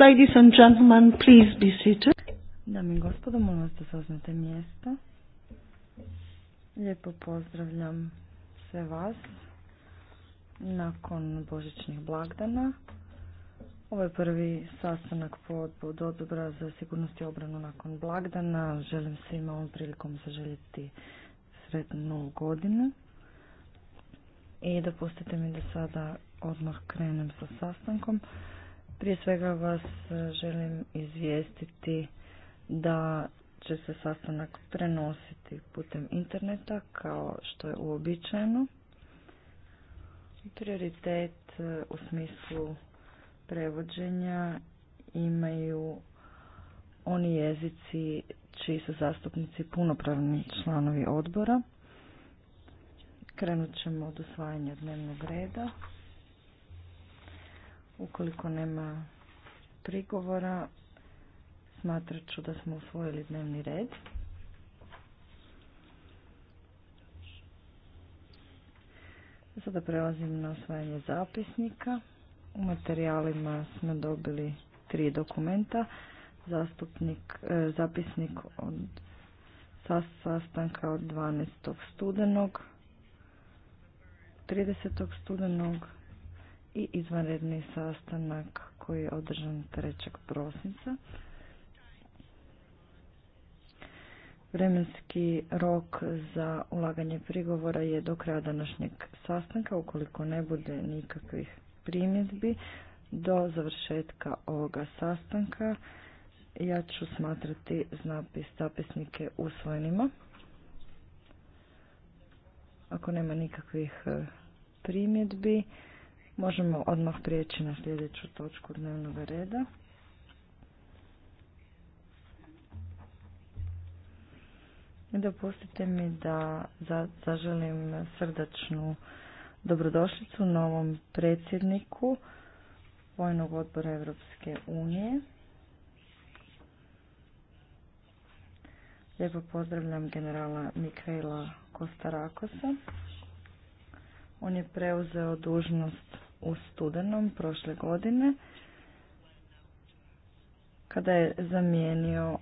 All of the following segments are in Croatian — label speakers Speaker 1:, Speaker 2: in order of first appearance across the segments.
Speaker 1: Ladies and gentlemen, please be seated.
Speaker 2: Dame i gospodo, molim vas da saznate mjesta. Lijepo pozdravljam sve vas nakon božićnih blagdana. Ovo je prvi sastanak pod odbora za sigurnost i obranu nakon blagdana. Želim svima ovom prilikom zaželjeti sretnu novu godinu. I dopustite mi da sada odmah krenem sa sastankom. Prije svega vas e, želim izvijestiti da će se sastanak prenositi putem interneta kao što je uobičajeno. Prioritet e, u smislu prevođenja imaju oni jezici čiji su zastupnici punopravni članovi odbora. Krenut ćemo od usvajanja dnevnog reda. Ukoliko nema prigovora, smatrat ću da smo usvojili dnevni red. Sada prelazim na osvajanje zapisnika. U materijalima smo dobili tri dokumenta. Zastupnik, e, zapisnik od sastanka od 12. studenog, 30. studenog, i izvanredni sastanak koji je održan 3. prosinca. Vremenski rok za ulaganje prigovora je do kraja današnjeg sastanka, ukoliko ne bude nikakvih primjedbi, do završetka ovoga sastanka ja ću smatrati znapis zapisnike usvojenima. Ako nema nikakvih eh, primjedbi, Možemo odmah prijeći na sljedeću točku dnevnog reda. I dopustite mi da zaželim srdačnu dobrodošlicu novom predsjedniku Vojnog odbora Europske unije. Lijepo pozdravljam generala Mikaela Kostarakosa. On je preuzeo dužnost u studenom prošle godine kada je zamijenio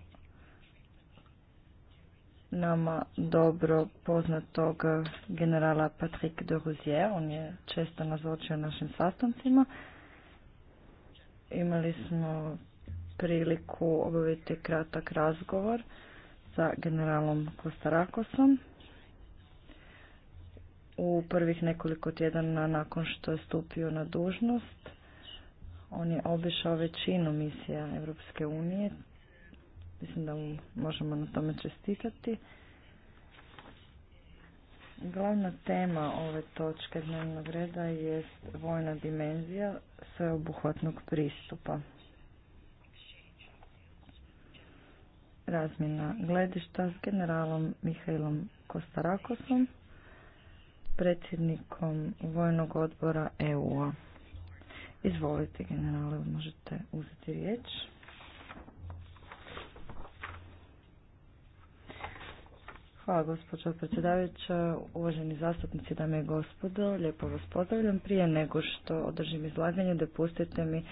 Speaker 2: nama dobro poznatog generala Patrick de Ruzier, On je često nazočio našim sastancima. Imali smo priliku obaviti kratak razgovor sa generalom Kostarakosom u prvih nekoliko tjedana nakon što je stupio na dužnost. On je obišao većinu misija Europske unije. Mislim da mu možemo na tome čestitati. Glavna tema ove točke dnevnog reda je vojna dimenzija sveobuhvatnog pristupa. Razmjena gledišta s generalom Mihajlom Kostarakosom predsjednikom Vojnog odbora EU-a. Izvolite, generale, možete uzeti riječ. Hvala gospođo predsjedavajuća, uvaženi zastupnici, dame i gospodo, lijepo vas pozdravljam. Prije nego što održim izlaganje, dopustite mi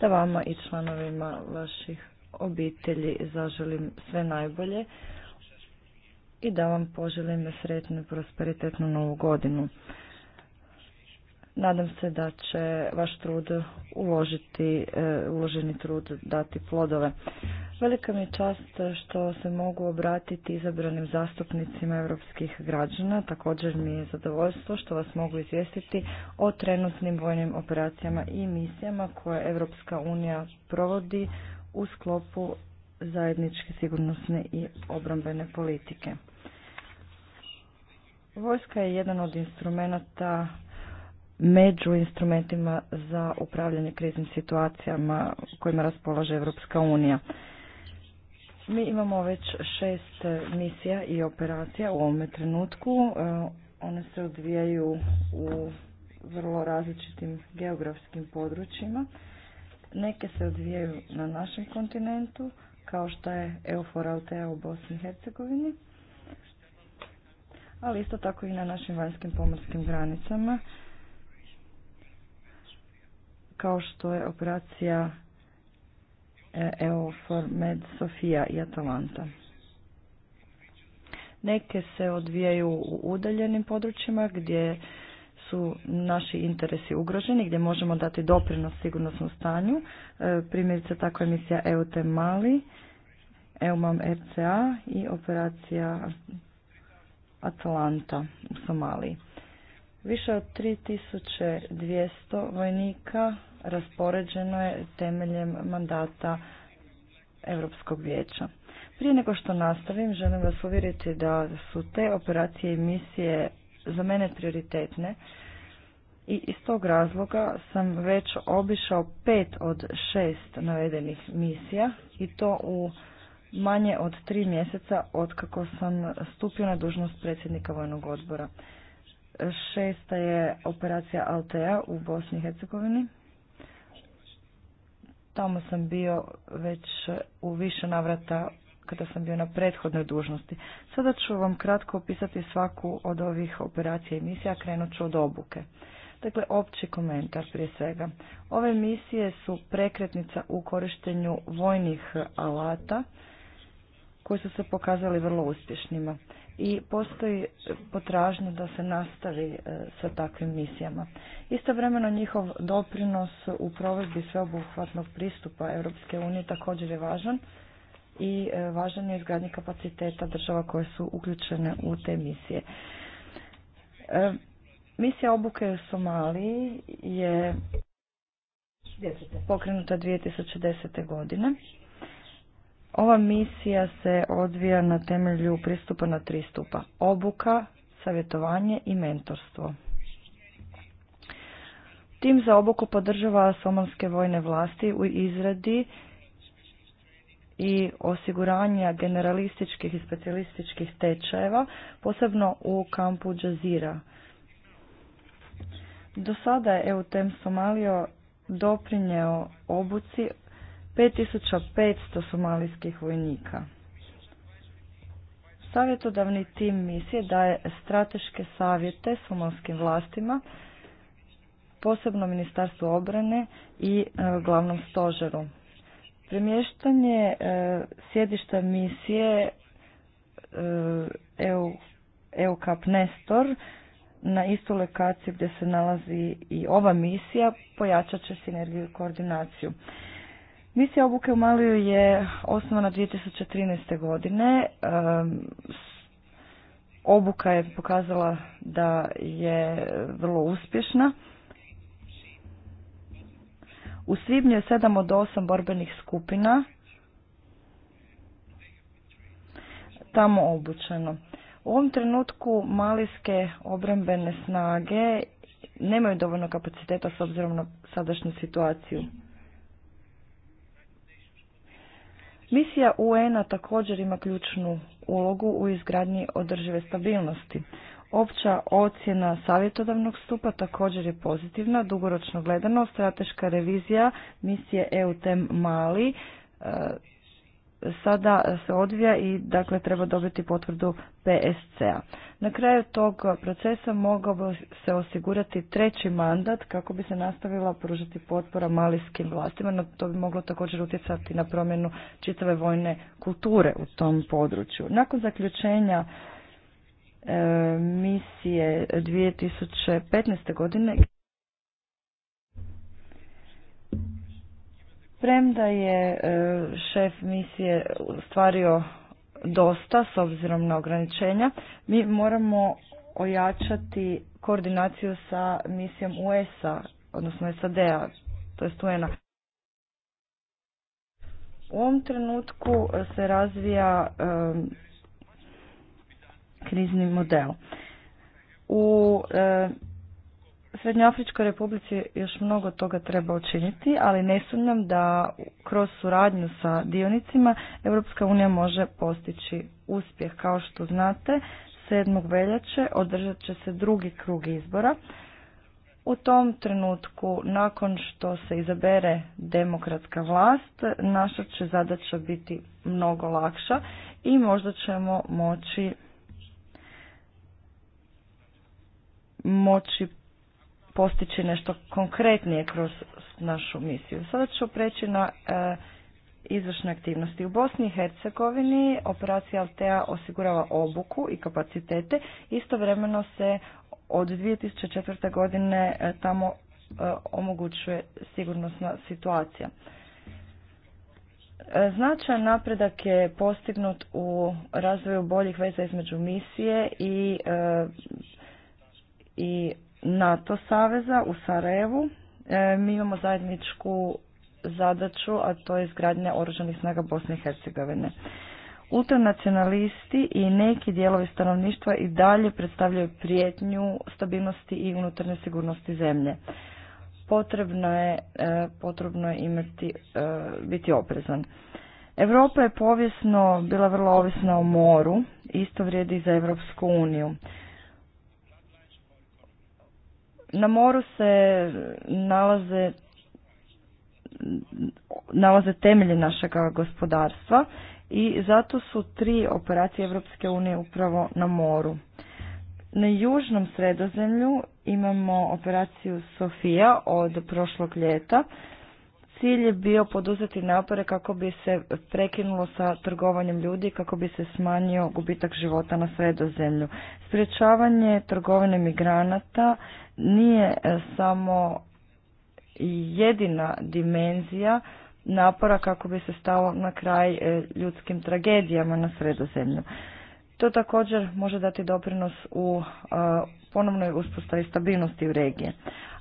Speaker 2: da vama i članovima vaših obitelji zaželim sve najbolje i da vam poželim sretnu i prosperitetnu novu godinu. Nadam se da će vaš trud uložiti, e, uloženi trud dati plodove. Velika mi je čast što se mogu obratiti izabranim zastupnicima europskih građana. Također mi je zadovoljstvo što vas mogu izvijestiti o trenutnim vojnim operacijama i misijama koje Evropska unija provodi u sklopu zajedničke sigurnosne i obrambene politike. Vojska je jedan od instrumenta među instrumentima za upravljanje kriznim situacijama kojima raspolaže Europska unija. Mi imamo već šest misija i operacija u ovome trenutku. E, one se odvijaju u vrlo različitim geografskim područjima. Neke se odvijaju na našem kontinentu, kao što je Eufor u Bosni i Hercegovini ali isto tako i na našim vanjskim pomorskim granicama, kao što je operacija e, EOFOR Med Sofia i Atalanta. Neke se odvijaju u udaljenim područjima gdje su naši interesi ugroženi, gdje možemo dati doprinos sigurnosnom stanju. E, primjerice tako je misija EUT Mali, EUMAM RCA i operacija Atalanta u Somaliji. Više od 3200 vojnika raspoređeno je temeljem mandata Europskog vijeća. Prije nego što nastavim, želim vas uvjeriti da su te operacije i misije za mene prioritetne i iz tog razloga sam već obišao pet od šest navedenih misija i to u manje od tri mjeseca otkako sam stupio na dužnost predsjednika Vojnog odbora. Šesta je operacija Altea u Bosni i Hercegovini. Tamo sam bio već u više navrata kada sam bio na prethodnoj dužnosti. Sada ću vam kratko opisati svaku od ovih operacija i misija, krenut ću od obuke. Dakle, opći komentar prije svega. Ove misije su prekretnica u korištenju vojnih alata koji su se pokazali vrlo uspješnima i postoji potražnja da se nastavi e, sa takvim misijama. Istovremeno njihov doprinos u provedbi sveobuhvatnog pristupa Europske unije također je važan i e, važan je izgradnji kapaciteta država koje su uključene u te misije. E, misija obuke u Somaliji je pokrenuta 2010. godine ova misija se odvija na temelju pristupa na tri stupa. Obuka, savjetovanje i mentorstvo. Tim za obuku podržava somalske vojne vlasti u izradi i osiguranja generalističkih i specijalističkih tečajeva, posebno u kampu Džazira. Do sada je EUTEM Somalio doprinjeo obuci 5500 somalijskih vojnika. Savjetodavni tim misije daje strateške savjete somalskim vlastima, posebno Ministarstvu obrane i e, glavnom stožeru. Premještanje e, sjedišta misije EU, e EUCAP Nestor na istu lokaciju gdje se nalazi i ova misija pojačat će sinergiju i koordinaciju. Misija obuke u Maliju je osnovana 2013. godine. Obuka je pokazala da je vrlo uspješna. U svibnju je sedam od osam borbenih skupina tamo obučeno. U ovom trenutku malijske obrambene snage nemaju dovoljno kapaciteta s obzirom na sadašnju situaciju. Misija UN-a također ima ključnu ulogu u izgradnji održive stabilnosti. Opća ocjena savjetodavnog stupa također je pozitivna, dugoročno gledano, strateška revizija misije EUTEM Mali e, sada se odvija i dakle treba dobiti potvrdu PSC-a. Na kraju tog procesa mogao se osigurati treći mandat kako bi se nastavila pružati potpora malijskim vlastima, no to bi moglo također utjecati na promjenu čitave vojne kulture u tom području. Nakon zaključenja e, misije 2015. godine Premda je e, šef misije stvario dosta s obzirom na ograničenja, mi moramo ojačati koordinaciju sa misijom USA, odnosno SAD-a, to je un U ovom trenutku se razvija e, krizni model. U e, Srednjoafričkoj republici još mnogo toga treba učiniti, ali ne sumnjam da kroz suradnju sa dionicima Europska unija može postići uspjeh. Kao što znate, 7. veljače održat će se drugi krug izbora. U tom trenutku, nakon što se izabere demokratska vlast, naša će zadaća biti mnogo lakša i možda ćemo moći moći postići nešto konkretnije kroz našu misiju. Sada ću preći na e, izvršne aktivnosti. U Bosni i Hercegovini operacija Altea osigurava obuku i kapacitete. Istovremeno se od 2004. godine e, tamo e, omogućuje sigurnosna situacija. Značajan napredak je postignut u razvoju boljih veza između misije i, i NATO saveza u Sarajevu. E, mi imamo zajedničku zadaću, a to je izgradnja oružanih snaga Bosne i Hercegovine. Ultranacionalisti i neki dijelovi stanovništva i dalje predstavljaju prijetnju stabilnosti i unutarnje sigurnosti zemlje. Potrebno je, e, potrebno je imati, e, biti oprezan. Europa je povijesno bila vrlo ovisna o moru, isto vrijedi i za Europsku uniju. Na moru se nalaze nalaze temelje našega gospodarstva i zato su tri operacije Europske unije upravo na moru. Na južnom sredozemlju imamo operaciju Sofija od prošlog ljeta Cilj je bio poduzeti napore kako bi se prekinulo sa trgovanjem ljudi kako bi se smanjio gubitak života na sredozemlju. Sprječavanje trgovine migranata nije e, samo jedina dimenzija napora kako bi se stalo na kraj e, ljudskim tragedijama na sredozemlju. To također može dati doprinos u e, ponovnoj uspostavi stabilnosti u regije.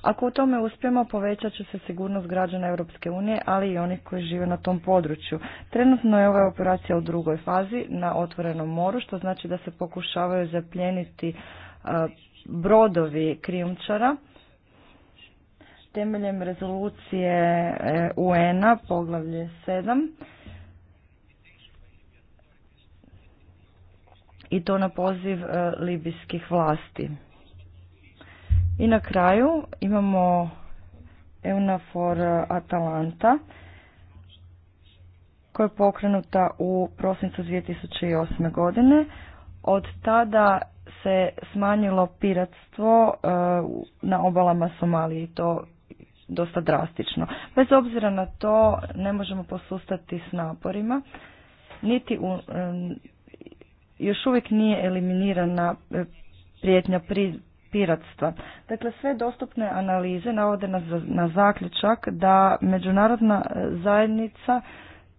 Speaker 2: Ako u tome uspijemo, povećat će se sigurnost građana Europske unije, ali i onih koji žive na tom području. Trenutno je ova operacija u drugoj fazi na otvorenom moru, što znači da se pokušavaju zapljeniti e, brodovi krijumčara temeljem rezolucije e, UN-a poglavlje 7 i to na poziv e, libijskih vlasti. I na kraju imamo EUNAFOR e, Atalanta koja je pokrenuta u prosincu 2008. godine. Od tada se smanjilo piratstvo e, na obalama Somalije i to dosta drastično. Bez obzira na to ne možemo posustati s naporima niti u još uvijek nije eliminirana e, prijetnja pri piratstva. Dakle, sve dostupne analize navode nas na zaključak da međunarodna e, zajednica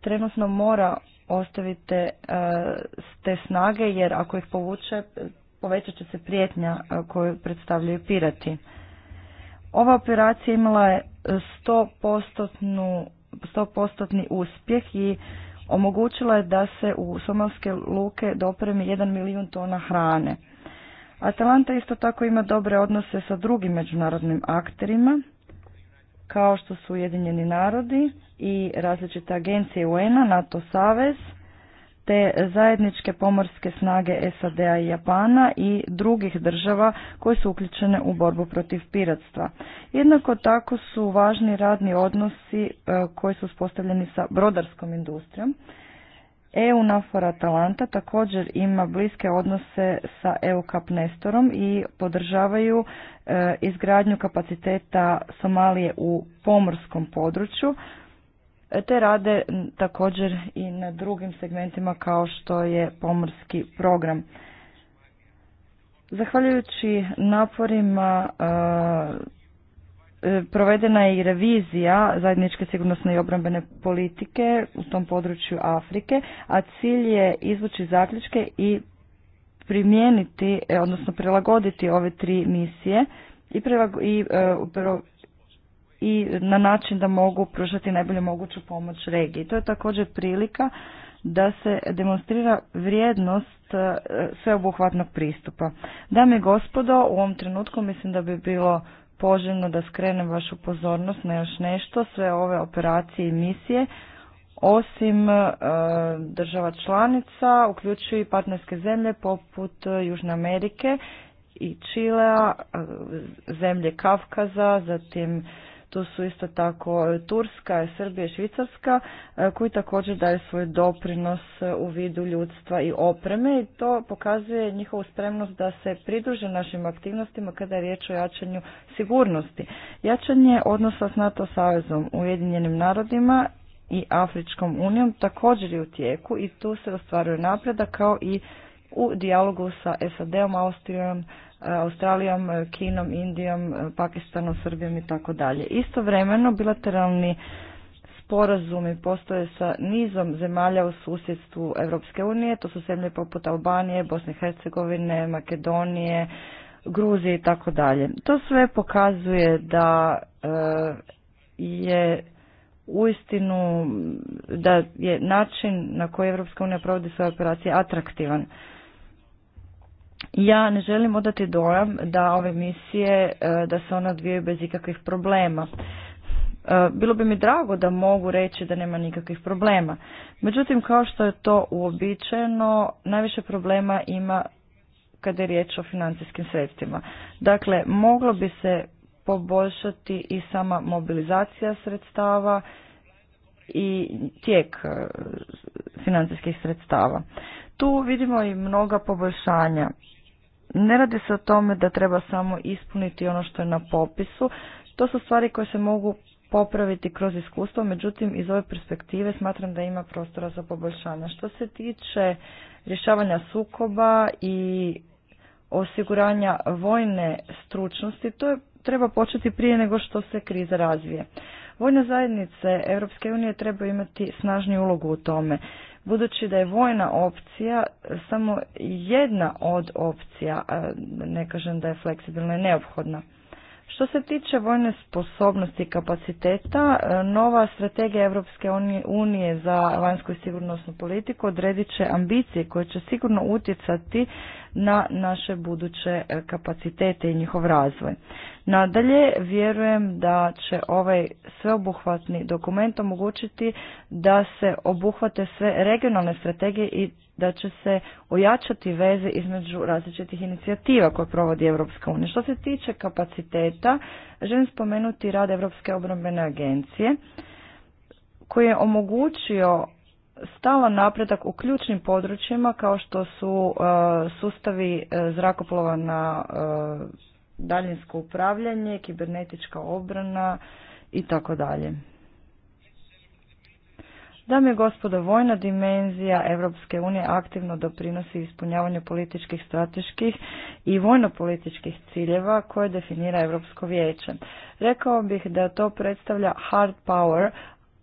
Speaker 2: trenutno mora ostaviti e, te snage jer ako ih povuče povećat će se prijetnja koju predstavljaju pirati. Ova operacija imala je 100%, 100 uspjeh i omogućila je da se u somalske luke dopremi 1 milijun tona hrane. Atalanta isto tako ima dobre odnose sa drugim međunarodnim akterima, kao što su Ujedinjeni narodi i različite agencije UN-a, NATO Savez, te zajedničke pomorske snage SAD-a i Japana i drugih država koje su uključene u borbu protiv piratstva. Jednako tako su važni radni odnosi e, koji su uspostavljeni sa brodarskom industrijom. EU nafora Atalanta također ima bliske odnose sa EU kap Nestorom i podržavaju e, izgradnju kapaciteta Somalije u pomorskom području te rade također i na drugim segmentima kao što je pomorski program. Zahvaljujući naporima e, e, provedena je i revizija zajedničke sigurnosne i obrambene politike u tom području Afrike, a cilj je izvući zaključke i primijeniti, e, odnosno prilagoditi ove tri misije i, i i na način da mogu pružati najbolju moguću pomoć regiji. To je također prilika da se demonstrira vrijednost e, sveobuhvatnog pristupa. Dame i gospodo, u ovom trenutku mislim da bi bilo poželjno da skrenem vašu pozornost na još nešto, sve ove operacije i misije, osim e, država članica, uključuju i partnerske zemlje poput e, Južne Amerike i Čilea, zemlje Kafkaza, zatim to su isto tako Turska, Srbija i Švicarska e, koji također daju svoj doprinos e, u vidu ljudstva i opreme i to pokazuje njihovu spremnost da se pridruže našim aktivnostima kada je riječ o jačanju sigurnosti. Jačanje odnosa s NATO savezom, Ujedinjenim narodima i Afričkom unijom također je u tijeku i tu se ostvaruje napredak kao i u dijalogu sa SAD-om, Austrijom, Australijom, e, Kinom, Indijom, e, Pakistanom, Srbijom i tako dalje. Istovremeno bilateralni sporazumi postoje sa nizom zemalja u susjedstvu Europske unije, to su zemlje poput Albanije, Bosne i Hercegovine, Makedonije, Gruzije i tako dalje. To sve pokazuje da e, je uistinu da je način na koji Europska unija provodi svoje operacije atraktivan. Ja ne želim odati dojam da ove misije, e, da se one odvijaju bez ikakvih problema. E, bilo bi mi drago da mogu reći da nema nikakvih problema. Međutim, kao što je to uobičajeno, najviše problema ima kada je riječ o financijskim sredstvima. Dakle, moglo bi se poboljšati i sama mobilizacija sredstava i tijek e, financijskih sredstava. Tu vidimo i mnoga poboljšanja ne radi se o tome da treba samo ispuniti ono što je na popisu. To su stvari koje se mogu popraviti kroz iskustvo, međutim iz ove perspektive smatram da ima prostora za poboljšanje. Što se tiče rješavanja sukoba i osiguranja vojne stručnosti, to je, treba početi prije nego što se kriza razvije. Vojne zajednice Europske unije treba imati snažniju ulogu u tome budući da je vojna opcija samo jedna od opcija, ne kažem da je fleksibilna i neophodna. Što se tiče vojne sposobnosti i kapaciteta, nova strategija Europske unije za vanjsku i sigurnosnu politiku odredit će ambicije koje će sigurno utjecati na naše buduće e, kapacitete i njihov razvoj. Nadalje, vjerujem da će ovaj sveobuhvatni dokument omogućiti da se obuhvate sve regionalne strategije i da će se ojačati veze između različitih inicijativa koje provodi Europska unija. Što se tiče kapaciteta, želim spomenuti rad Europske obrambene agencije koji je omogućio stalan napredak u ključnim područjima kao što su e, sustavi e, zrakoplova na e, daljinsko upravljanje, kibernetička obrana i tako dalje. Dame i gospodo, vojna dimenzija Europske unije aktivno doprinosi ispunjavanju političkih, strateških i vojnopolitičkih ciljeva koje definira Europsko vijeće. Rekao bih da to predstavlja hard power,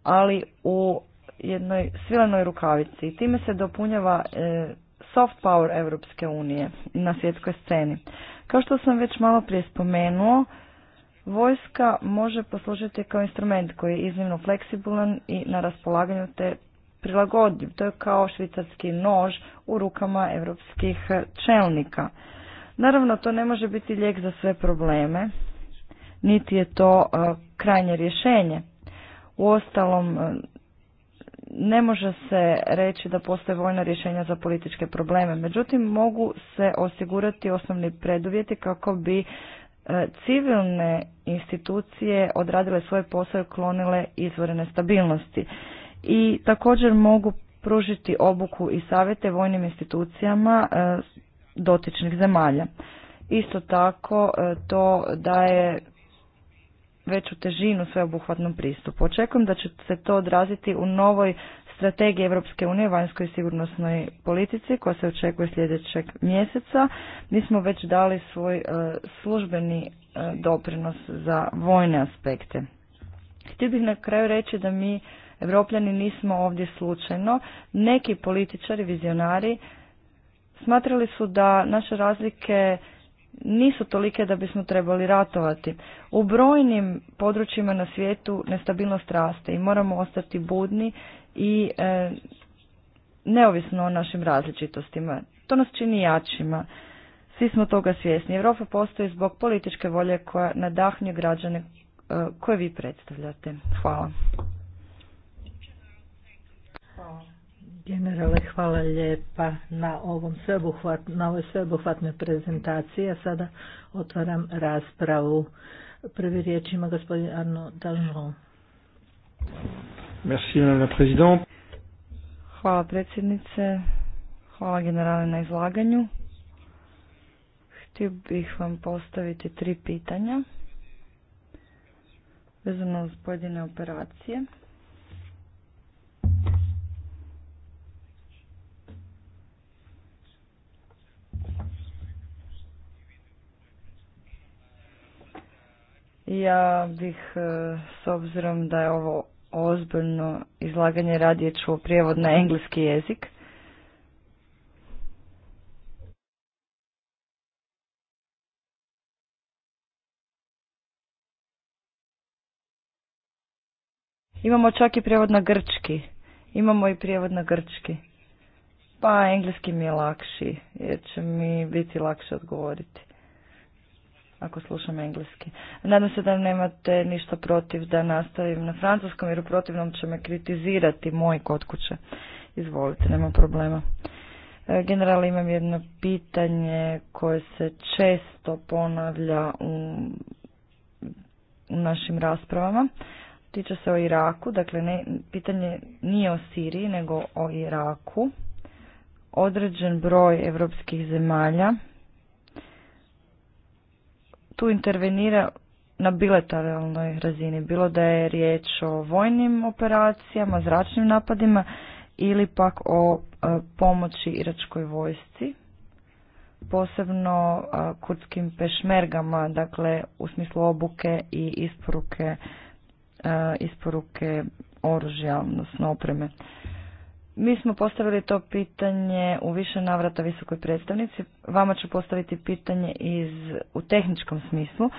Speaker 2: ali u jednoj svilenoj rukavici i time se dopunjava e, soft power Europske unije na svjetskoj sceni. Kao što sam već malo prije spomenuo, vojska može poslužiti kao instrument koji je iznimno fleksibilan i na raspolaganju te prilagodljiv. To je kao švicarski nož u rukama europskih čelnika. Naravno, to ne može biti lijek za sve probleme, niti je to e, krajnje rješenje. Uostalom, ne može se reći da postoje vojna rješenja za političke probleme, međutim mogu se osigurati osnovni preduvjeti kako bi e, civilne institucije odradile svoje posao i klonile izvore nestabilnosti. I također mogu pružiti obuku i savjete vojnim institucijama e, dotičnih zemalja. Isto tako e, to daje veću težinu sveobuhvatnom pristupu. Očekujem da će se to odraziti u novoj strategiji Europske unije vanjskoj i sigurnosnoj politici koja se očekuje sljedećeg mjeseca. Mi smo već dali svoj e, službeni e, doprinos za vojne aspekte. Htio bih na kraju reći da mi Evropljani nismo ovdje slučajno. Neki političari, vizionari smatrali su da naše razlike nisu tolike da bismo trebali ratovati. U brojnim područjima na svijetu nestabilnost raste i moramo ostati budni i e, neovisno o našim različitostima. To nas čini jačima. Svi smo toga svjesni. Europa postoji zbog političke volje koja nadahnje građane e, koje vi predstavljate. Hvala.
Speaker 1: Generale, hvala lijepa na, ovom na ovoj sveobuhvatnoj prezentaciji. Ja sada otvaram raspravu. Prvi riječ ima gospodin Arno Daljon.
Speaker 3: Merci, la présidente.
Speaker 1: Hvala predsjednice,
Speaker 2: hvala generale na izlaganju. Htio bih vam postaviti tri pitanja vezano uz pojedine operacije. Ja bih, e, s obzirom da je ovo ozbiljno izlaganje, radije čuo prijevod na engleski jezik. Imamo čak i prijevod na grčki. Imamo i prijevod na grčki. Pa engleski mi je lakši, jer će mi biti lakše odgovoriti ako slušam engleski. Nadam se da nemate ništa protiv da nastavim na francuskom, jer u protivnom će me kritizirati moj kod kuće. Izvolite, nema problema. E, General, imam jedno pitanje koje se često ponavlja u, u našim raspravama. Tiče se o Iraku, dakle ne, pitanje nije o Siriji, nego o Iraku. Određen broj evropskih zemalja tu intervenira na bilateralnoj razini, bilo da je riječ o vojnim operacijama, zračnim napadima ili pak o e, pomoći iračkoj vojsci, posebno e, kurdskim pešmergama, dakle u smislu obuke i isporuke, e, isporuke oružja, odnosno opreme. Mi smo postavili to pitanje u više navrata visokoj predstavnici. Vama ću postaviti pitanje iz, u tehničkom smislu. E,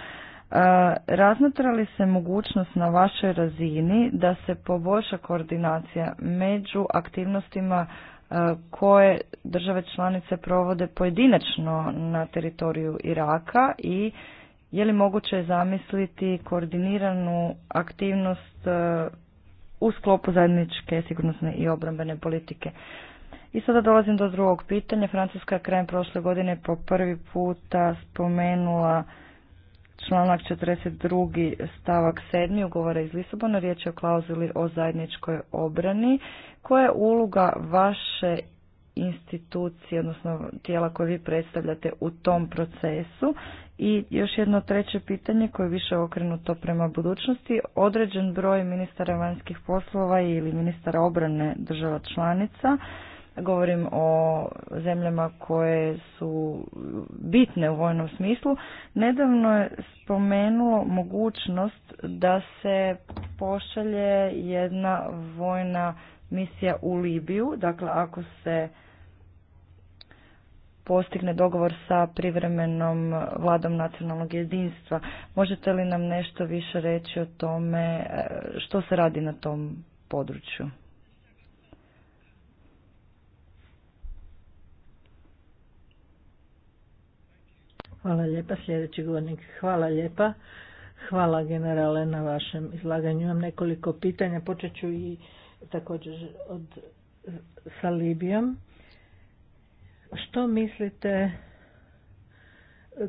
Speaker 2: razmatra li se mogućnost na vašoj razini da se poboljša koordinacija među aktivnostima e, koje države članice provode pojedinačno na teritoriju Iraka i je li moguće zamisliti koordiniranu aktivnost e, u sklopu zajedničke sigurnosne i obrambene politike. I sada dolazim do drugog pitanja. Francuska je krajem prošle godine po prvi puta spomenula članak 42. stavak 7. ugovora iz Lisabona. Riječ je o klauzuli o zajedničkoj obrani. Koja je uloga vaše institucije, odnosno tijela koje vi predstavljate u tom procesu i još jedno treće pitanje koje je više okrenuto prema budućnosti. Određen broj ministara vanjskih poslova ili ministara obrane država članica, govorim o zemljama koje su bitne u vojnom smislu, nedavno je spomenulo mogućnost da se pošalje jedna vojna misija u Libiju, dakle ako se postigne dogovor sa privremenom vladom nacionalnog jedinstva. Možete li nam nešto više reći o tome e, što se radi na tom području?
Speaker 1: Hvala lijepa, sljedeći govornik. Hvala lijepa. Hvala generale na vašem izlaganju. Imam nekoliko pitanja, počet ću i također od, sa Libijom. Što mislite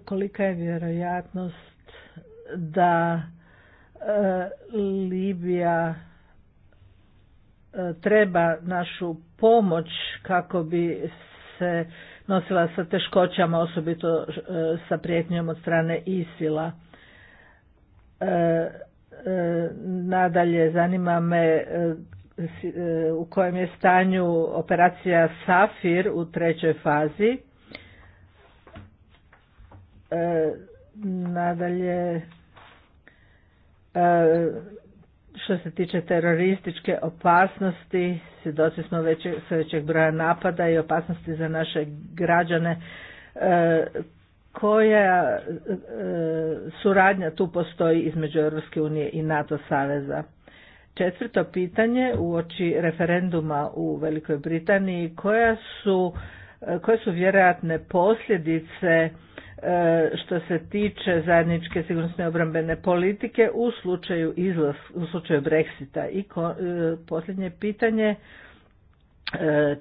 Speaker 1: kolika je vjerojatnost da e, Libija e, treba našu pomoć kako bi se nosila sa teškoćama, osobito e, sa prijetnjom od strane Isila. Nadalje, zanima me E, u kojem je stanju operacija Safir u trećoj fazi. E, nadalje, e, što se tiče terorističke opasnosti, svjedoci smo s sve većeg broja napada i opasnosti za naše građane. Koja suradnja tu postoji između Europske unije i NATO saveza? Četvrto pitanje uoči referenduma u Velikoj Britaniji koja su e, koje su vjerojatne posljedice e, što se tiče zajedničke sigurnosne obrambene politike u slučaju izlaz, u slučaju Brexita. I e, posljednje pitanje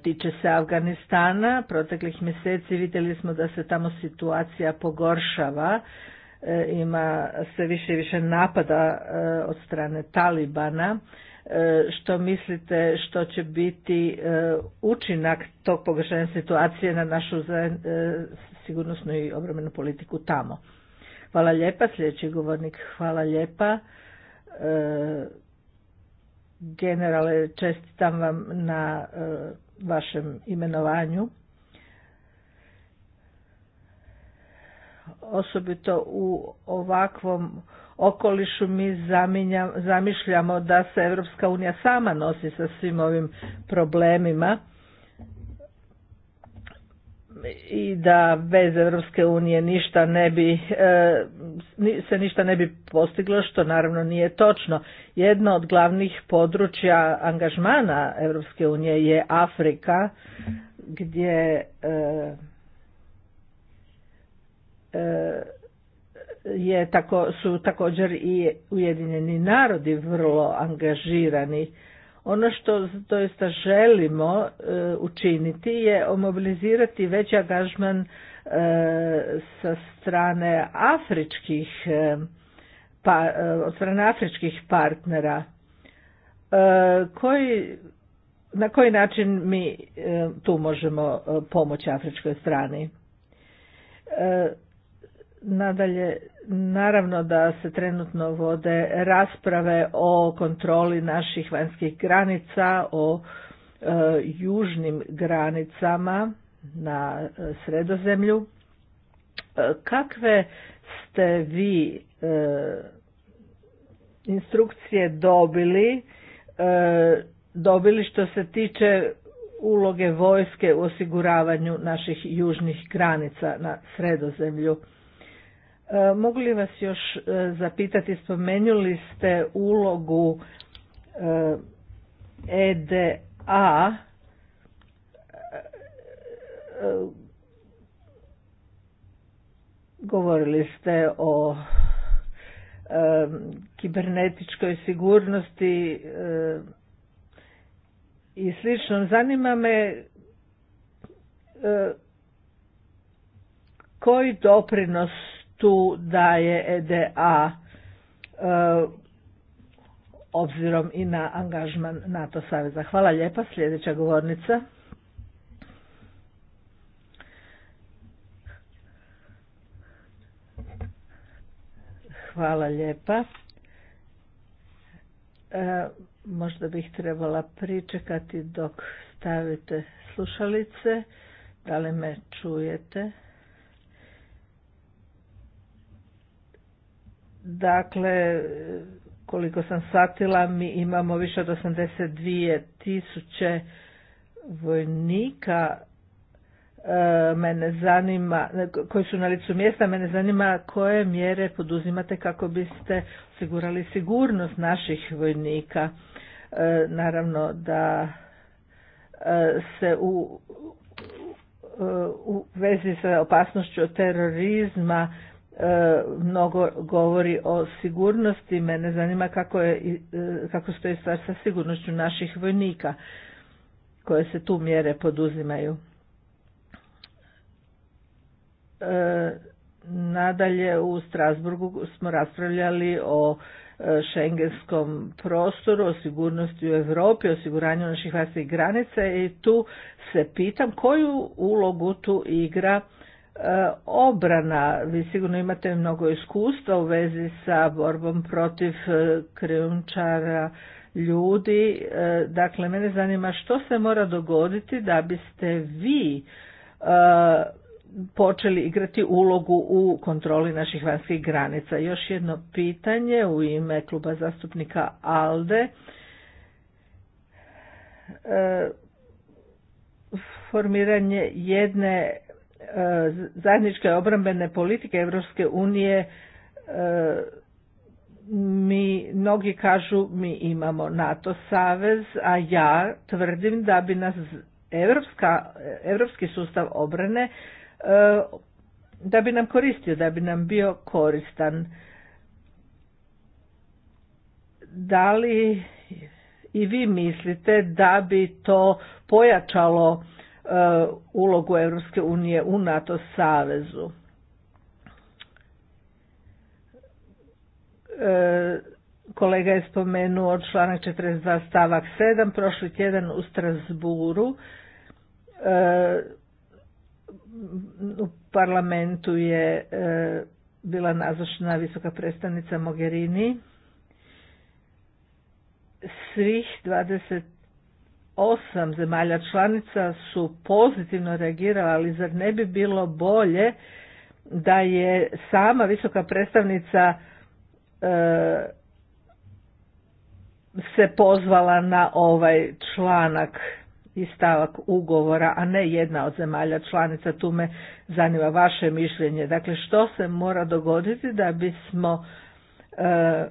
Speaker 1: tiče se Afganistana. Proteklih mjeseci vidjeli smo da se tamo situacija pogoršava E, ima sve više i više napada e, od strane Talibana. E, što mislite što će biti učinak tog pogrešanja situacije na našu sigurnosnu i obrambenu politiku tamo? Hvala lijepa, sljedeći govornik, hvala lijepa. Generale, čestitam vam na vašem imenovanju. osobito u ovakvom okolišu mi zamišljamo da se Europska unija sama nosi sa svim ovim problemima i da bez Europske unije ništa ne bi, e, se ništa ne bi postiglo, što naravno nije točno. Jedno od glavnih područja angažmana Europske unije je Afrika, gdje e, E, je tako, su također i Ujedinjeni narodi vrlo angažirani. Ono što doista želimo e, učiniti je omobilizirati veći angažman e, sa strane afričkih pa, od strane afričkih partnera koji na koji način mi tu možemo pomoći afričkoj strani Nadalje, naravno da se trenutno vode rasprave o kontroli naših vanjskih granica, o e, južnim granicama na e, sredozemlju. E, kakve ste vi instrukcije dobili, dobili što se tiče uloge vojske u osiguravanju naših južnih granica na sredozemlju? E, Mogu li vas još e, zapitati, spomenuli ste ulogu EDA e govorili ste o kibernetičkoj sigurnosti i slično. Zanima me koji doprinos tu da je EDA e, obzirom i na angažman NATO saveza. Hvala lijepa. Sljedeća govornica. Hvala lijepa. E, možda bih trebala pričekati dok stavite slušalice. Da li me čujete? Dakle, koliko sam satila mi imamo više od 82 tisuće vojnika e, mene zanima, koji su na licu mjesta, mene zanima koje mjere poduzimate kako biste osigurali sigurnost naših vojnika. E, naravno da e, se u, u vezi sa opasnošću terorizma E, mnogo govori o sigurnosti. Mene zanima kako, je, e, kako stoji stvar sa sigurnošću naših vojnika koje se tu mjere poduzimaju. E, nadalje u Strasburgu smo raspravljali o šengenskom prostoru, o sigurnosti u Europi, o osiguranju naših vlastnih granica i tu se pitam koju ulogu tu igra obrana. Vi sigurno imate mnogo iskustva u vezi sa borbom protiv e, krijumčara ljudi. E, dakle, mene zanima što se mora dogoditi da biste vi e, počeli igrati ulogu u kontroli naših vanjskih granica. Još jedno pitanje u ime kluba zastupnika ALDE. Formiranje jedne zajedničke obrambene politike Europske unije e, mi mnogi kažu mi imamo NATO savez, a ja tvrdim da bi nas evropska, evropski sustav obrane e, da bi nam koristio, da bi nam bio koristan. Da li i vi mislite da bi to pojačalo E, ulogu Europske unije u NATO savezu. E, kolega je spomenuo članak 42 stavak 7 prošli tjedan u Strasburu e, u parlamentu je bila nazočna visoka predstavnica Mogherini svih dvadeset osam zemalja članica su pozitivno reagirali, ali zar ne bi bilo bolje da je sama visoka predstavnica e, se pozvala na ovaj članak i stavak ugovora, a ne jedna od zemalja članica. Tu me zanima vaše mišljenje. Dakle, što se mora dogoditi da bismo e,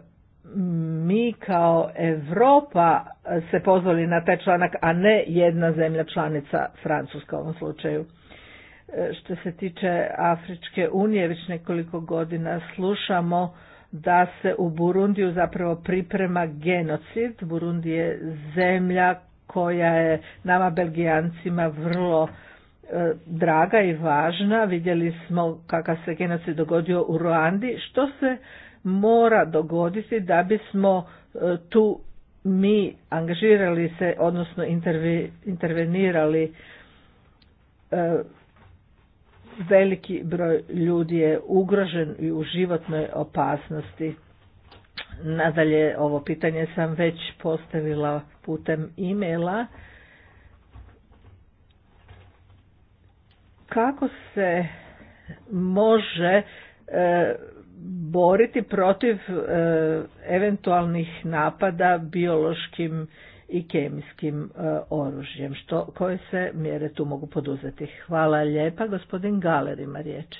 Speaker 1: mi kao Europa se pozvali na taj članak, a ne jedna zemlja članica Francuska u ovom slučaju. E, što se tiče Afričke unije, već nekoliko godina slušamo da se u Burundiju zapravo priprema genocid. Burundi je zemlja koja je nama Belgijancima vrlo e, draga i važna. Vidjeli smo kakav se genocid dogodio u Ruandi. Što se mora dogoditi da bismo e, tu mi angažirali se, odnosno intervenirali e, veliki broj ljudi je ugrožen i u životnoj opasnosti. Nadalje, ovo pitanje sam već postavila putem e-maila. Kako se može e, boriti protiv e, eventualnih napada biološkim i kemijskim e, oružjem. Što, koje se mjere tu mogu poduzeti? Hvala lijepa. Gospodin Galer ima riječ.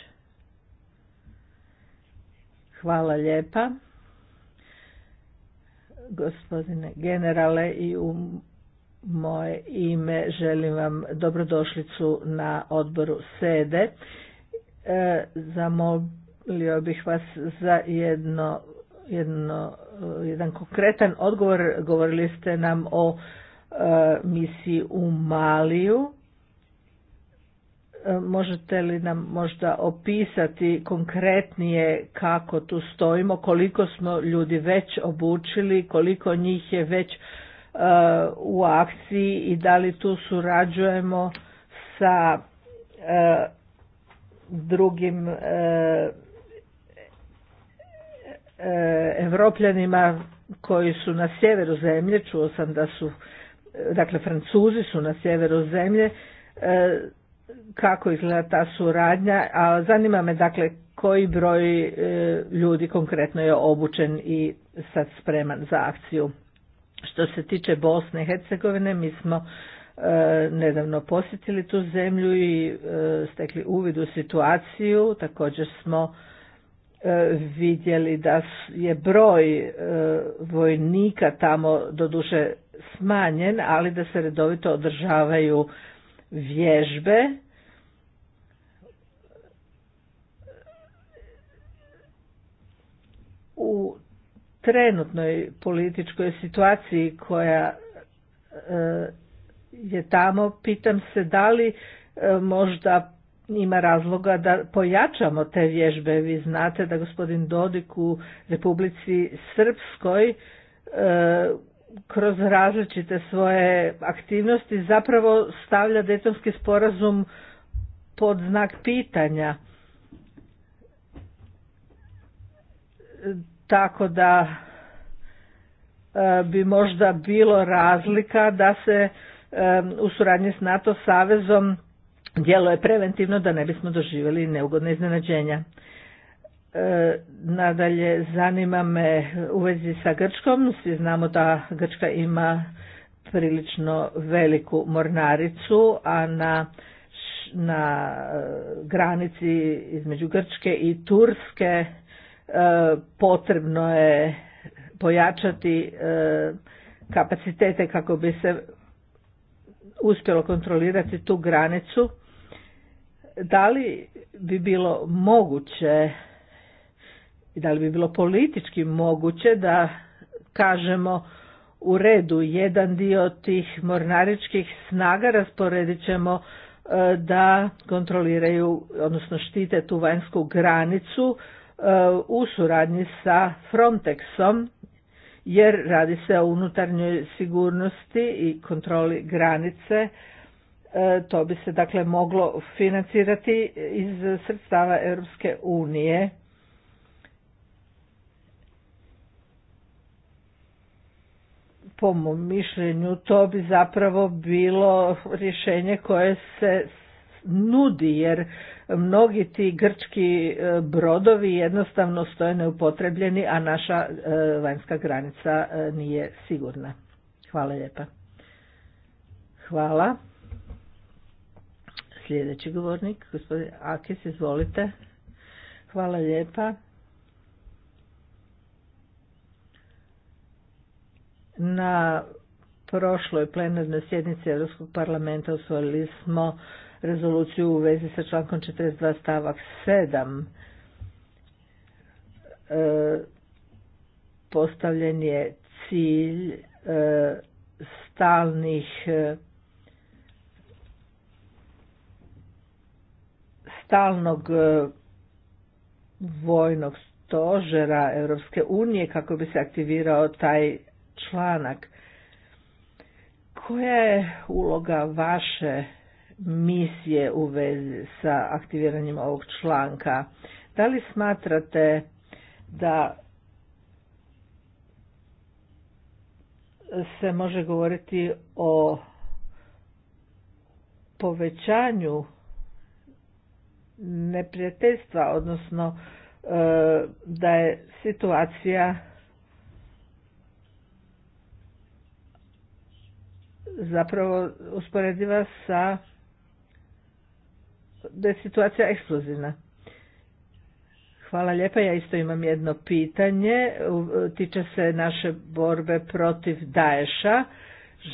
Speaker 1: Hvala lijepa. Gospodine generale i u moje ime želim vam dobrodošlicu na odboru SEDE. E, mog molio bih vas za jedno, jedno, jedan konkretan odgovor. Govorili ste nam o e, misiji u Maliju. E, možete li nam možda opisati konkretnije kako tu stojimo, koliko smo ljudi već obučili, koliko njih je već e, u akciji i da li tu surađujemo sa drugim E, Evropljanima koji su na sjeveru zemlje, čuo sam da su, dakle Francuzi su na sjeveru zemlje, e, kako izgleda ta suradnja, a zanima me dakle koji broj e, ljudi konkretno je obučen i sad spreman za akciju. Što se tiče Bosne i Hercegovine, mi smo nedavno posjetili tu zemlju i stekli uvid u situaciju, također smo E, vidjeli da je broj e, vojnika tamo doduše smanjen, ali da se redovito održavaju vježbe. U trenutnoj političkoj situaciji koja e, je tamo, pitam se da li možda ima razloga da pojačamo te vježbe. Vi znate da gospodin Dodik u Republici Srpskoj e, kroz različite svoje aktivnosti zapravo stavlja detonski sporazum pod znak pitanja. Tako da e, bi možda bilo razlika da se e, u suradnji s NATO savezom djelo je preventivno da ne bismo doživjeli neugodne iznenađenja. E, nadalje, zanima me u vezi sa Grčkom. Svi znamo da Grčka ima prilično veliku mornaricu, a na, na e, granici između Grčke i Turske e, potrebno je pojačati kapacitete kako bi se uspjelo kontrolirati tu granicu da li bi bilo moguće i da li bi bilo politički moguće da kažemo u redu jedan dio tih mornaričkih snaga rasporedit ćemo e, da kontroliraju, odnosno štite tu vanjsku granicu e, u suradnji sa Frontexom, jer radi se o unutarnjoj sigurnosti i kontroli granice E, to bi se dakle moglo financirati iz sredstava Europske unije. Po mom mišljenju to bi zapravo bilo rješenje koje se nudi jer mnogi ti grčki e, brodovi jednostavno stoje neupotrebljeni, a naša e, vanjska granica nije sigurna. Hvala lijepa. Hvala. Sljedeći govornik, gospodin Akis, izvolite. Hvala lijepa. Na prošloj plenarnoj sjednici Europskog parlamenta usvojili smo rezoluciju u vezi sa člankom 42 stavak 7. E, postavljen je cilj e, stalnih e, stalnog e, vojnog stožera Europske unije kako bi se aktivirao taj članak. Koja je uloga vaše misije u vezi sa aktiviranjem ovog članka? Da li smatrate da se može govoriti o povećanju neprijateljstva, odnosno e, da je situacija zapravo usporediva sa da je situacija eksplozivna. Hvala lijepa, ja isto imam jedno pitanje, tiče se naše borbe protiv Daesha.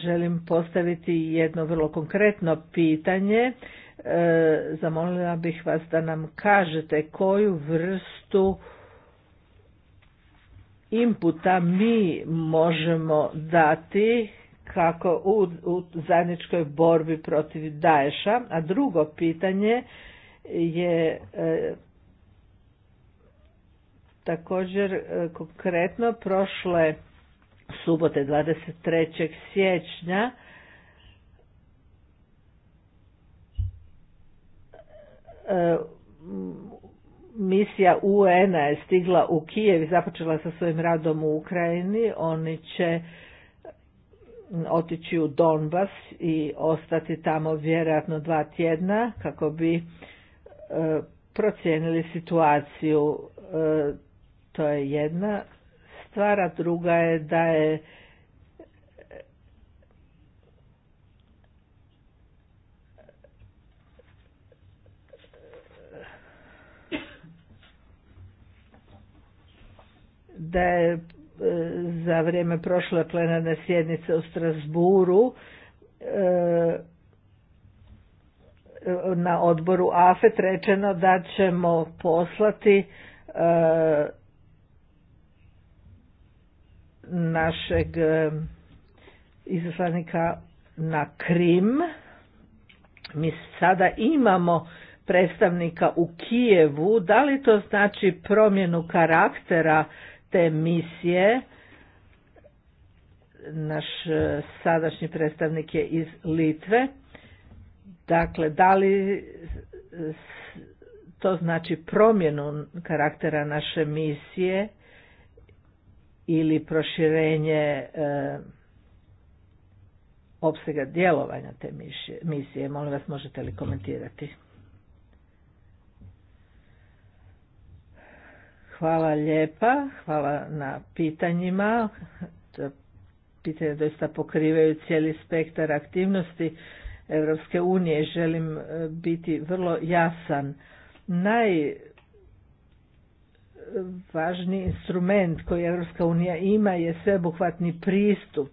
Speaker 1: Želim postaviti jedno vrlo konkretno pitanje. E, zamolila bih vas da nam kažete koju vrstu inputa mi možemo dati kako u, zajedničkoj borbi protiv Daesha, a drugo pitanje je e, također e, konkretno prošle subote 23. siječnja E, misija UN-a je stigla u Kijev i započela sa svojim radom u Ukrajini. Oni će otići u Donbas i ostati tamo vjerojatno dva tjedna kako bi e, procijenili situaciju. E, to je jedna stvar, druga je da je da je e, za vrijeme prošle plenarne sjednice u Strasburu e, na odboru AFET rečeno da ćemo poslati e, našeg izaslanika na Krim. Mi sada imamo predstavnika u Kijevu. Da li to znači promjenu karaktera te misije. Naš e, sadašnji predstavnik je iz Litve. Dakle, da li to znači promjenu karaktera naše misije ili proširenje e, opsega djelovanja te misije. Molim vas, možete li komentirati? Hvala lijepa, hvala na pitanjima. Pitanje doista pokrivaju cijeli spektar aktivnosti Europske unije. Želim e, biti vrlo jasan. Najvažniji e, instrument koji Europska unija ima je sveobuhvatni pristup.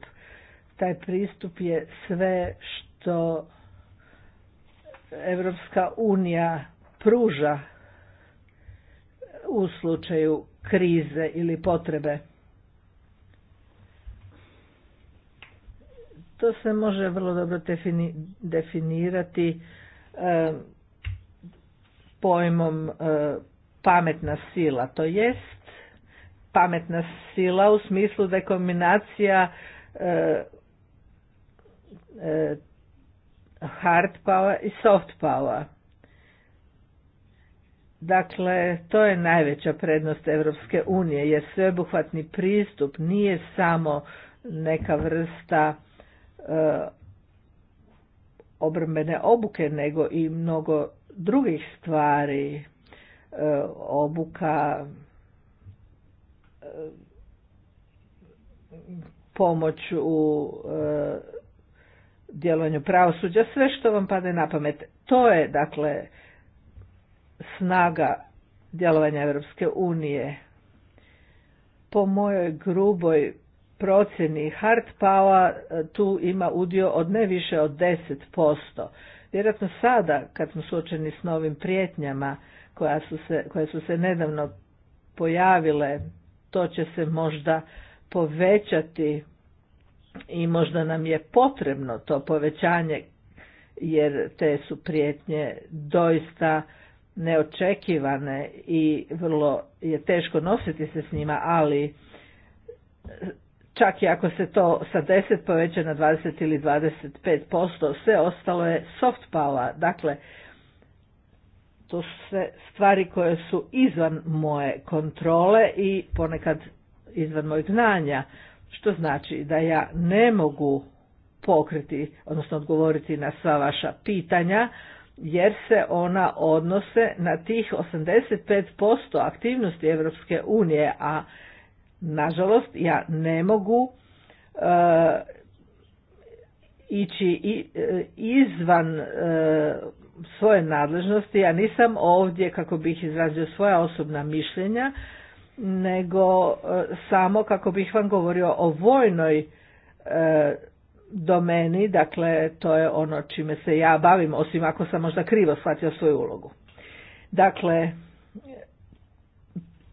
Speaker 1: Taj pristup je sve što Europska unija pruža u slučaju krize ili potrebe. To se može vrlo dobro definirati e, pojmom e, pametna sila, to jest pametna sila u smislu da je kombinacija e, hard power i soft power. Dakle, to je najveća prednost Europske unije, jer sveobuhvatni pristup nije samo neka vrsta e, obrambene obuke, nego i mnogo drugih stvari, e, obuka, e, pomoć u e, djelovanju pravosuđa, sve što vam pade na pamet. To je, dakle, snaga djelovanja Europske unije. Po mojoj gruboj procjeni hard power e, tu ima udio od ne više od 10%. Vjerojatno sada, kad smo suočeni s novim prijetnjama koja su se, koje su se nedavno pojavile, to će se možda povećati i možda nam je potrebno to povećanje jer te su prijetnje doista neočekivane i vrlo je teško nositi se s njima, ali čak i ako se to sa 10 poveća na 20 ili 25%, sve ostalo je soft power. Dakle, to su sve stvari koje su izvan moje kontrole i ponekad izvan mojeg znanja, što znači da ja ne mogu pokriti, odnosno odgovoriti na sva vaša pitanja, jer se ona odnose na tih 85% aktivnosti Europske unije, a nažalost ja ne mogu e, ići e, izvan e, svoje nadležnosti, ja nisam ovdje kako bih izrazio svoja osobna mišljenja, nego samo kako bih vam govorio o vojnoj domeni, dakle to je ono čime se ja bavim, osim ako sam možda krivo shvatio svoju ulogu. Dakle,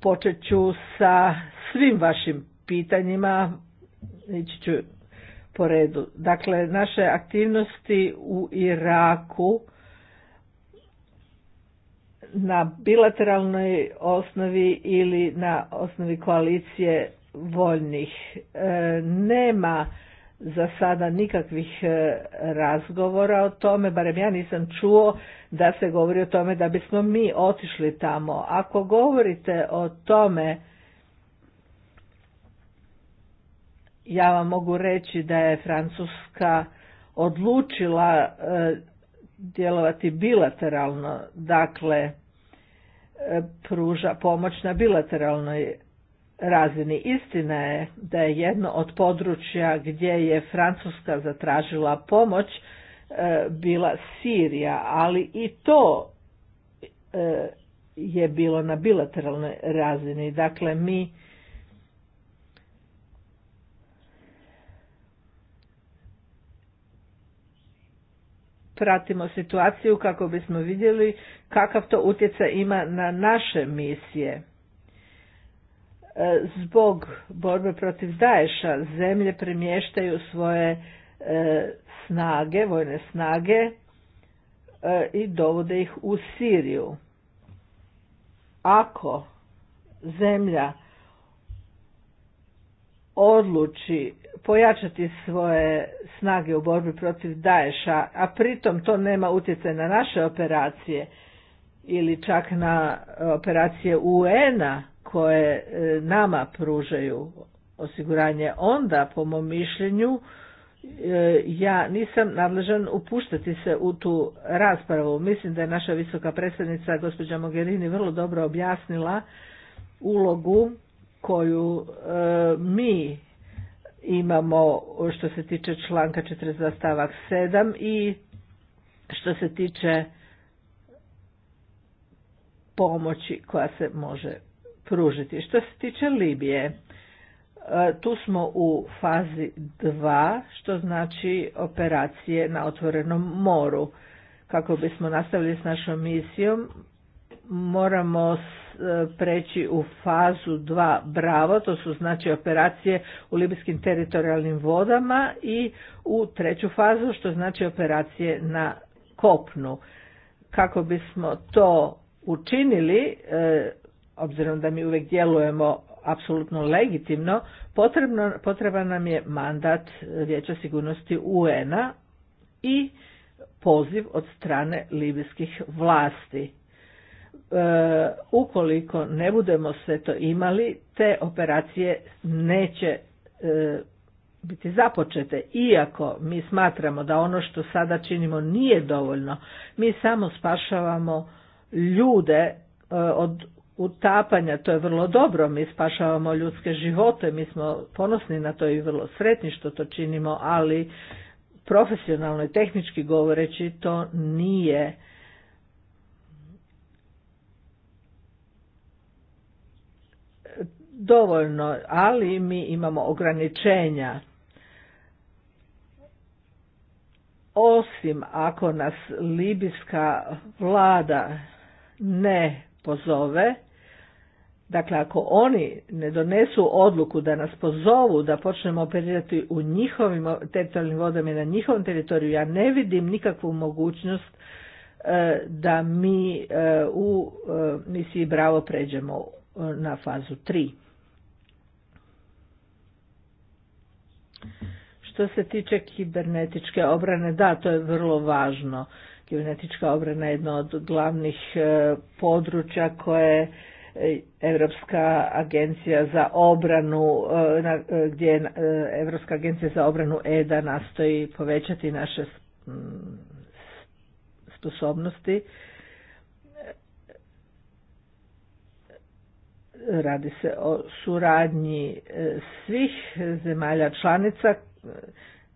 Speaker 1: počet ću sa svim vašim pitanjima, ići ću po redu. Dakle, naše aktivnosti u Iraku na bilateralnoj osnovi ili na osnovi koalicije voljnih. E, nema za sada nikakvih e, razgovora o tome, barem ja nisam čuo da se govori o tome da bismo mi otišli tamo. Ako govorite o tome, ja vam mogu reći da je Francuska odlučila e, djelovati bilateralno, dakle e, pruža pomoć na bilateralnoj razini. Istina je da je jedno od područja gdje je Francuska zatražila pomoć e, bila Sirija, ali i to e, je bilo na bilateralnoj razini. Dakle, mi pratimo situaciju kako bismo vidjeli kakav to utjecaj ima na naše misije. E, zbog borbe protiv Daješa zemlje premještaju svoje e, snage, vojne snage e, i dovode ih u Siriju. Ako zemlja odluči pojačati svoje snage u borbi protiv Daješa, a pritom to nema utjecaj na naše operacije ili čak na operacije UN-a, koje e, nama pružaju osiguranje onda po mom mišljenju e, ja nisam nadležan upuštati se u tu raspravu. Mislim da je naša visoka predsjednica gospođa Mogherini vrlo dobro objasnila ulogu koju e, mi imamo što se tiče članka 42 stavak 7 i što se tiče pomoći koja se može pružiti. Što se tiče Libije, e, tu smo u fazi 2, što znači operacije na otvorenom moru. Kako bismo nastavili s našom misijom, moramo e, preći u fazu 2 bravo, to su znači operacije u libijskim teritorijalnim vodama i u treću fazu, što znači operacije na kopnu. Kako bismo to učinili, e, obzirom da mi uvijek djelujemo apsolutno legitimno, potrebno, potreban nam je mandat Vijeća sigurnosti UN-a i poziv od strane libijskih vlasti. E, ukoliko ne budemo sve to imali, te operacije neće e, biti započete. Iako mi smatramo da ono što sada činimo nije dovoljno, mi samo spašavamo ljude e, od utapanja, to je vrlo dobro, mi spašavamo ljudske živote, mi smo ponosni na to i vrlo sretni što to činimo, ali profesionalno i tehnički govoreći to nije dovoljno, ali mi imamo ograničenja. Osim ako nas libijska vlada ne pozove Dakle, ako oni ne donesu odluku da nas pozovu da počnemo operirati u njihovim teritorijalnim vodama i na njihovom teritoriju, ja ne vidim nikakvu mogućnost e, da mi e, u e, misiji Bravo pređemo na fazu 3. Što se tiče kibernetičke obrane, da, to je vrlo važno. Kibernetička obrana je jedna od glavnih područja koje Europska agencija za obranu, e, e, gdje Europska e, agencija za obranu EDA nastoji povećati naše mm, sposobnosti. Radi se o suradnji svih zemalja članica,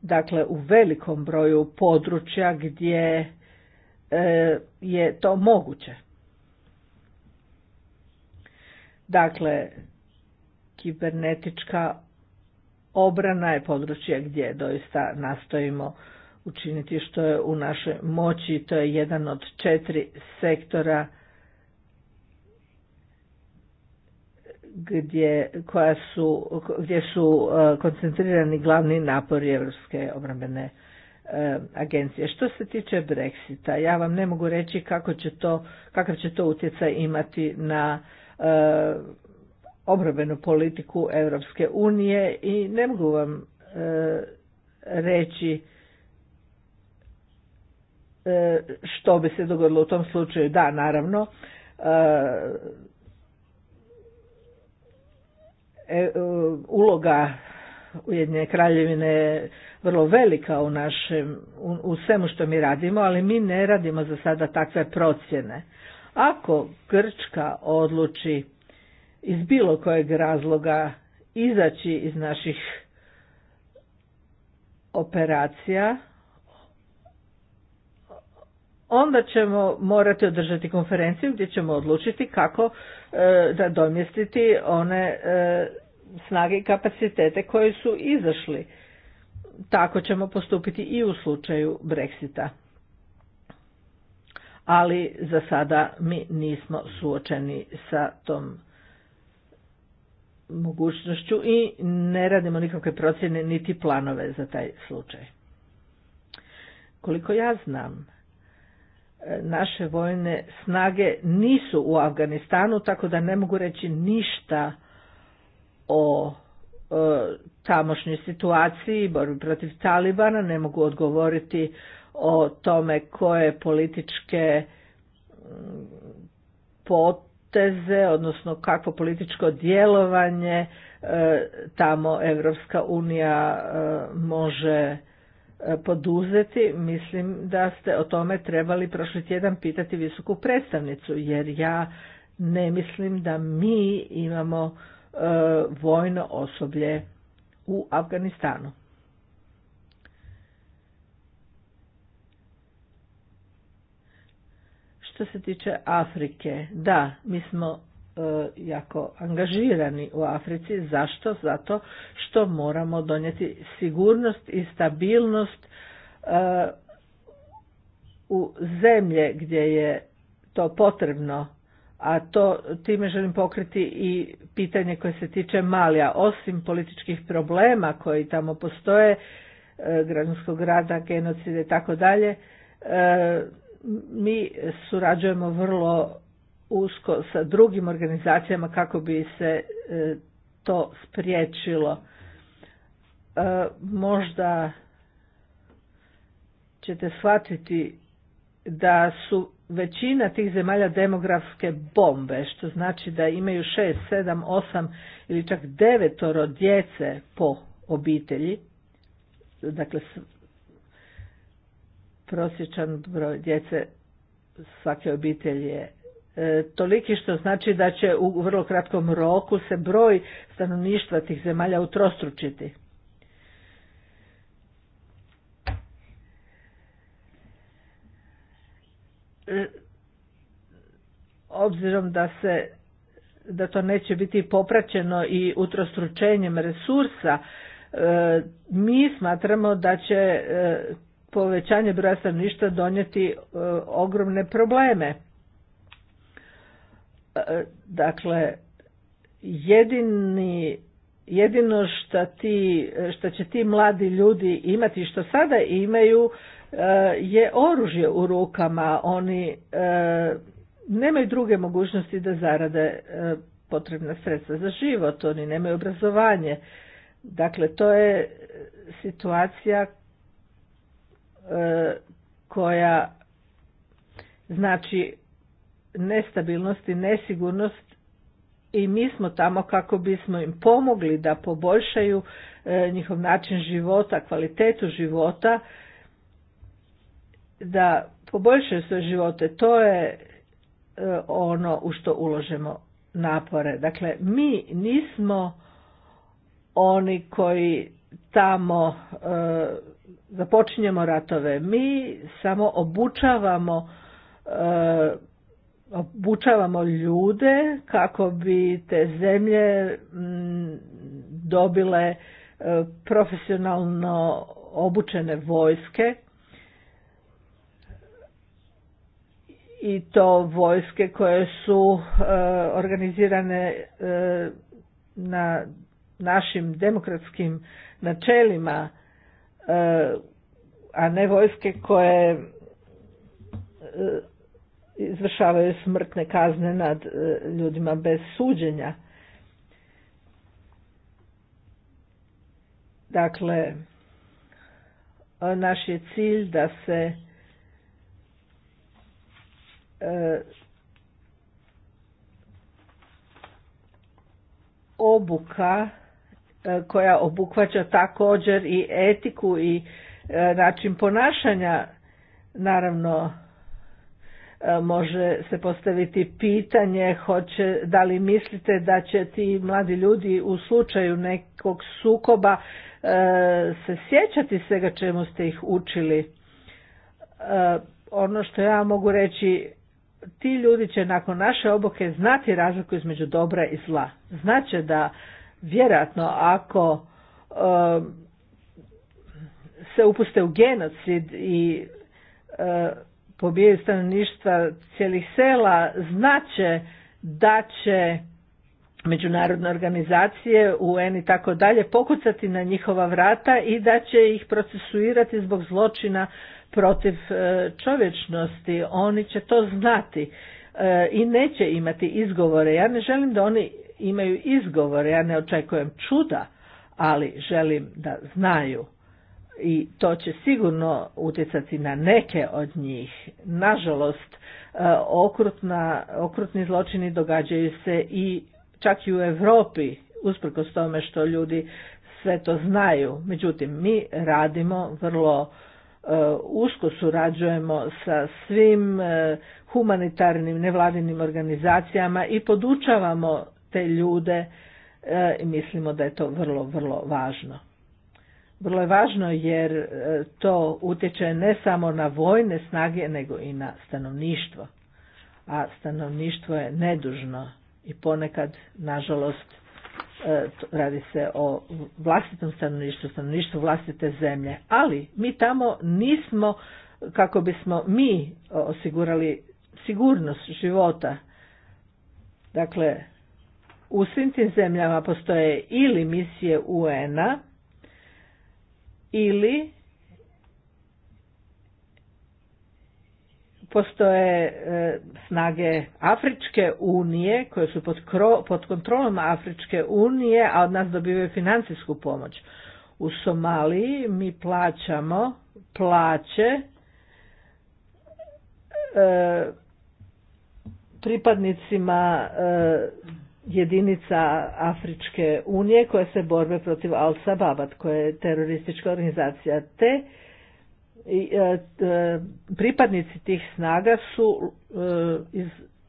Speaker 1: dakle u velikom broju područja gdje je to moguće. Dakle, kibernetička obrana je područje gdje doista nastojimo učiniti što je u našoj moći. To je jedan od četiri sektora gdje, koja su, gdje su e, koncentrirani glavni napori Europske obrambene e, agencije. Što se tiče Brexita, ja vam ne mogu reći kako će to, kakav će to utjecaj imati na E, obrambenu politiku Europske unije i ne mogu vam e, reći e, što bi se dogodilo u tom slučaju. Da, naravno, E, uloga Ujedinjene kraljevine je vrlo velika u našem, u, u svemu što mi radimo, ali mi ne radimo za sada takve procjene. Ako Grčka odluči iz bilo kojeg razloga izaći iz naših operacija, onda ćemo morati održati konferenciju gdje ćemo odlučiti kako e, da domjestiti one e, snage i kapacitete koji su izašli. Tako ćemo postupiti i u slučaju Brexita ali za sada mi nismo suočeni sa tom mogućnošću i ne radimo nikakve procjene niti planove za taj slučaj. Koliko ja znam, naše vojne snage nisu u Afganistanu, tako da ne mogu reći ništa o e, tamošnjoj situaciji, borbi protiv Talibana, ne mogu odgovoriti o tome koje političke mm, poteze, odnosno kakvo političko djelovanje e, tamo Evropska unija e, može e, poduzeti, mislim da ste o tome trebali prošli tjedan pitati visoku predstavnicu, jer ja ne mislim da mi imamo vojno osoblje u Afganistanu. Što se tiče Afrike, da, mi smo e, jako angažirani u Africi. Zašto? Zato što moramo donijeti sigurnost i stabilnost e, u zemlje gdje je to potrebno, a to time želim pokriti i pitanje koje se tiče Malija. Osim političkih problema koji tamo postoje, e, građanskog rada, genocida i tako dalje, mi surađujemo vrlo usko sa drugim organizacijama kako bi se e, to spriječilo. E, možda ćete shvatiti da su većina tih zemalja demografske bombe, što znači da imaju šest, sedam, osam ili čak devetoro djece po obitelji. Dakle, prosječan broj djece svake obitelji je e, toliki što znači da će u vrlo kratkom roku se broj stanovništva tih zemalja utrostručiti. E, obzirom da se da to neće biti popraćeno i utrostručenjem resursa, e, mi smatramo da će povećanje broja stanovništva donijeti e, ogromne probleme. E, dakle, jedini jedino što ti, će ti mladi ljudi imati što sada imaju e, je oružje u rukama. Oni nemaju druge mogućnosti da zarade potrebna sredstva za život, oni nemaju obrazovanje. Dakle, to je situacija E, koja znači nestabilnost i nesigurnost i mi smo tamo kako bismo im pomogli da poboljšaju e, njihov način života, kvalitetu života, da poboljšaju svoje živote. To je e, ono u što uložemo napore. Dakle, mi nismo oni koji tamo započinjemo ratove. Mi samo obučavamo e, obučavamo ljude kako bi te zemlje dobile e, profesionalno obučene vojske i to vojske koje su e, organizirane na našim demokratskim načelima a ne vojske koje e, izvršavaju smrtne kazne nad e, ljudima bez suđenja. Dakle, naš je cilj da se e, obuka E, koja obuhvaća također i etiku i e, način ponašanja naravno e, može se postaviti pitanje hoće, da li mislite da će ti mladi ljudi u slučaju nekog sukoba se sjećati svega čemu ste ih učili. Ono što ja mogu reći, ti ljudi će nakon naše oboke znati razliku između dobra i zla. Znaće da vjerojatno ako eh, se upuste u genocid i eh, pobijaju stanovništva cijelih sela znače da će međunarodne organizacije, UN i tako dalje, pokucati na njihova vrata i da će ih procesuirati zbog zločina protiv eh, čovječnosti. Oni će to znati i neće imati izgovore. Ja ne želim da oni imaju izgovore, ja ne očekujem čuda, ali želim da znaju i to će sigurno utjecati na neke od njih. Nažalost, e, okrutna, okrutni zločini događaju se i čak i u Europi, usprkos tome što ljudi sve to znaju. Međutim, mi radimo vrlo e, usko surađujemo sa svim e, humanitarnim nevladinim organizacijama i podučavamo te ljude e, i mislimo da je to vrlo, vrlo važno. Vrlo je važno jer e, to utječe ne samo na vojne snage nego i na stanovništvo. A stanovništvo je nedužno i ponekad, nažalost, e, radi se o vlastitom stanovništvu, stanovništvu vlastite zemlje. Ali mi tamo nismo kako bismo mi osigurali sigurnost života. Dakle, u svim tim zemljama postoje ili misije UN-a ili postoje e, snage Afričke unije koje su pod, pod kontrolom Afričke unije, a od nas dobivaju financijsku pomoć. U Somaliji mi plaćamo plaće e, pripadnicima e, jedinica Afričke unije koja se borbe protiv Al-Sababat, koja je teroristička organizacija. Te e, e, pripadnici tih snaga su e, iz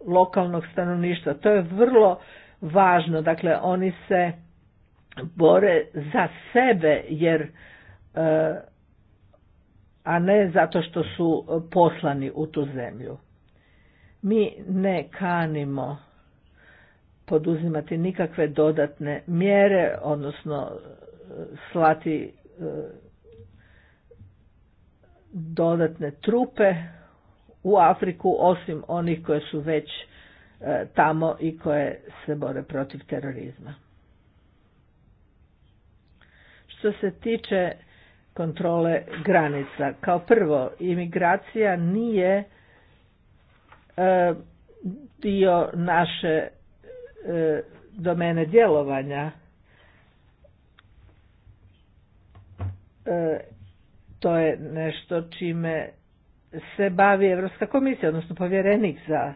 Speaker 1: lokalnog stanovništva. To je vrlo važno, dakle oni se bore za sebe jer a ne zato što su poslani u tu zemlju. Mi ne kanimo poduzimati nikakve dodatne mjere, odnosno e, slati e, dodatne trupe u Afriku osim onih koje su već e, tamo i koje se bore protiv terorizma. Što se tiče kontrole granica, kao prvo imigracija nije dio naše E, domene djelovanja. E, to je nešto čime se bavi Europska komisija, odnosno povjerenik za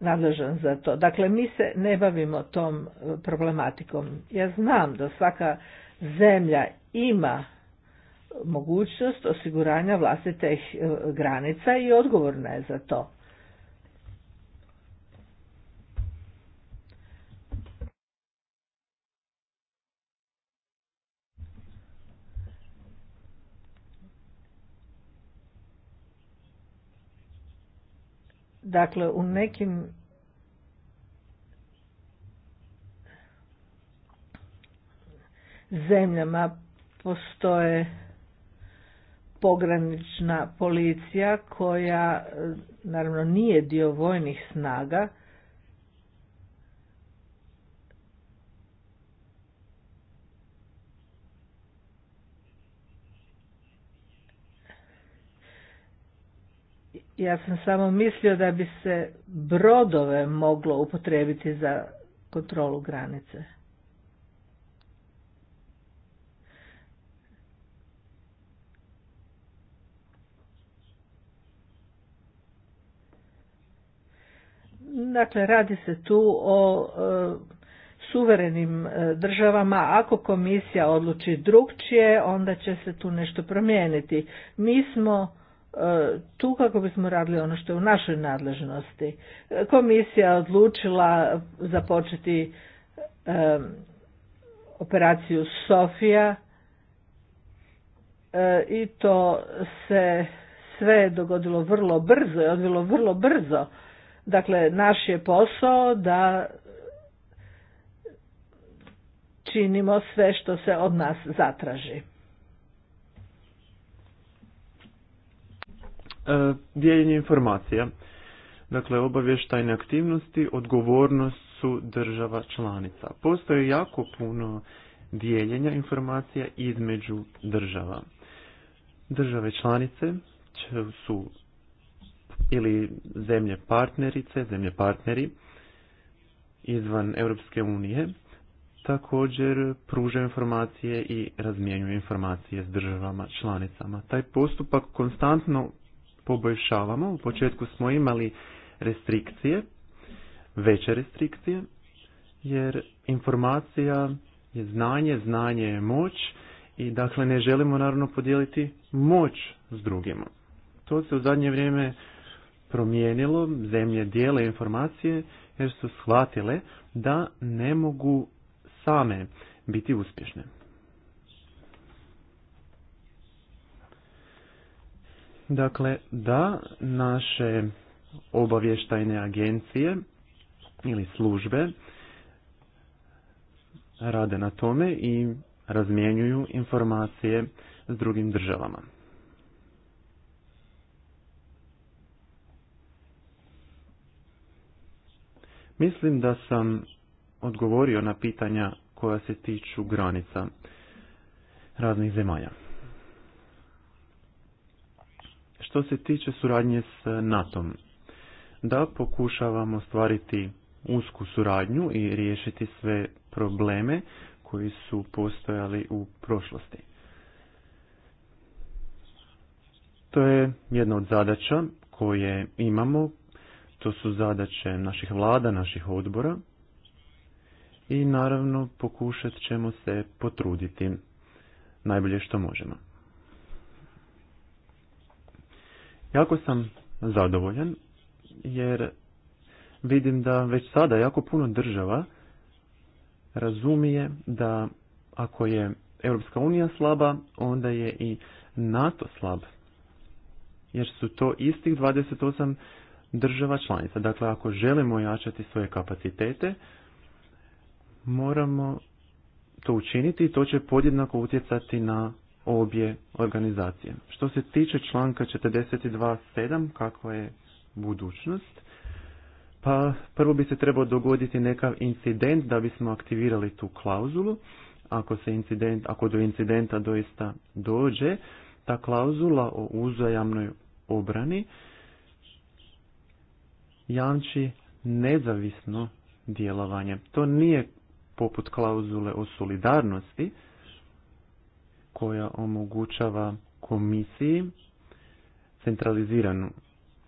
Speaker 1: nadležan za to. Dakle, mi se ne bavimo tom problematikom. Ja znam da svaka zemlja ima mogućnost osiguranja vlastitih e, granica i odgovorna je za to. Dakle, u nekim zemljama postoje pogranična policija koja naravno nije dio vojnih snaga Ja sam samo mislio da bi se brodove moglo upotrebiti za kontrolu granice. Dakle, radi se tu o e, suverenim e, državama. Ako komisija odluči drugčije, onda će se tu nešto promijeniti. Mi smo tu kako bismo radili ono što je u našoj nadležnosti. Komisija odlučila započeti operaciju Sofija e, i to se sve dogodilo vrlo brzo i odvilo vrlo brzo. Dakle, naš je posao da činimo sve što se od nas zatraži.
Speaker 3: E, dijeljenje informacija. Dakle, obavještajne aktivnosti, odgovornost su država članica. Postoje jako puno dijeljenja informacija između država. Države članice su ili zemlje partnerice, zemlje partneri izvan Europske unije također pruža informacije i razmjenjuje informacije s državama članicama. Taj postupak konstantno poboljšavamo. U početku smo imali restrikcije, veće restrikcije, jer informacija je znanje, znanje je moć i dakle ne želimo naravno podijeliti moć s drugima. To se u zadnje vrijeme promijenilo, zemlje dijele informacije jer su shvatile da ne mogu same biti uspješne. Dakle, da naše obavještajne agencije ili službe rade na tome i razmjenjuju informacije s drugim državama. Mislim da sam odgovorio na pitanja koja se tiču granica raznih zemalja. Što se tiče suradnje s NATO-om, da pokušavamo stvariti usku suradnju i riješiti sve probleme koji su postojali u prošlosti. To je jedna od zadaća koje imamo, to su zadaće naših vlada, naših odbora i naravno pokušat ćemo se potruditi najbolje što možemo. Jako sam zadovoljan jer vidim da već sada jako puno država razumije da ako je Europska unija slaba, onda je i NATO slab. Jer su to istih 28 država članica. Dakle, ako želimo jačati svoje kapacitete, moramo to učiniti i to će podjednako utjecati na obje organizacije. Što se tiče članka 42.7, kako je budućnost, pa prvo bi se trebao dogoditi nekav incident da bismo aktivirali tu klauzulu. Ako, se incident, ako do incidenta doista dođe, ta klauzula o uzajamnoj obrani jamči nezavisno djelovanje. To nije poput klauzule o solidarnosti, koja omogućava komisiji centraliziranu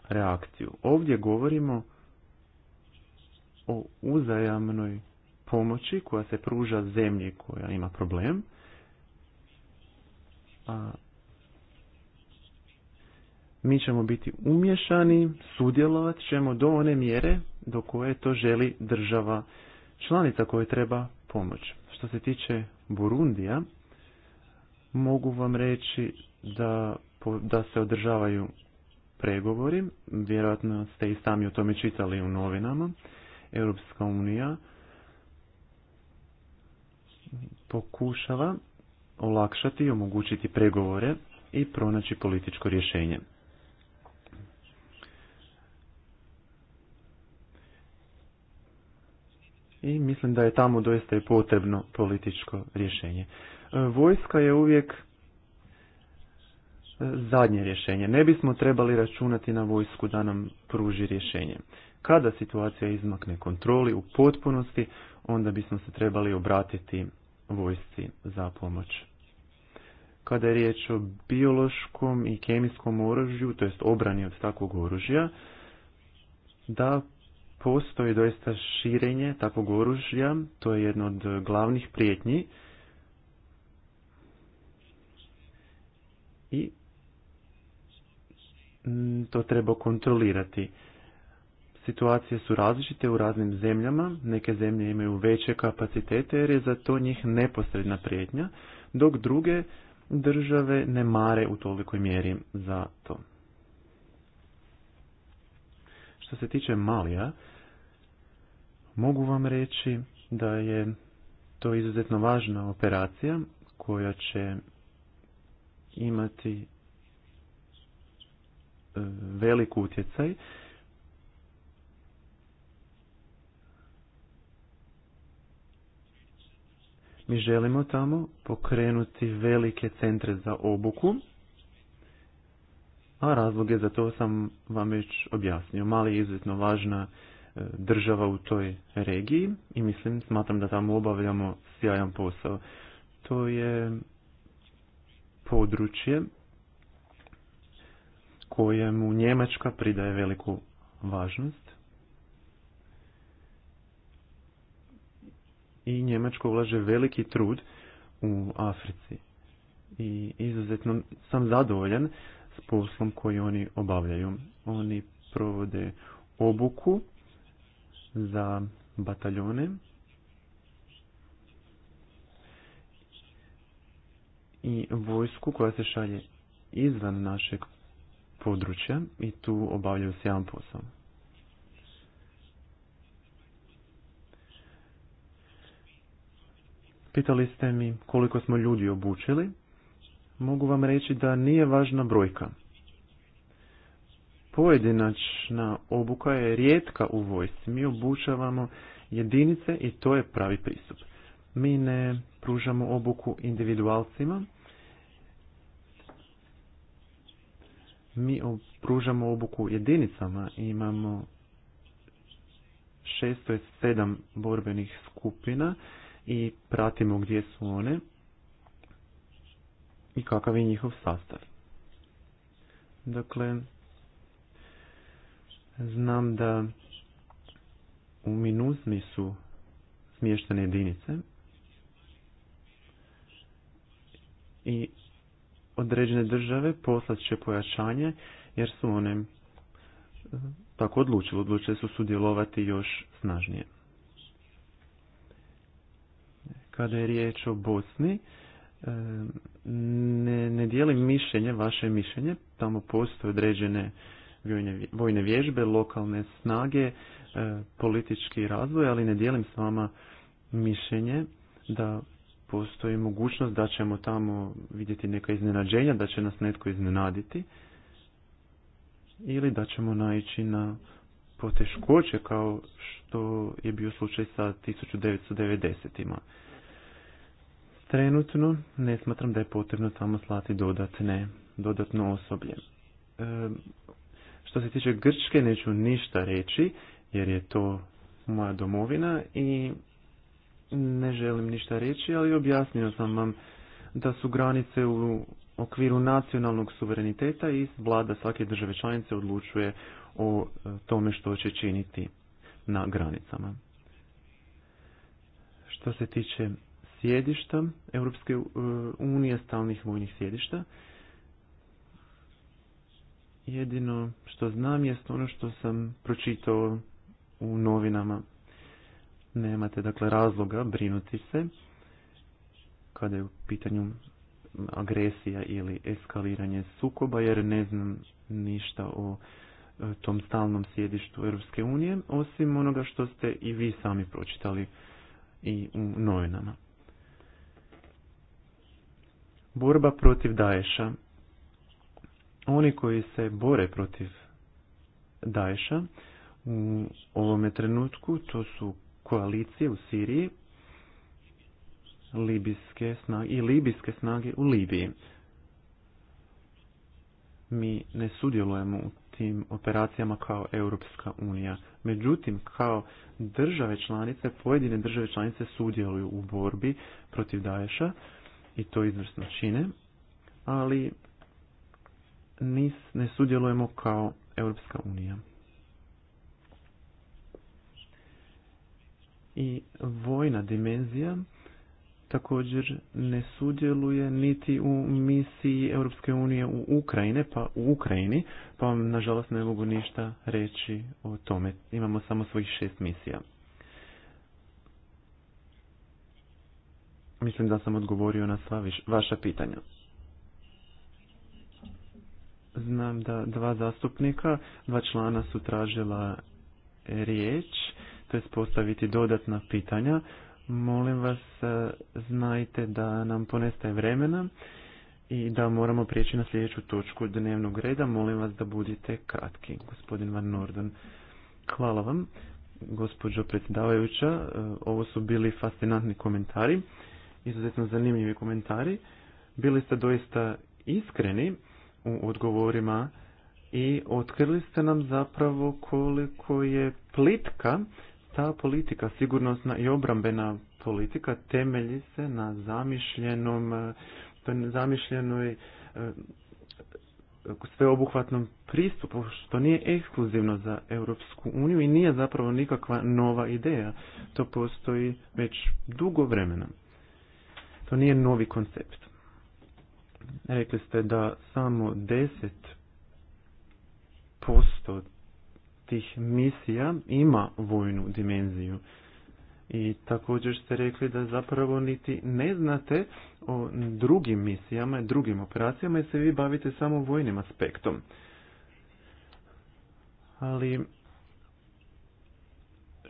Speaker 3: reakciju. Ovdje govorimo o uzajamnoj pomoći koja se pruža zemlji koja ima problem. A mi ćemo biti umješani, sudjelovat ćemo do one mjere do koje to želi država članica koje treba pomoć. Što se tiče Burundija, mogu vam reći da, da se održavaju pregovori, vjerojatno ste i sami o tome čitali u novinama, Europska unija pokušava olakšati i omogućiti pregovore i pronaći političko rješenje. I mislim da je tamo doista i potrebno političko rješenje vojska je uvijek e, zadnje rješenje. Ne bismo trebali računati na vojsku da nam pruži rješenje. Kada situacija izmakne kontroli u potpunosti, onda bismo se trebali obratiti vojsci za pomoć. Kada je riječ o biološkom i kemijskom oružju, to jest obrani od takvog oružja, da postoji doista širenje takvog oružja, to je jedno od glavnih prijetnji i mm, to treba kontrolirati. Situacije su različite u raznim zemljama, neke zemlje imaju veće kapacitete jer je za to njih neposredna prijetnja, dok druge države ne mare u tolikoj mjeri za to. Što se tiče Malija, mogu vam reći da je to izuzetno važna operacija koja će imati e, velik utjecaj. Mi želimo tamo pokrenuti velike centre za obuku, a razloge za to sam vam već objasnio. Mali je izuzetno važna e, država u toj regiji i mislim, smatram da tamo obavljamo sjajan posao. To je područje kojemu Njemačka pridaje veliku važnost. I Njemačka ulaže veliki trud u Africi. I izuzetno sam zadovoljan s poslom koji oni obavljaju. Oni provode obuku za bataljone i vojsku koja se šalje izvan našeg područja i tu obavljaju sjajan posao. Pitali ste mi koliko smo ljudi obučili. Mogu vam reći da nije važna brojka. Pojedinačna obuka je rijetka u vojsci. Mi obučavamo jedinice i to je pravi pristup. Mi ne pružamo obuku individualcima. Mi pružamo obuku jedinicama. Imamo sedam borbenih skupina i pratimo gdje su one i kakav je njihov sastav. Dakle, znam da u minusni su smještene jedinice. i određene države poslat će pojačanje jer su one eh, tako odlučile, odlučile su sudjelovati još snažnije. Kada je riječ o Bosni, eh, ne, ne dijelim mišljenje, vaše mišljenje, tamo postoje određene vojne vježbe, lokalne snage, eh, politički razvoj, ali ne dijelim s vama mišljenje da postoji mogućnost da ćemo tamo vidjeti neka iznenađenja, da će nas netko iznenaditi ili da ćemo naići na poteškoće kao što je bio slučaj sa 1990-ima. Trenutno ne smatram da je potrebno tamo slati dodatne, dodatno osoblje. E, što se tiče Grčke neću ništa reći jer je to moja domovina i ne želim ništa reći, ali objasnio sam vam da su granice u okviru nacionalnog suvereniteta i vlada svake države članice odlučuje o e, tome što će činiti na granicama. Što se tiče sjedišta Europske e, unije, stalnih vojnih sjedišta, jedino što znam jest ono što sam pročitao u novinama. Nemate dakle razloga brinuti se kada je u pitanju agresija ili eskaliranje sukoba jer ne znam ništa o e, tom stalnom sjedištu Europske unije osim onoga što ste i vi sami pročitali i u novinama. Borba protiv Daesha. Oni koji se bore protiv Daesha u ovome trenutku to su koalicije u Siriji libijske snage, i libijske snage u Libiji. Mi ne sudjelujemo u tim operacijama kao Europska unija. Međutim, kao države članice, pojedine države članice sudjeluju u borbi protiv Daješa i to izvrsno čine, ali nis, ne sudjelujemo kao Europska unija. i vojna dimenzija također ne sudjeluje niti u misiji Europske unije u Ukrajine, pa u Ukrajini, pa vam nažalost ne mogu ništa reći o tome. Imamo samo svojih šest misija. Mislim da sam odgovorio na sva vaša pitanja. Znam da dva zastupnika, dva člana su tražila riječ želite postaviti dodatna pitanja, molim vas eh, znajte da nam ponestaje vremena i da moramo prijeći na sljedeću točku dnevnog reda. Molim vas da budite kratki, gospodin Van Norden. Hvala vam, gospođo predsjedavajuća. Eh, ovo su bili fascinantni komentari, izuzetno zanimljivi komentari. Bili ste doista iskreni u odgovorima i otkrili ste nam zapravo koliko je plitka ta politika, sigurnosna i obrambena politika, temelji se na zamišljenom, e, zamišljenoj e, sveobuhvatnom pristupu, što nije ekskluzivno za Europsku uniju i nije zapravo nikakva nova ideja. To postoji već dugo vremena. To nije novi koncept. Rekli ste da samo 10% tih misija ima vojnu dimenziju. I također ste rekli da zapravo niti ne znate o drugim misijama, drugim operacijama jer se vi bavite samo vojnim aspektom. Ali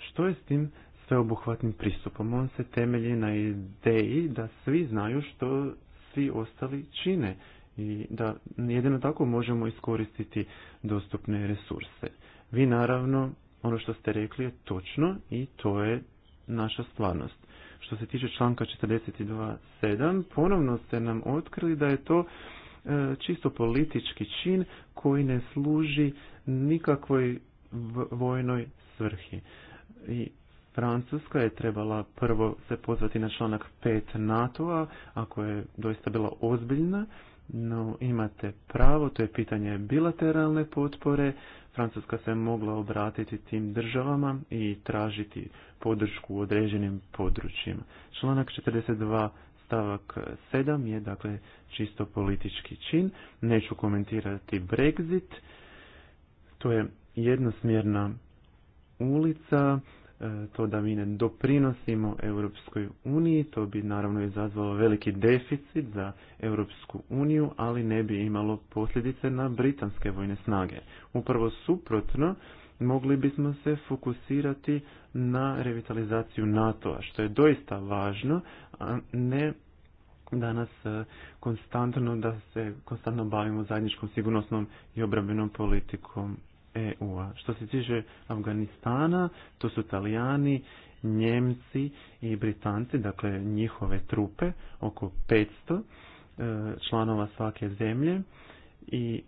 Speaker 3: što je s tim sveobuhvatnim pristupom? On se temelji na ideji da svi znaju što svi ostali čine i da jedino tako možemo iskoristiti dostupne resurse. Vi naravno, ono što ste rekli je točno i to je naša stvarnost. Što se tiče članka 42.7, ponovno ste nam otkrili da je to e, čisto politički čin koji ne služi nikakvoj vojnoj svrhi. I Francuska je trebala prvo se pozvati na članak 5 NATO-a, ako je doista bila ozbiljna, no imate pravo, to je pitanje bilateralne potpore, Francuska se mogla obratiti tim državama i tražiti podršku u određenim područjima. Članak 42 stavak 7 je dakle čisto politički čin. Neću komentirati Brexit. To je jednosmjerna ulica E, to da mi ne doprinosimo Europskoj uniji, to bi naravno izazvalo veliki deficit za Europsku uniju, ali ne bi imalo posljedice na britanske vojne snage. Upravo suprotno, mogli bismo se fokusirati na revitalizaciju NATO-a, što je doista važno, a ne danas e, konstantno da se konstantno bavimo zajedničkom sigurnosnom i obrambenom politikom EU-a. Što se tiče Afganistana, to su Italijani, Njemci i Britanci, dakle njihove trupe, oko 500 e, članova svake zemlje i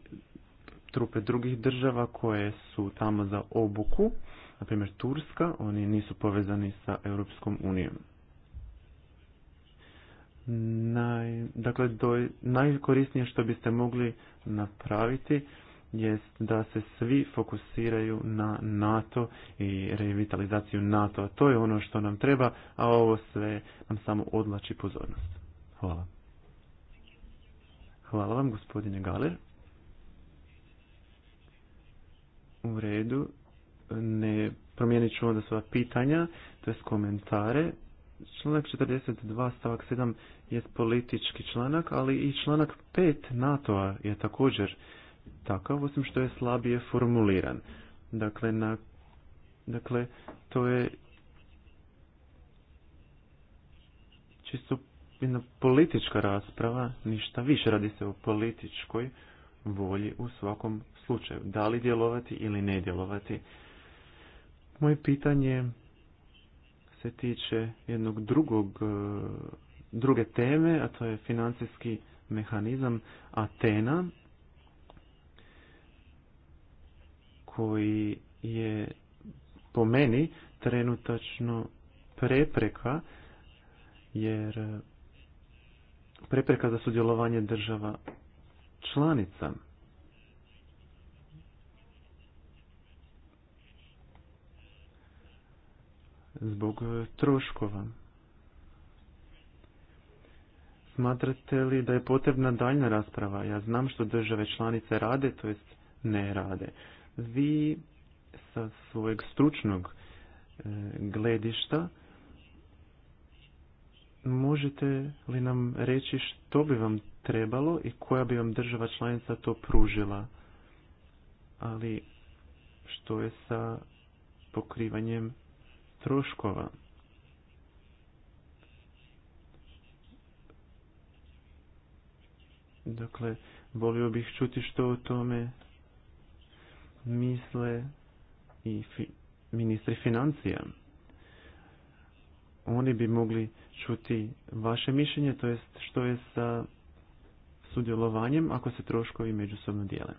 Speaker 3: trupe drugih država koje su tamo za obuku, na primjer Turska, oni nisu povezani sa Europskom unijom. Naj, dakle, najkorisnije što biste mogli napraviti jest da se svi fokusiraju na NATO i revitalizaciju NATO. a To je ono što nam treba, a ovo sve nam samo odlači pozornost. Hvala. Hvala vam, gospodine Galer. U redu. Ne promijenit ću onda sva pitanja, to je komentare. Članak 42 stavak 7 je politički članak, ali i članak 5 NATO-a je također takav, osim što je slabije formuliran. Dakle, na, dakle to je čisto jedna politička rasprava, ništa više radi se o političkoj volji u svakom slučaju. Da li djelovati ili ne djelovati? Moje pitanje se tiče jednog drugog, e, druge teme, a to je financijski mehanizam Atena koji je po meni trenutačno prepreka jer prepreka za sudjelovanje država članica. Zbog troškova. Smatrate li da je potrebna daljna rasprava? Ja znam što države članice rade, to jest ne rade vi sa svojeg stručnog e, gledišta možete li nam reći što bi vam trebalo i koja bi vam država članica to pružila? Ali što je sa pokrivanjem troškova? Dakle, volio bih čuti što o tome misle i fi, ministri financija. Oni bi mogli čuti vaše mišljenje, to jest što je sa sudjelovanjem ako se troškovi međusobno dijele.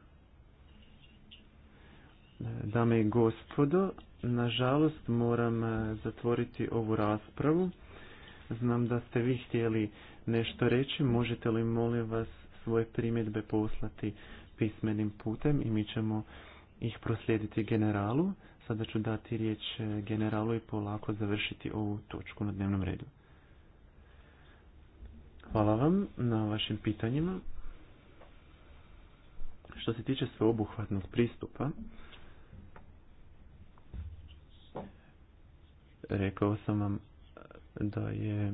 Speaker 3: Dame i gospodo, nažalost moram e, zatvoriti ovu raspravu. Znam da ste vi htjeli nešto reći, možete li molim vas svoje primjedbe poslati pismenim putem i mi ćemo ih proslijediti generalu. Sada ću dati riječ e, generalu i polako završiti ovu točku na dnevnom redu. Hvala vam na vašim pitanjima. Što se tiče sveobuhvatnog pristupa, rekao sam vam da je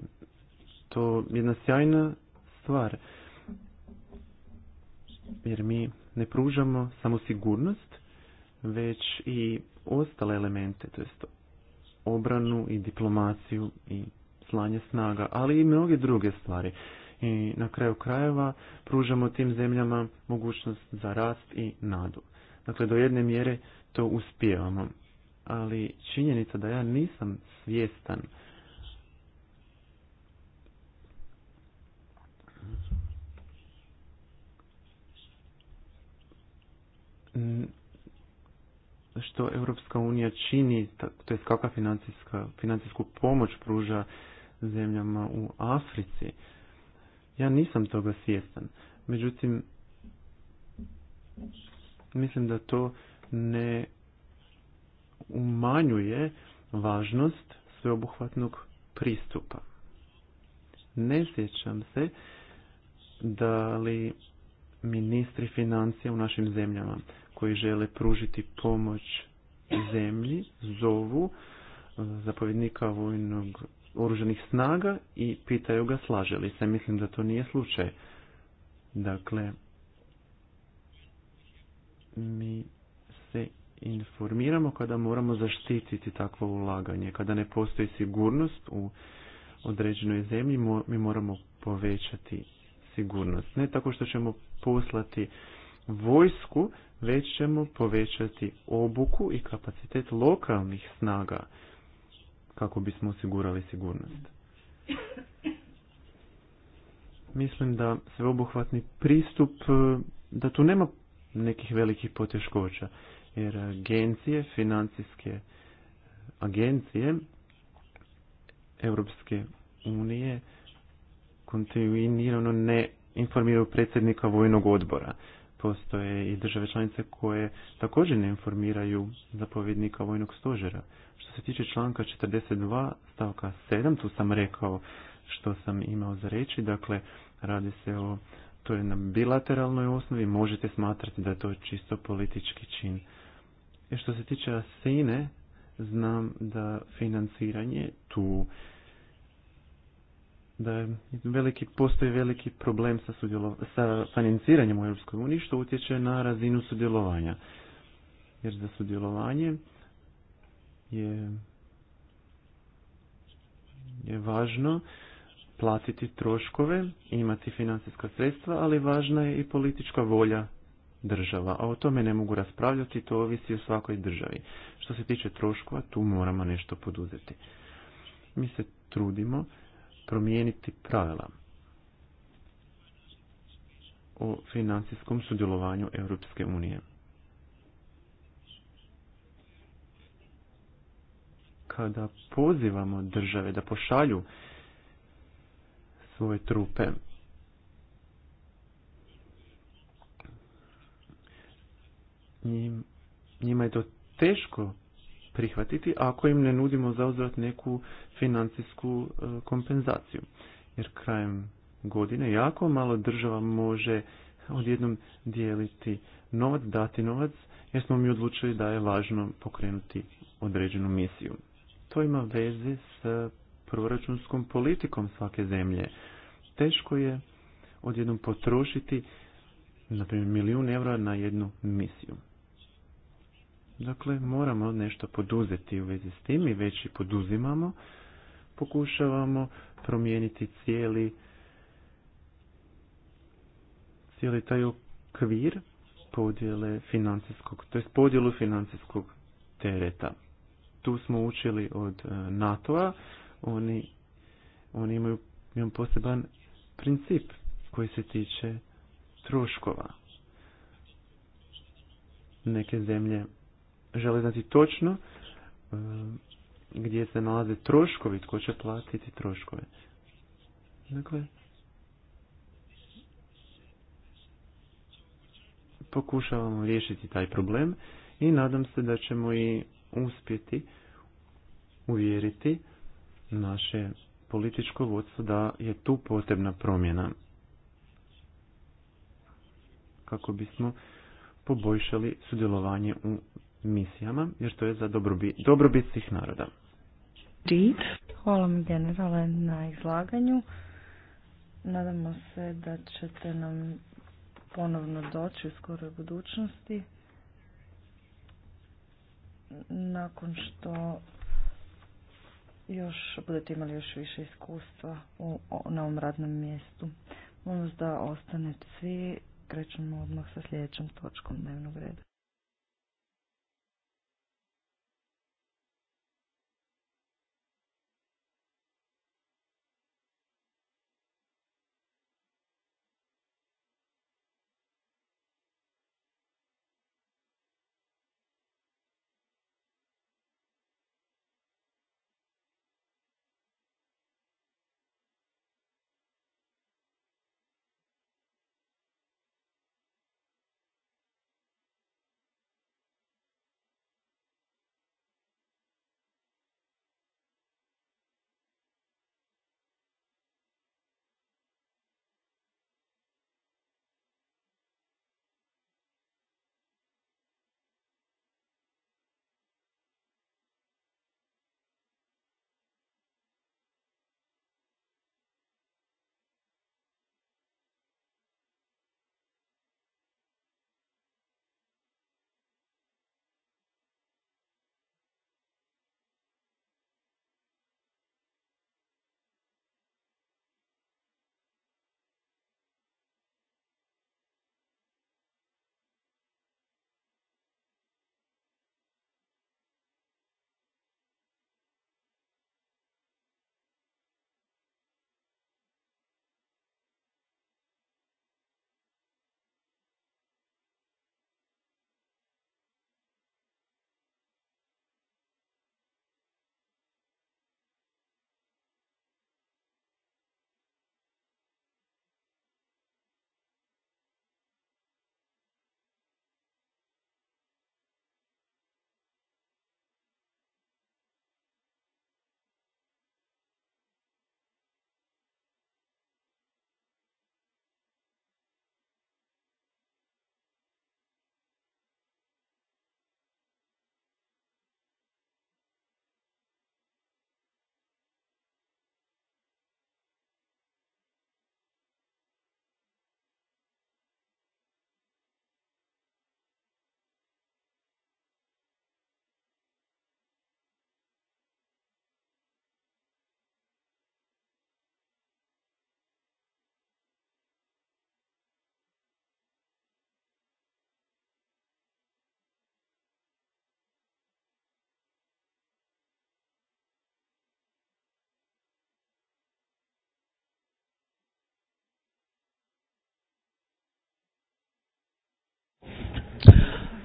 Speaker 3: to jedna sjajna stvar. Jer mi ne pružamo samo sigurnost, već i ostale elemente, to jest obranu i diplomaciju i slanje snaga, ali i mnoge druge stvari. I na kraju krajeva pružamo tim zemljama mogućnost za rast i nadu. Dakle, do jedne mjere to uspijevamo. Ali činjenica da ja nisam svjestan što Europska unija čini, to je kakva financijsku pomoć pruža zemljama u Africi. Ja nisam toga svjestan. Međutim, mislim da to ne umanjuje važnost sveobuhvatnog pristupa. Ne sjećam se da li ministri financija u našim zemljama koji žele pružiti pomoć zemlji zovu e, zapovjednika vojnog oruženih snaga i pitaju ga slaže li se. Mislim da to nije slučaj. Dakle, mi se informiramo kada moramo zaštititi takvo ulaganje. Kada ne postoji sigurnost u određenoj zemlji, mi moramo povećati sigurnost. Ne tako što ćemo poslati vojsku, već ćemo povećati obuku i kapacitet lokalnih snaga kako bismo osigurali sigurnost. Mislim da sveobuhvatni pristup, e, da tu nema nekih velikih poteškoća, jer agencije, financijske agencije Europske unije kontinuirano ne informiraju predsjednika vojnog odbora. Postoje i države članice koje također ne informiraju zapovjednika vojnog stožera. Što se tiče članka 42 stavka 7, tu sam rekao što sam imao za reći, dakle radi se o to je na bilateralnoj osnovi, možete smatrati da je to čisto politički čin. I e, što se tiče Asine, znam da financiranje tu da je veliki, postoji veliki problem sa, sa financiranjem u EU što utječe na razinu sudjelovanja. Jer za sudjelovanje je, je važno platiti troškove, imati financijska sredstva, ali važna je i politička volja država, a o tome ne mogu raspravljati, to ovisi o svakoj državi. Što se tiče troškova, tu moramo nešto poduzeti. Mi se trudimo promijeniti pravila o financijskom sudjelovanju Europske unije. Kada pozivamo države da pošalju svoje trupe, njima je to teško prihvatiti ako im ne nudimo zauzvrat neku financijsku e, kompenzaciju. Jer krajem godine jako malo država može odjednom dijeliti novac, dati novac, jer smo mi odlučili da je važno pokrenuti određenu misiju. To ima veze s proračunskom politikom svake zemlje. Teško je odjednom potrošiti na primjer milijun eura na jednu misiju. Dakle, moramo nešto poduzeti u vezi s tim i već i poduzimamo. Pokušavamo promijeniti cijeli cijeli taj okvir podjele financijskog, to je podjelu financijskog tereta. Tu smo učili od e, NATO-a, oni, oni imaju, imaju poseban princip koji se tiče troškova. Neke zemlje žele znati točno eh, gdje se nalaze troškovi, tko će platiti troškove. Dakle, pokušavamo riješiti taj problem i nadam se da ćemo i uspjeti uvjeriti naše političko vodstvo da je tu potrebna promjena kako bismo poboljšali sudjelovanje u misijama, jer to je za dobrobit, dobrobit svih naroda.
Speaker 2: Hvala mi generale na izlaganju. Nadamo se da ćete nam ponovno doći u skoroj budućnosti. Nakon što još budete imali još više iskustva u, na ovom radnom mjestu. Molim vas da ostanete svi, krećemo odmah sa sljedećom točkom dnevnog reda.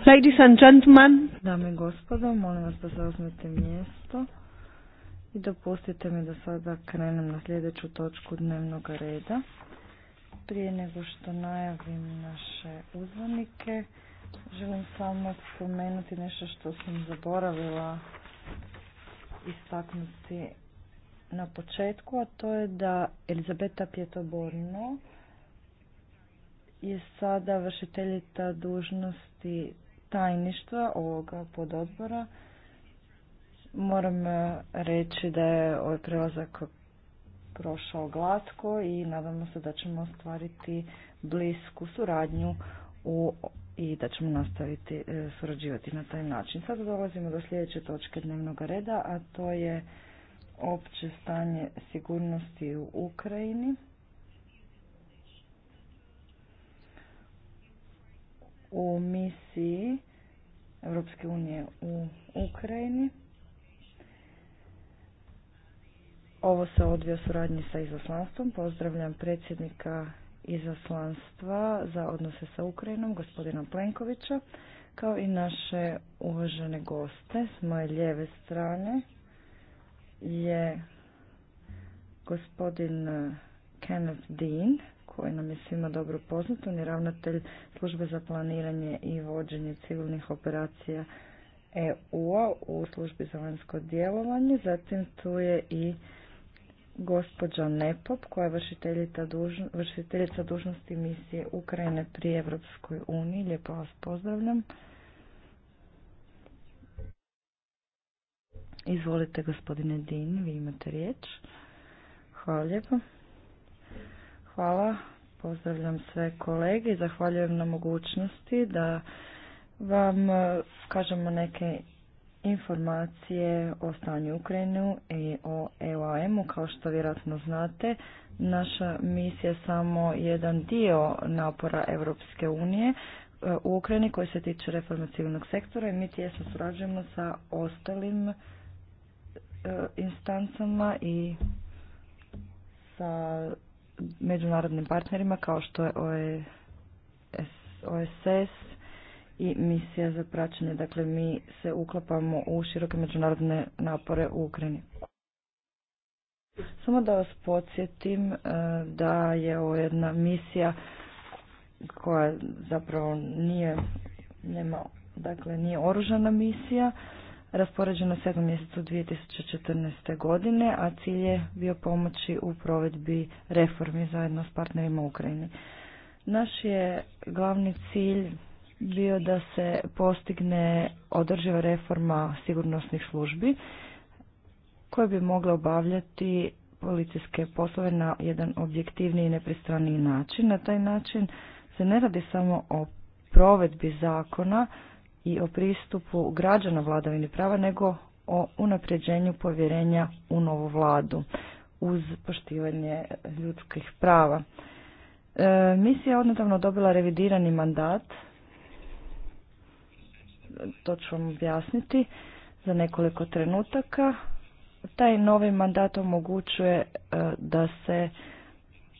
Speaker 2: Ladies
Speaker 1: and gentlemen.
Speaker 2: Dame i gospodo, molim vas da zauzmete mjesto i dopustite mi da sada krenem na sljedeću točku dnevnog reda. Prije nego što najavim naše uzvanike, želim samo spomenuti nešto što sam zaboravila istaknuti na početku, a to je da Elizabeta Pjetoborno je sada vršiteljica dužnosti tajništva ovoga pododbora moram e, reći da je ovaj prelazak prošao glatko i nadamo se da ćemo ostvariti blisku suradnju u i da ćemo nastaviti e, surađivati na taj način. Sada dolazimo do sljedeće točke dnevnog reda, a to je opće stanje sigurnosti u Ukrajini. u misiji Europske unije u Ukrajini. Ovo se odvio suradnji sa izaslanstvom. Pozdravljam predsjednika izaslanstva za odnose sa Ukrajinom, gospodina Plenkovića, kao i naše uvažene goste. S moje lijeve strane je gospodin Kenneth Dean, koji nam je svima dobro poznato. On je ravnatelj službe za planiranje i vođenje civilnih operacija EU-a u službi za vanjsko djelovanje. Zatim tu je i gospođa Nepop koja je vršiteljica, dužnosti misije Ukrajine pri Evropskoj uniji. Lijepo vas pozdravljam. Izvolite gospodine Din, vi imate riječ. Hvala lijepo. Hvala. Pozdravljam sve kolege i zahvaljujem na mogućnosti da vam e, kažemo neke informacije o stanju Ukrajinu i o EOM-u. Kao što vjerojatno znate, naša misija je samo jedan dio napora Europske unije e, u Ukrajini koji se tiče reformativnog sektora i mi tijesno surađujemo sa ostalim e, instancama i sa međunarodnim partnerima kao što je OSS e e i misija za praćenje. Dakle, mi se uklapamo u široke međunarodne napore u Ukrajini. Samo da vas podsjetim e, da je ovo jedna misija koja zapravo nije, nema, dakle, nije oružana misija, raspoređeno 7 mjesecu 2014. godine, a cilj je bio pomoći u provedbi reformi zajedno s partnerima u Ukrajini. Naš je glavni cilj bio da se postigne održiva reforma sigurnosnih službi koje bi mogle obavljati policijske poslove na jedan objektivniji i nepristraniji način. Na taj način se ne radi samo o provedbi zakona, i o pristupu građana vladavini prava, nego o unapređenju povjerenja u novu vladu uz poštivanje ljudskih prava. E, misija je dobila revidirani mandat, to ću vam objasniti za nekoliko trenutaka. Taj novi mandat omogućuje e, da se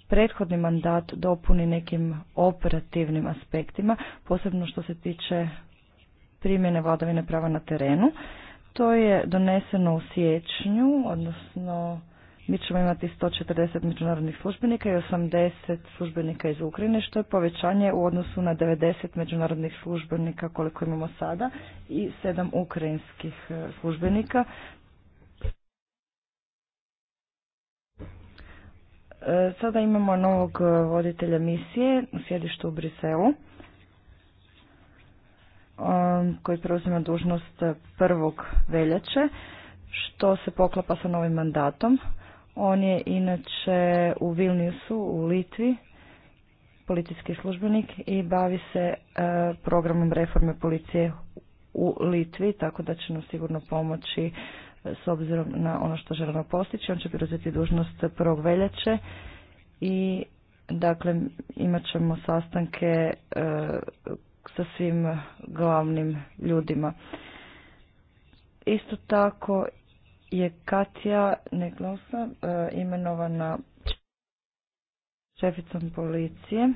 Speaker 2: prethodni mandat dopuni nekim operativnim aspektima, posebno što se tiče primjene vladavine prava na terenu. To je doneseno u siječnju, odnosno mi ćemo imati 140 međunarodnih službenika i 80 službenika iz Ukrajine, što je povećanje u odnosu na 90 međunarodnih službenika koliko imamo sada i 7 ukrajinskih e, službenika. E, sada imamo novog e, voditelja misije u sjedištu u Briselu. Um, koji preuzima dužnost prvog veljače, što se poklapa sa novim mandatom. On je inače u Vilniusu u Litvi policijski službenik i bavi se uh, programom reforme policije u Litvi, tako da će nam sigurno pomoći uh, s obzirom na ono što želimo postići. On će preuzeti dužnost prvog veljače i dakle imat ćemo sastanke uh, sa svim glavnim ljudima. Isto tako je Katja Neglosa e, imenovana šeficom policije.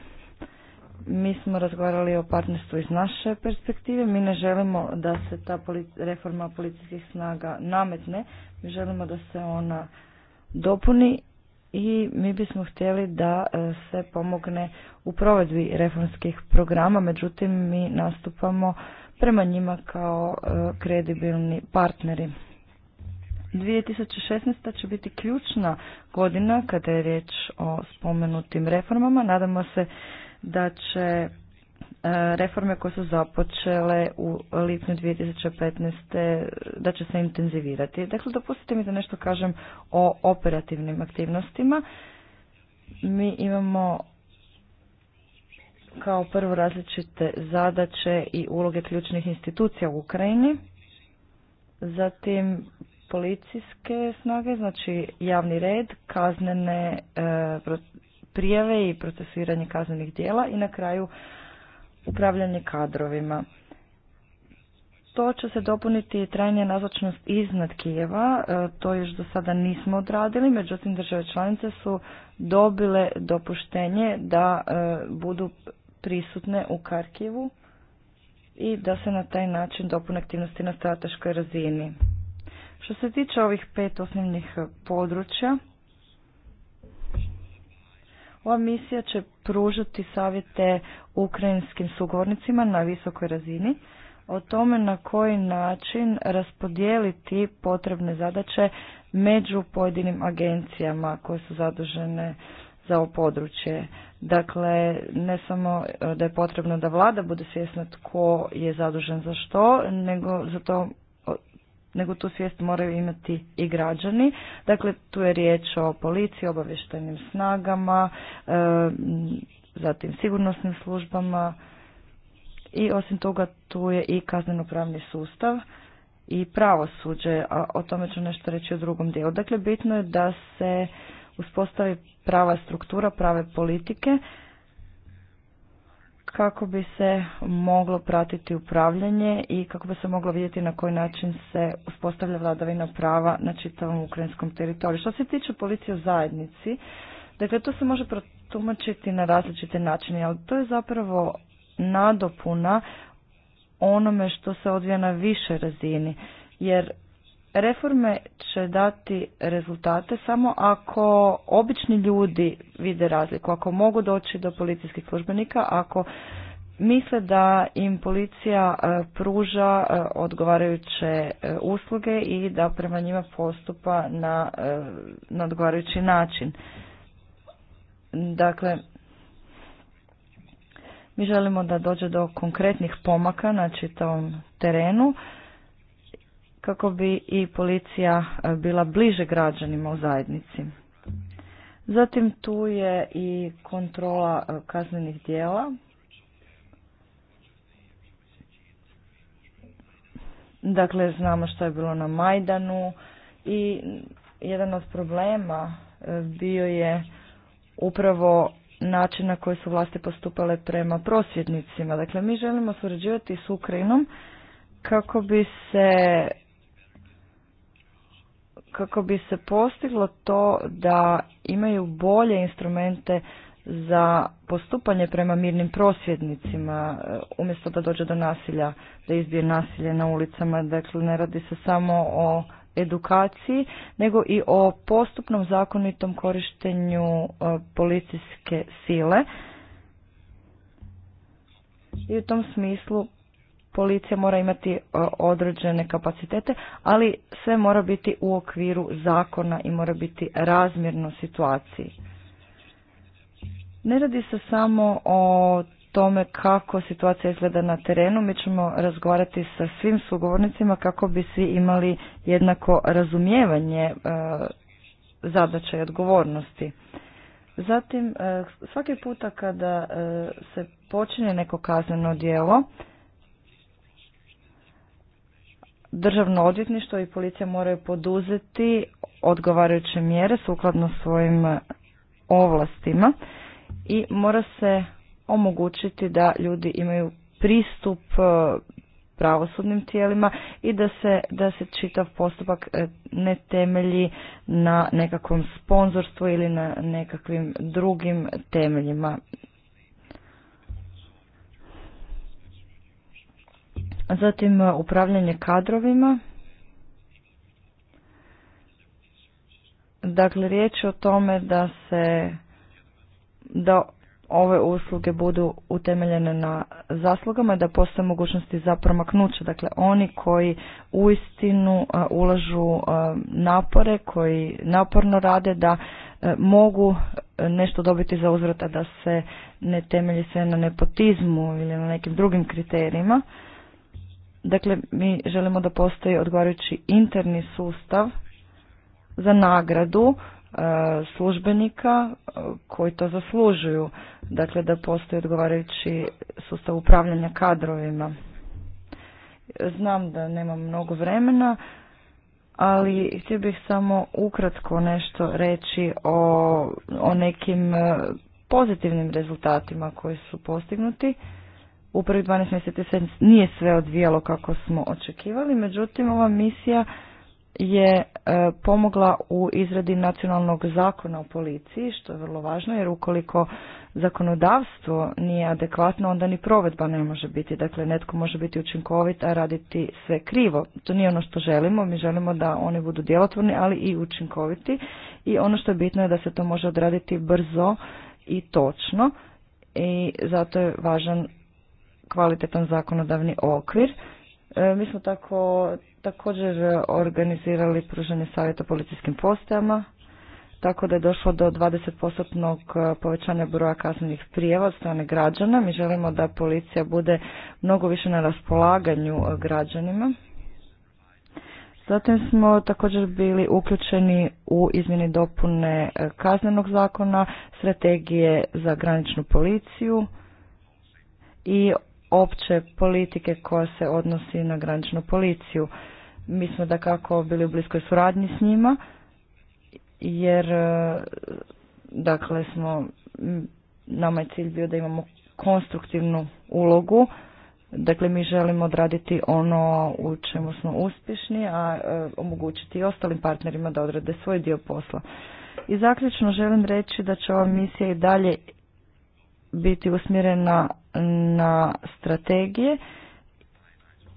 Speaker 2: Mi smo razgovarali o partnerstvu iz naše perspektive. Mi ne želimo da se ta reforma policijskih snaga nametne. Mi želimo da se ona dopuni i mi bismo htjeli da e, se pomogne u provedbi reformskih programa, međutim mi nastupamo prema njima kao e, kredibilni partneri. 2016. će biti ključna godina kada je riječ o spomenutim reformama. Nadamo se da će E, reforme koje su započele u lipnju 2015. da će se intenzivirati. Dakle, dopustite mi da nešto kažem o operativnim aktivnostima. Mi imamo kao prvo različite zadaće i uloge ključnih institucija u Ukrajini, zatim policijske snage, znači javni red, kaznene e, prijave i procesiranje kaznenih dijela i na kraju upravljanje kadrovima. To će se dopuniti trajnija nazočnost iznad Kijeva, e, to još do sada nismo odradili, međutim države članice su dobile dopuštenje da e, budu prisutne u Karkivu i da se na taj način dopune aktivnosti na strateškoj razini. Što se tiče ovih pet osnovnih područja, ova misija će pružati savjete ukrajinskim sugovornicima na visokoj razini o tome na koji način raspodijeliti potrebne zadaće među pojedinim agencijama koje su zadužene za ovo područje. Dakle, ne samo e, da je potrebno da vlada bude svjesna tko je zadužen za što, nego za to nego tu svijest moraju imati i građani. Dakle, tu je riječ o policiji, obavještajnim snagama, e, zatim sigurnosnim službama i osim toga tu je i kaznenopravni sustav i pravosuđe, a o tome ću nešto reći u drugom dijelu. Dakle, bitno je da se uspostavi prava struktura, prave politike kako bi se moglo pratiti upravljanje i kako bi se moglo vidjeti na koji način se uspostavlja vladavina prava na čitavom ukrajinskom teritoriju. Što se tiče policije u zajednici, dakle to se može protumačiti na različite načine, ali to je zapravo nadopuna onome što se odvija na više razini, jer Reforme će dati rezultate samo ako obični ljudi vide razliku, ako mogu doći do policijskih službenika, ako misle da im policija e, pruža e, odgovarajuće e, usluge i da prema njima postupa na, odgovarajući način. Dakle, mi želimo da dođe do konkretnih pomaka na čitavom terenu kako bi i policija e, bila bliže građanima u zajednici. Zatim tu je i kontrola e, kaznenih dijela. Dakle, znamo što je bilo na Majdanu i jedan od problema e, bio je upravo način na koji su vlasti postupale prema prosvjednicima. Dakle, mi želimo surađivati s Ukrajinom kako bi se kako bi se postiglo to da imaju bolje instrumente za postupanje prema mirnim prosvjednicima, e, umjesto da dođe do nasilja, da izbije nasilje na ulicama. Dakle, ne radi se samo o edukaciji, nego i o postupnom zakonitom korištenju e, policijske sile. I u tom smislu policija mora imati e, određene kapacitete, ali sve mora biti u okviru zakona i mora biti razmjerno situaciji. Ne radi se samo o tome kako situacija izgleda na terenu, mi ćemo razgovarati sa svim sugovornicima kako bi svi imali jednako razumijevanje e, zadaća i odgovornosti. Zatim, e, svaki puta kada se počinje neko kazneno djelo, Državno odvjetništvo i policija moraju poduzeti odgovarajuće mjere sukladno svojim ovlastima i mora se omogućiti da ljudi imaju pristup e, pravosudnim tijelima i da se, da se čitav postupak e, ne temelji na nekakvom sponzorstvu ili na nekakvim drugim temeljima Zatim e, upravljanje kadrovima. Dakle, riječ je o tome da se da ove usluge budu utemeljene na zaslugama da postoje mogućnosti za promaknuće. Dakle, oni koji uistinu e, ulažu e, napore, koji naporno rade da mogu nešto dobiti za uzvrata da se ne temelji sve na nepotizmu ili na nekim drugim kriterijima. Dakle, mi želimo da postoji odgovarajući interni sustav za nagradu e, službenika e, koji to zaslužuju. Dakle, da postoji odgovarajući sustav upravljanja kadrovima. Znam da nemam mnogo vremena, ali htio bih samo ukratko nešto reći o, o nekim e, pozitivnim rezultatima koji su postignuti u prvi 12 mjeseci se nije sve odvijalo kako smo očekivali, međutim ova misija je e, pomogla u izradi nacionalnog zakona o policiji, što je vrlo važno, jer ukoliko zakonodavstvo nije adekvatno, onda ni provedba ne može biti. Dakle, netko može biti učinkovit, a raditi sve krivo. To nije ono što želimo, mi želimo da oni budu djelotvorni, ali i učinkoviti. I ono što je bitno je da se to može odraditi brzo i točno i zato je važan kvalitetan zakonodavni okvir. E, mi smo tako, također organizirali pružanje savjeta policijskim postajama, tako da je došlo do 20% e, povećanja broja kaznenih prijeva od strane građana. Mi želimo da policija bude mnogo više na raspolaganju e, građanima. Zatim smo također bili uključeni u izmjeni dopune kaznenog zakona, strategije za graničnu policiju i opće politike koja se odnosi na graničnu policiju. Mi smo da kako bili u bliskoj suradnji s njima, jer e, dakle smo, nama je cilj bio da imamo konstruktivnu ulogu, dakle mi želimo odraditi ono u čemu smo uspješni, a e, omogućiti i ostalim partnerima da odrade svoj dio posla. I zaključno želim reći da će ova misija i dalje biti usmjerena na strategije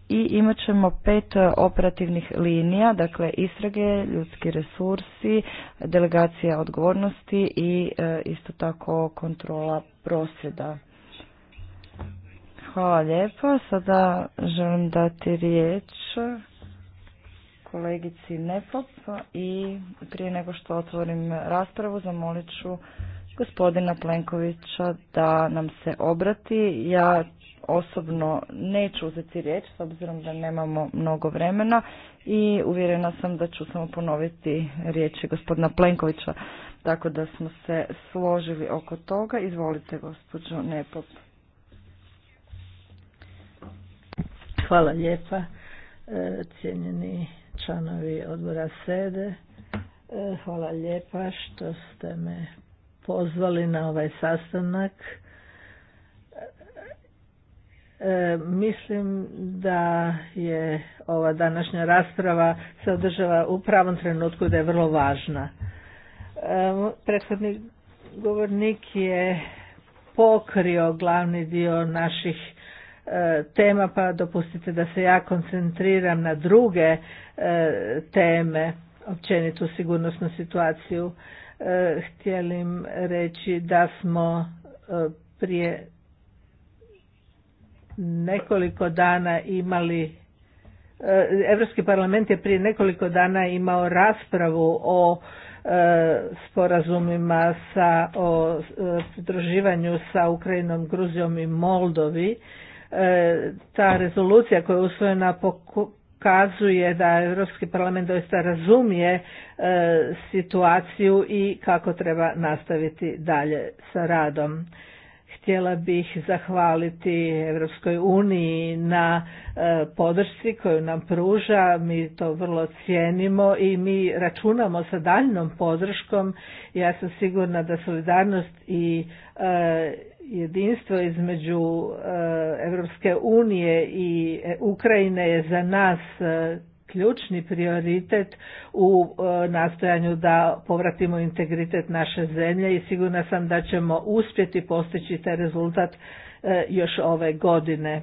Speaker 2: i imat ćemo pet operativnih linija, dakle istrage, ljudski resursi, delegacija odgovornosti i e, isto tako kontrola prosvjeda. Hvala lijepa. Sada želim dati riječ kolegici Nepop i prije nego što otvorim raspravu zamolit ću gospodina Plenkovića da nam se obrati. Ja osobno neću uzeti riječ s obzirom da nemamo mnogo vremena i uvjerena sam da ću samo ponoviti riječi gospodina Plenkovića. Tako da smo se složili oko toga.
Speaker 1: Izvolite gospođo Nepop. Hvala lijepa e, cijenjeni članovi odbora SEDE. E, hvala lijepa što ste me pozvali na ovaj sastanak. E, mislim da je ova današnja rasprava se održava u pravom trenutku da je vrlo važna. E, prethodni govornik je pokrio glavni dio naših e, tema, pa dopustite da se ja koncentriram na druge e, teme, općenitu sigurnosnu situaciju. Eh, htjelim reći da smo eh, prije nekoliko dana imali Europski eh, parlament je prije nekoliko dana imao raspravu o sporazumima sa, o pridruživanju sa Ukrajinom, Gruzijom i Moldovi. Ta rezolucija koja je usvojena kazuje da Europski parlament doista razumije e, situaciju i kako treba nastaviti dalje sa radom. Htjela bih zahvaliti Europskoj uniji na e, podršci koju nam pruža, mi to vrlo cijenimo i mi računamo sa daljnom podrškom. Ja sam sigurna da solidarnost i e, jedinstvo između Europske eh, unije i eh, Ukrajine je za nas eh, ključni prioritet u nastojanju da povratimo integritet naše zemlje i sigurna sam da ćemo uspjeti postići taj rezultat još ove godine.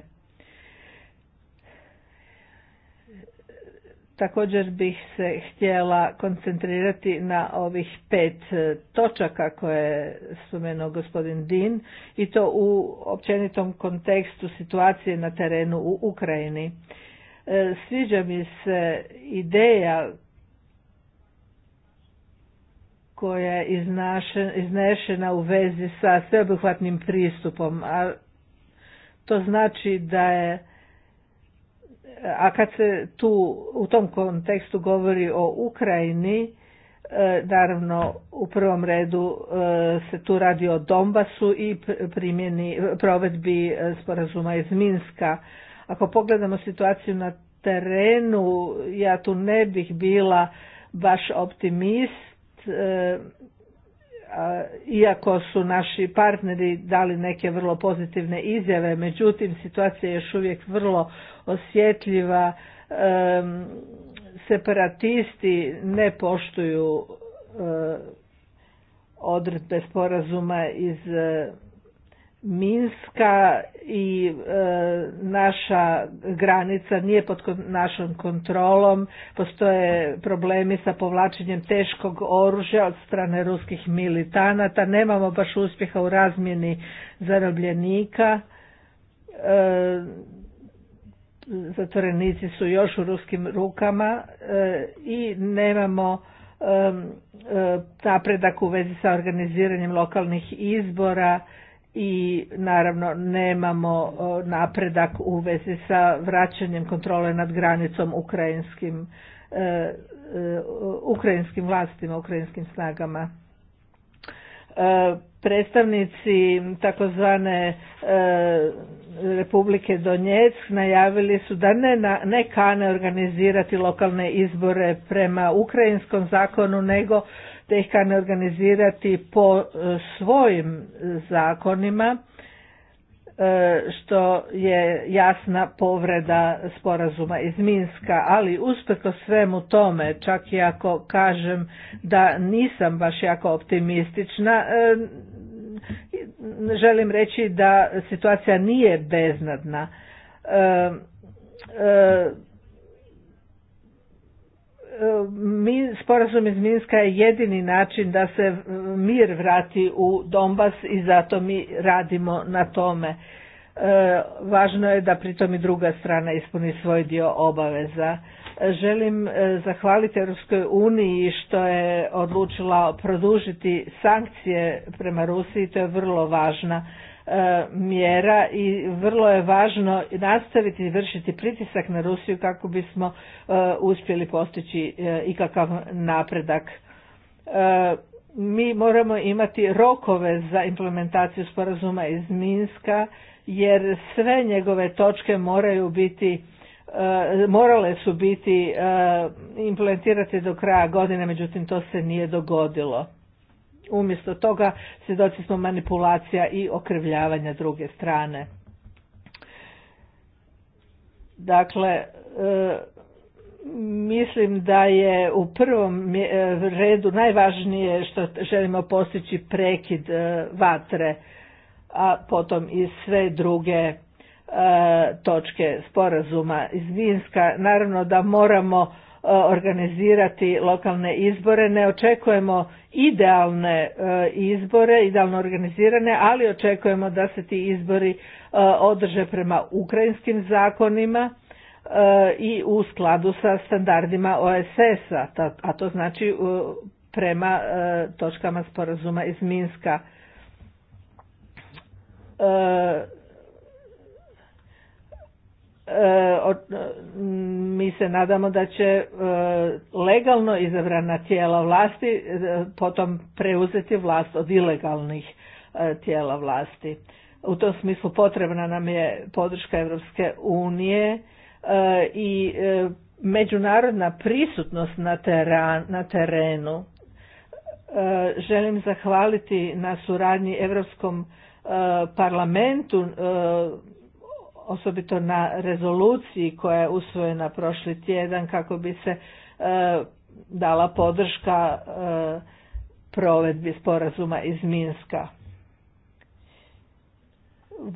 Speaker 1: Također bih se htjela koncentrirati na ovih pet e, točaka koje spomenuo gospodin Din i to u općenitom kontekstu situacije na terenu u Ukrajini. E, sviđa mi se ideja koja je iznešena u vezi sa sveobuhvatnim pristupom, a to znači da je a kad se tu u tom kontekstu govori o Ukrajini, e, naravno u prvom redu e, se tu radi o Donbasu i primjeni provedbi e, sporazuma iz Minska. Ako pogledamo situaciju na terenu, ja tu ne bih bila baš optimist iako su naši partneri dali neke vrlo pozitivne izjave, međutim situacija je još uvijek vrlo osjetljiva, separatisti ne poštuju e, odredbe sporazuma iz Minska i e, naša granica nije pod našom kontrolom, postoje problemi sa povlačenjem teškog oružja od strane ruskih militanata, nemamo baš uspjeha u razmjeni zarobljenika. E, zatvorenici su još u ruskim rukama e, i nemamo e, napredak u vezi sa organiziranjem lokalnih izbora i naravno nemamo napredak u vezi sa vraćanjem kontrole nad granicom ukrajinskim e, e, ukrajinskim vlastima, ukrajinskim snagama. E, predstavnici takozvane Republike Donjeck najavili su da ne, ne kane organizirati lokalne izbore prema ukrajinskom zakonu, nego tehkane organizirati po e, svojim zakonima, e, što je jasna povreda sporazuma iz Minska, ali usprko svemu tome, čak i ako kažem da nisam baš jako optimistična, e, želim reći da situacija nije beznadna sporazum iz Minska je jedini način da se mir vrati u Donbas i zato mi radimo na tome. E, važno je da pritom i druga strana ispuni svoj dio obaveza. Želim e, zahvaliti Europskoj uniji što je odlučila produžiti sankcije prema Rusiji, to je vrlo važna E, mjera i vrlo je važno nastaviti i vršiti pritisak na Rusiju kako bismo e, uspjeli postići e, ikakav napredak. Mi moramo imati rokove za implementaciju sporazuma iz Minska jer sve njegove točke moraju biti morale su biti implementirate do kraja godine, međutim to se nije dogodilo umjesto toga svjedoci smo manipulacija i okrivljavanja druge strane. Dakle, e, mislim da je u prvom e, redu najvažnije što želimo postići prekid e, vatre, a potom i sve druge točke sporazuma iz Vinska. Naravno da moramo E, organizirati lokalne izbore. Ne očekujemo idealne e, izbore, idealno organizirane, ali očekujemo da se ti izbori e, održe prema ukrajinskim zakonima i u skladu sa standardima OSS-a, a to znači prema točkama sporazuma iz Minska. E, mi se nadamo da će e, legalno izabrana tijela vlasti e, potom preuzeti vlast od ilegalnih tijela vlasti. U tom smislu potrebna nam je podrška Europske unije i međunarodna prisutnost na terenu. Želim zahvaliti na suradnji Europskom parlamentu osobito na rezoluciji koja je usvojena prošli tjedan kako bi se e, dala podrška e, provedbi sporazuma iz Minska.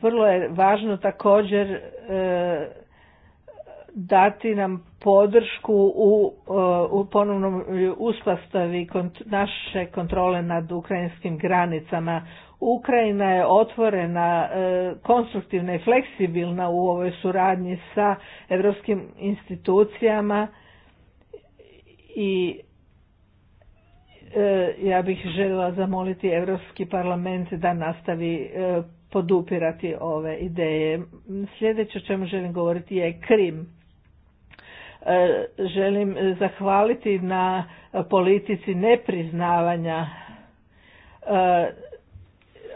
Speaker 1: Vrlo je važno također e, dati nam podršku u, e, u ponovnom e, uspostavi naše kontrole nad ukrajinskim granicama. Ukrajina je otvorena, e, konstruktivna i fleksibilna u ovoj suradnji sa europskim institucijama i ja bih željela zamoliti Europski parlament da nastavi podupirati ove ideje. Sljedeće o čemu želim govoriti je Krim. E, želim zahvaliti na politici nepriznavanja e,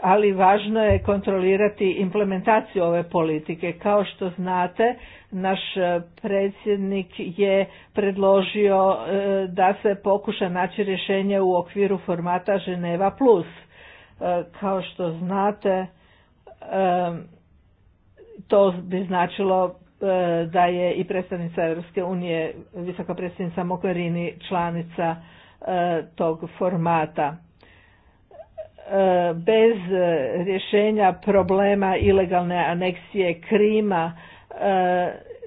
Speaker 1: ali važno je kontrolirati implementaciju ove politike. Kao što znate, naš predsjednik je predložio e, da se pokuša naći rješenje u okviru formata Ženeva plus. Kao što znate, to bi značilo E, da je i predstavnica Europske unije, visoka predstavnica Mokarini članica e, tog formata. E, bez rješenja problema ilegalne aneksije Krima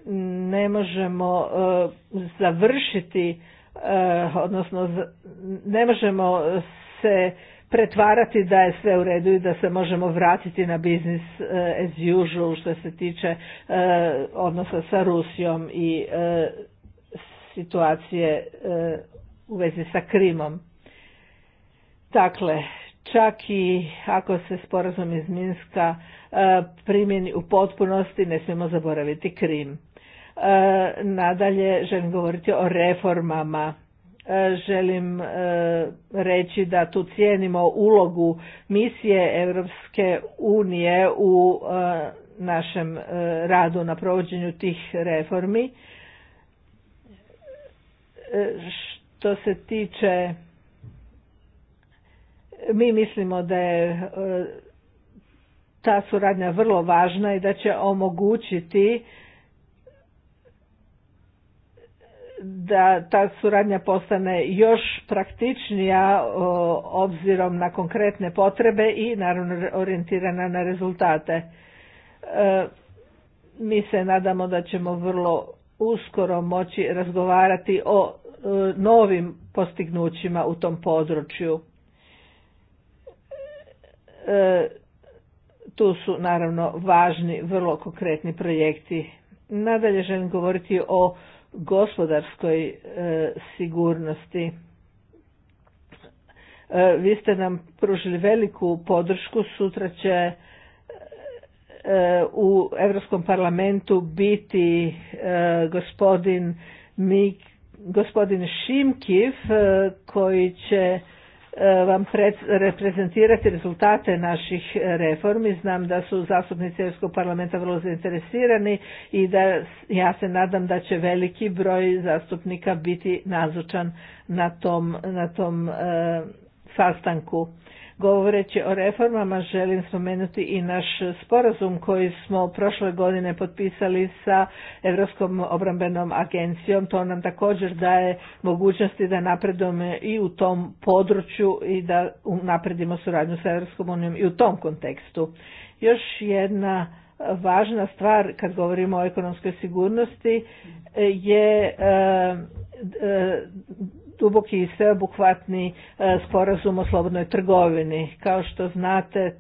Speaker 1: ne možemo završiti, odnosno ne možemo se pretvarati da je sve u redu i da se možemo vratiti na biznis eh, as usual što se tiče eh, odnosa sa Rusijom i eh, situacije u vezi sa Krimom. Dakle, čak i ako se sporazum iz Minska primjeni u potpunosti, ne smijemo zaboraviti Krim. Nadalje želim govoriti o reformama želim e, reći da tu cijenimo ulogu misije Europske unije u e, našem e, radu na provođenju tih reformi. Što se tiče mi mislimo da je ta suradnja vrlo važna i da će omogućiti da ta suradnja postane još praktičnija obzirom na konkretne potrebe i naravno orijentirana na rezultate. E, mi se nadamo da ćemo vrlo uskoro moći razgovarati o e, novim postignućima u tom području. E, tu su naravno važni vrlo konkretni projekti. Nadalje želim govoriti o gospodarskoj e, sigurnosti. E, vi ste nam pružili veliku podršku, sutra će e, u Europskom parlamentu biti gospodin Mik, gospodin Šimkiv koji će E, vam reprezentirati rezultate naših reformi. Znam da su zastupnici Europskog parlamenta vrlo zainteresirani i da ja se nadam da će veliki broj zastupnika biti nazočan na tom, na tom e, sastanku. Govoreći o reformama želim spomenuti i naš sporazum koji smo prošle godine potpisali sa Europskom obrambenom agencijom. To nam također daje mogućnosti da napredujemo i u tom području i da napredimo suradnju sa Europskom unijom i u tom kontekstu. Još jedna važna stvar kad govorimo o ekonomskoj sigurnosti e, je e, e, duboki i sveobuhvatni e, sporazum o slobodnoj trgovini. Kao što znate,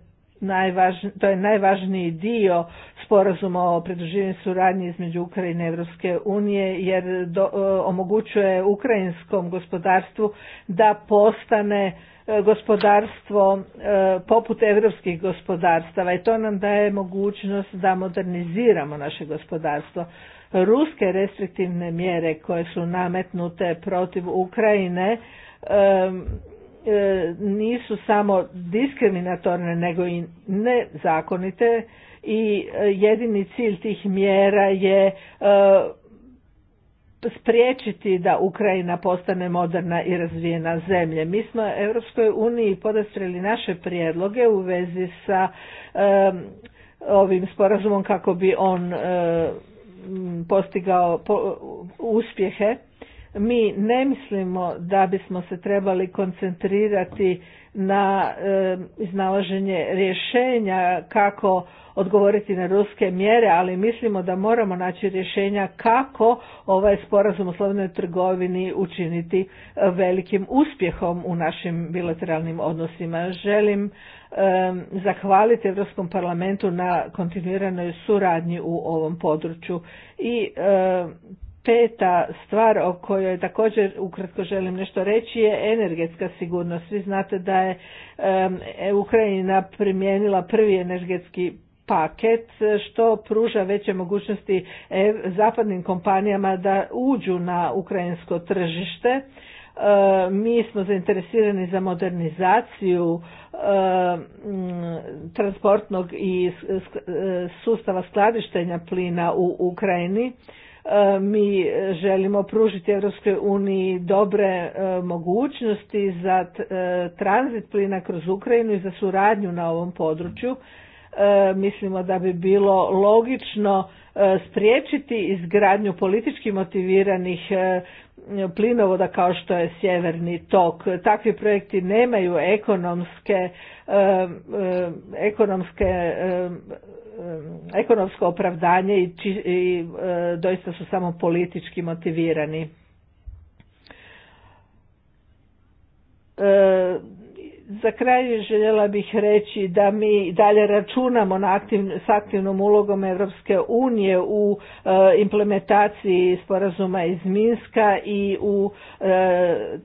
Speaker 1: to je najvažniji dio sporazuma o pridruživanju suradnji između Ukrajine i Europske unije jer e, omogućuje ukrajinskom gospodarstvu da postane e, gospodarstvo poput europskih gospodarstava i to nam daje mogućnost da moderniziramo naše gospodarstvo ruske restriktivne mjere koje su nametnute protiv Ukrajine e, nisu samo diskriminatorne nego i nezakonite i e, jedini cilj tih mjera je e, spriječiti da Ukrajina postane moderna i razvijena zemlja. Mi smo Europskoj uniji podastreli naše prijedloge u vezi sa ovim sporazumom kako bi on Mm, postigao uh, uspjehe mi ne mislimo da bismo se trebali koncentrirati na e, iznalaženje rješenja kako odgovoriti na ruske mjere, ali mislimo da moramo naći rješenja kako ovaj sporazum o slobodnoj trgovini učiniti e, velikim uspjehom u našim bilateralnim odnosima. Želim e, zahvaliti Europskom parlamentu na kontinuiranoj suradnji u ovom području i Peta stvar o kojoj također ukratko želim nešto reći je energetska sigurnost. Vi znate da je Ukrajina primijenila prvi energetski paket što pruža veće mogućnosti e, zapadnim kompanijama da uđu na ukrajinsko tržište. E, mi smo zainteresirani za modernizaciju e, transportnog i sustava skladištenja plina u Ukrajini E, mi želimo pružiti Europskoj uniji dobre e, mogućnosti za e, tranzit plina kroz Ukrajinu i za suradnju na ovom području. Mislimo da bi bilo logično spriječiti izgradnju politički motiviranih plinovoda kao što je sjeverni tok. Takvi projekti nemaju ekonomske, ekonomske ekonomsko opravdanje i, i e, doista su samo politički motivirani. E, za kraj željela bih reći da mi dalje računamo na s aktivnom ulogom Europske unije u e, implementaciji sporazuma iz Minska i u e,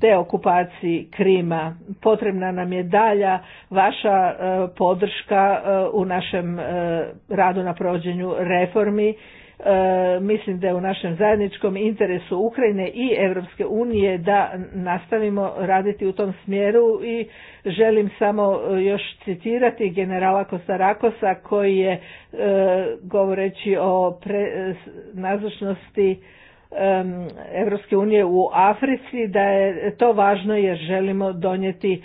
Speaker 1: deokupaciji Krima. Potrebna nam je dalja vaša e, podrška e, u našem radu na provođenju reformi E, mislim da je u našem zajedničkom interesu Ukrajine i Europske unije da nastavimo raditi u tom smjeru i želim samo e, još citirati generala Kostarakosa koji je e, govoreći o pre, nazočnosti Europske unije u Africi, da je to važno jer želimo donijeti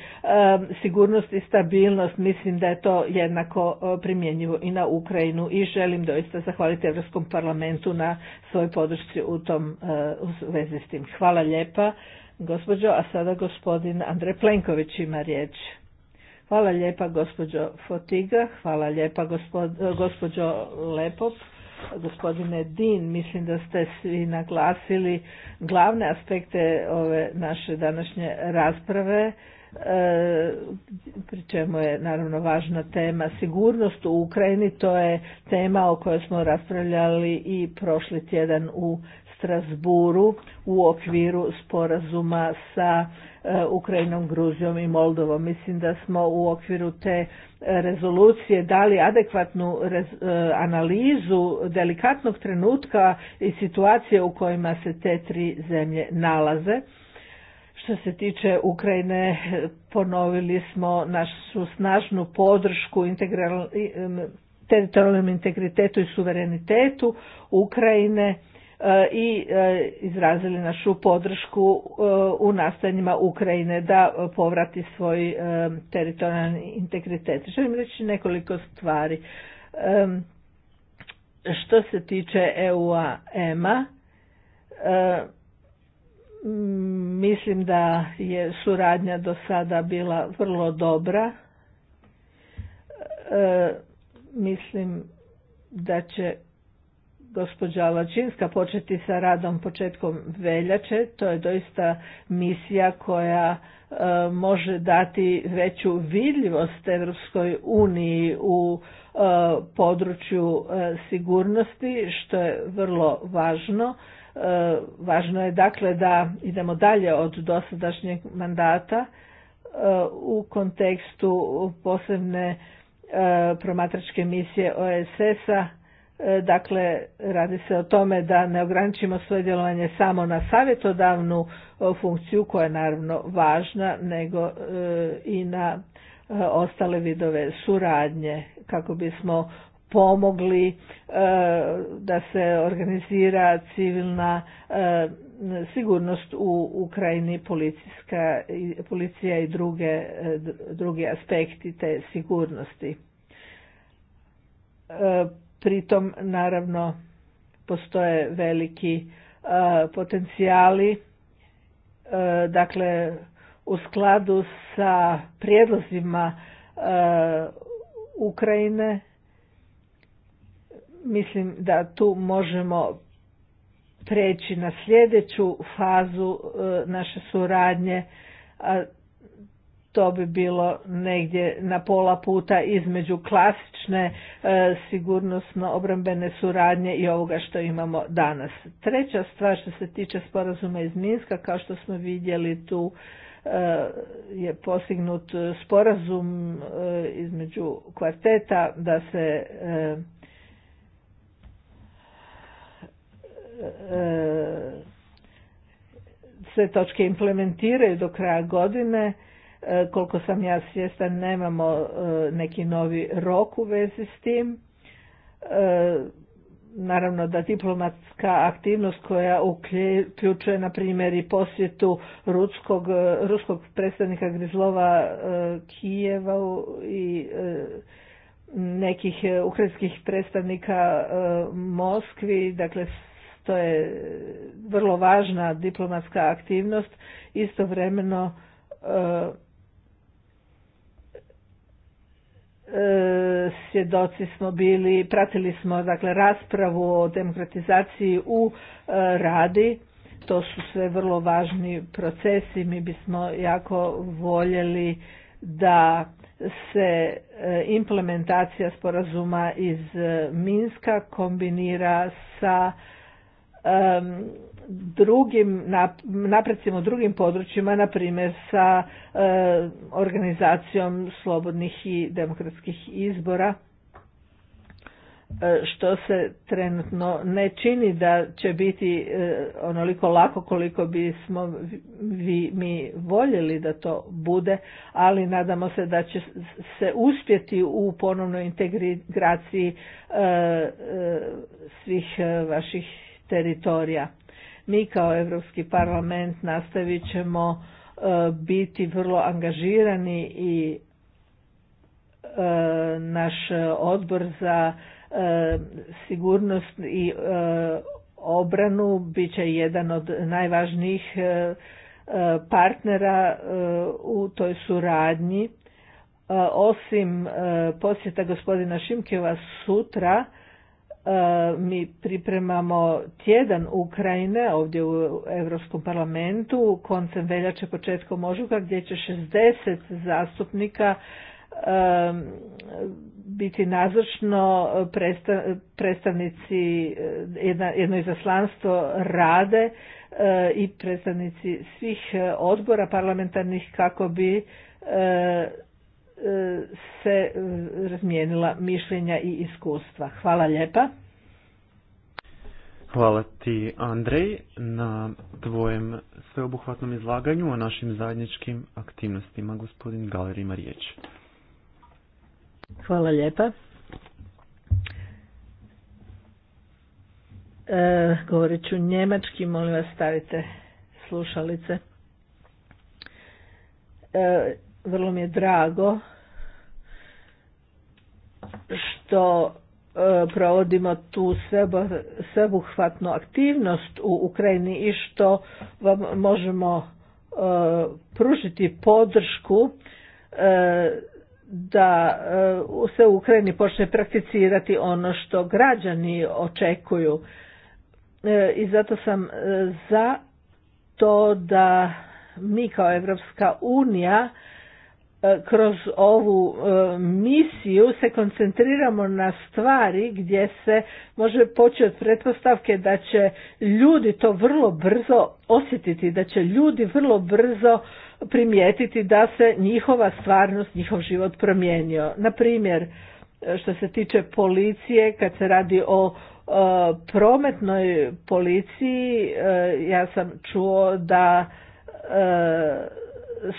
Speaker 1: sigurnost i stabilnost. Mislim da je to jednako e, primjenjivo i na Ukrajinu i želim doista zahvaliti Europskom parlamentu na svoj podršci u tom e, vezi s tim. Hvala lijepa gospođo, a sada gospodin Andrej Plenković ima riječ. Hvala lijepa gospođo Fotiga, hvala lijepa gospođo Lepov gospodine Din, mislim da ste svi naglasili glavne aspekte ove naše današnje rasprave, e, pri čemu je naravno važna tema sigurnost u Ukrajini, to je tema o kojoj smo raspravljali i prošli tjedan u Strasburu u okviru sporazuma sa e, Ukrajinom, Gruzijom i Moldovom. Mislim da smo u okviru te e, rezolucije dali adekvatnu e, analizu delikatnog trenutka i situacije u kojima se te tri zemlje nalaze. Što se tiče Ukrajine, ponovili smo našu snažnu podršku teritorijalnom integritetu i suverenitetu Ukrajine E, i e, izrazili našu podršku e, u nastanjima Ukrajine da povrati svoj teritorijalni integritet. Želim reći nekoliko stvari. Što se tiče eu EMA, mislim da je suradnja do sada bila vrlo dobra. Mislim da će gospođa Lačinska početi sa radom početkom veljače. To je doista misija koja e, može dati veću vidljivost Europskoj uniji u e, području e, sigurnosti, što je vrlo važno. Važno je dakle da idemo dalje od dosadašnjeg mandata u kontekstu posebne promatračke misije OSS-a E, dakle, radi se o tome da ne ograničimo svoje djelovanje samo na savjetodavnu e, funkciju koja je naravno važna, nego e, i na ostale vidove suradnje kako bismo pomogli da se organizira civilna sigurnost u Ukrajini, policija i druge, drugi aspekti te sigurnosti pritom naravno postoje veliki e, potencijali e, dakle u skladu sa prijedlozima e, Ukrajine mislim da tu možemo preći na sljedeću fazu naše suradnje a to bi bilo negdje na pola puta između klasične e, sigurnosno obrambene suradnje i ovoga što imamo danas. Treća stvar što se tiče sporazuma iz Minska, kao što smo vidjeli tu e, je postignut sporazum e, između kvarteta da se sve točke implementiraju do kraja godine E, koliko sam ja svjestan nemamo e, neki novi rok u vezi s tim. E, naravno da diplomatska aktivnost koja uključuje na primjer i posjetu ruskog, ruskog predstavnika Grizlova Kijeva i nekih ukrajinskih predstavnika Moskvi, dakle to je vrlo važna diplomatska aktivnost, istovremeno E, svjedoci smo bili, pratili smo dakle raspravu o demokratizaciji u e, radi. To su sve vrlo važni procesi. Mi bismo jako voljeli da se e, implementacija sporazuma iz Minska kombinira sa drugim napredcima u drugim područjima, na primjer sa e, organizacijom slobodnih i demokratskih izbora, e, što se trenutno ne čini da će biti e, onoliko lako koliko bismo vi, mi voljeli da to bude, ali nadamo se da će se uspjeti u ponovnoj integraciji svih vaših teritorija. Mi kao Europski parlament nastavit ćemo e, biti vrlo angažirani i e, naš odbor za e, sigurnost i obranu bit će jedan od najvažnijih partnera u toj suradnji. Osim posjeta gospodina Šimkeva sutra, E, mi pripremamo tjedan Ukrajine ovdje u Europskom parlamentu koncem veljače početkom ožujka gdje će 60 zastupnika e, biti nazočno predstavnici e, jedno izaslanstvo rade i predstavnici svih odbora parlamentarnih kako bi se e, razmijenila mišljenja i iskustva. Hvala lijepa.
Speaker 3: Hvala ti Andrej na tvojem sveobuhvatnom izlaganju o našim zajedničkim aktivnostima. Gospodin Galer ima riječ. Hvala lijepa.
Speaker 1: E, govorit ću njemački, molim vas stavite slušalice. E, vrlo mi je drago što e, provodimo tu sveobuhvatnu aktivnost u Ukrajini i što vam možemo e, pružiti podršku e, da se u Ukrajini počne prakticirati ono što građani očekuju. I zato sam za to da mi kao Evropska unija E, kroz ovu e, misiju se koncentriramo na stvari gdje se može poći od pretpostavke da će ljudi to vrlo brzo osjetiti, da će ljudi vrlo brzo primijetiti da se njihova stvarnost, njihov život promijenio. Na primjer, što se tiče policije, kad se radi o e, prometnoj policiji, ja sam čuo da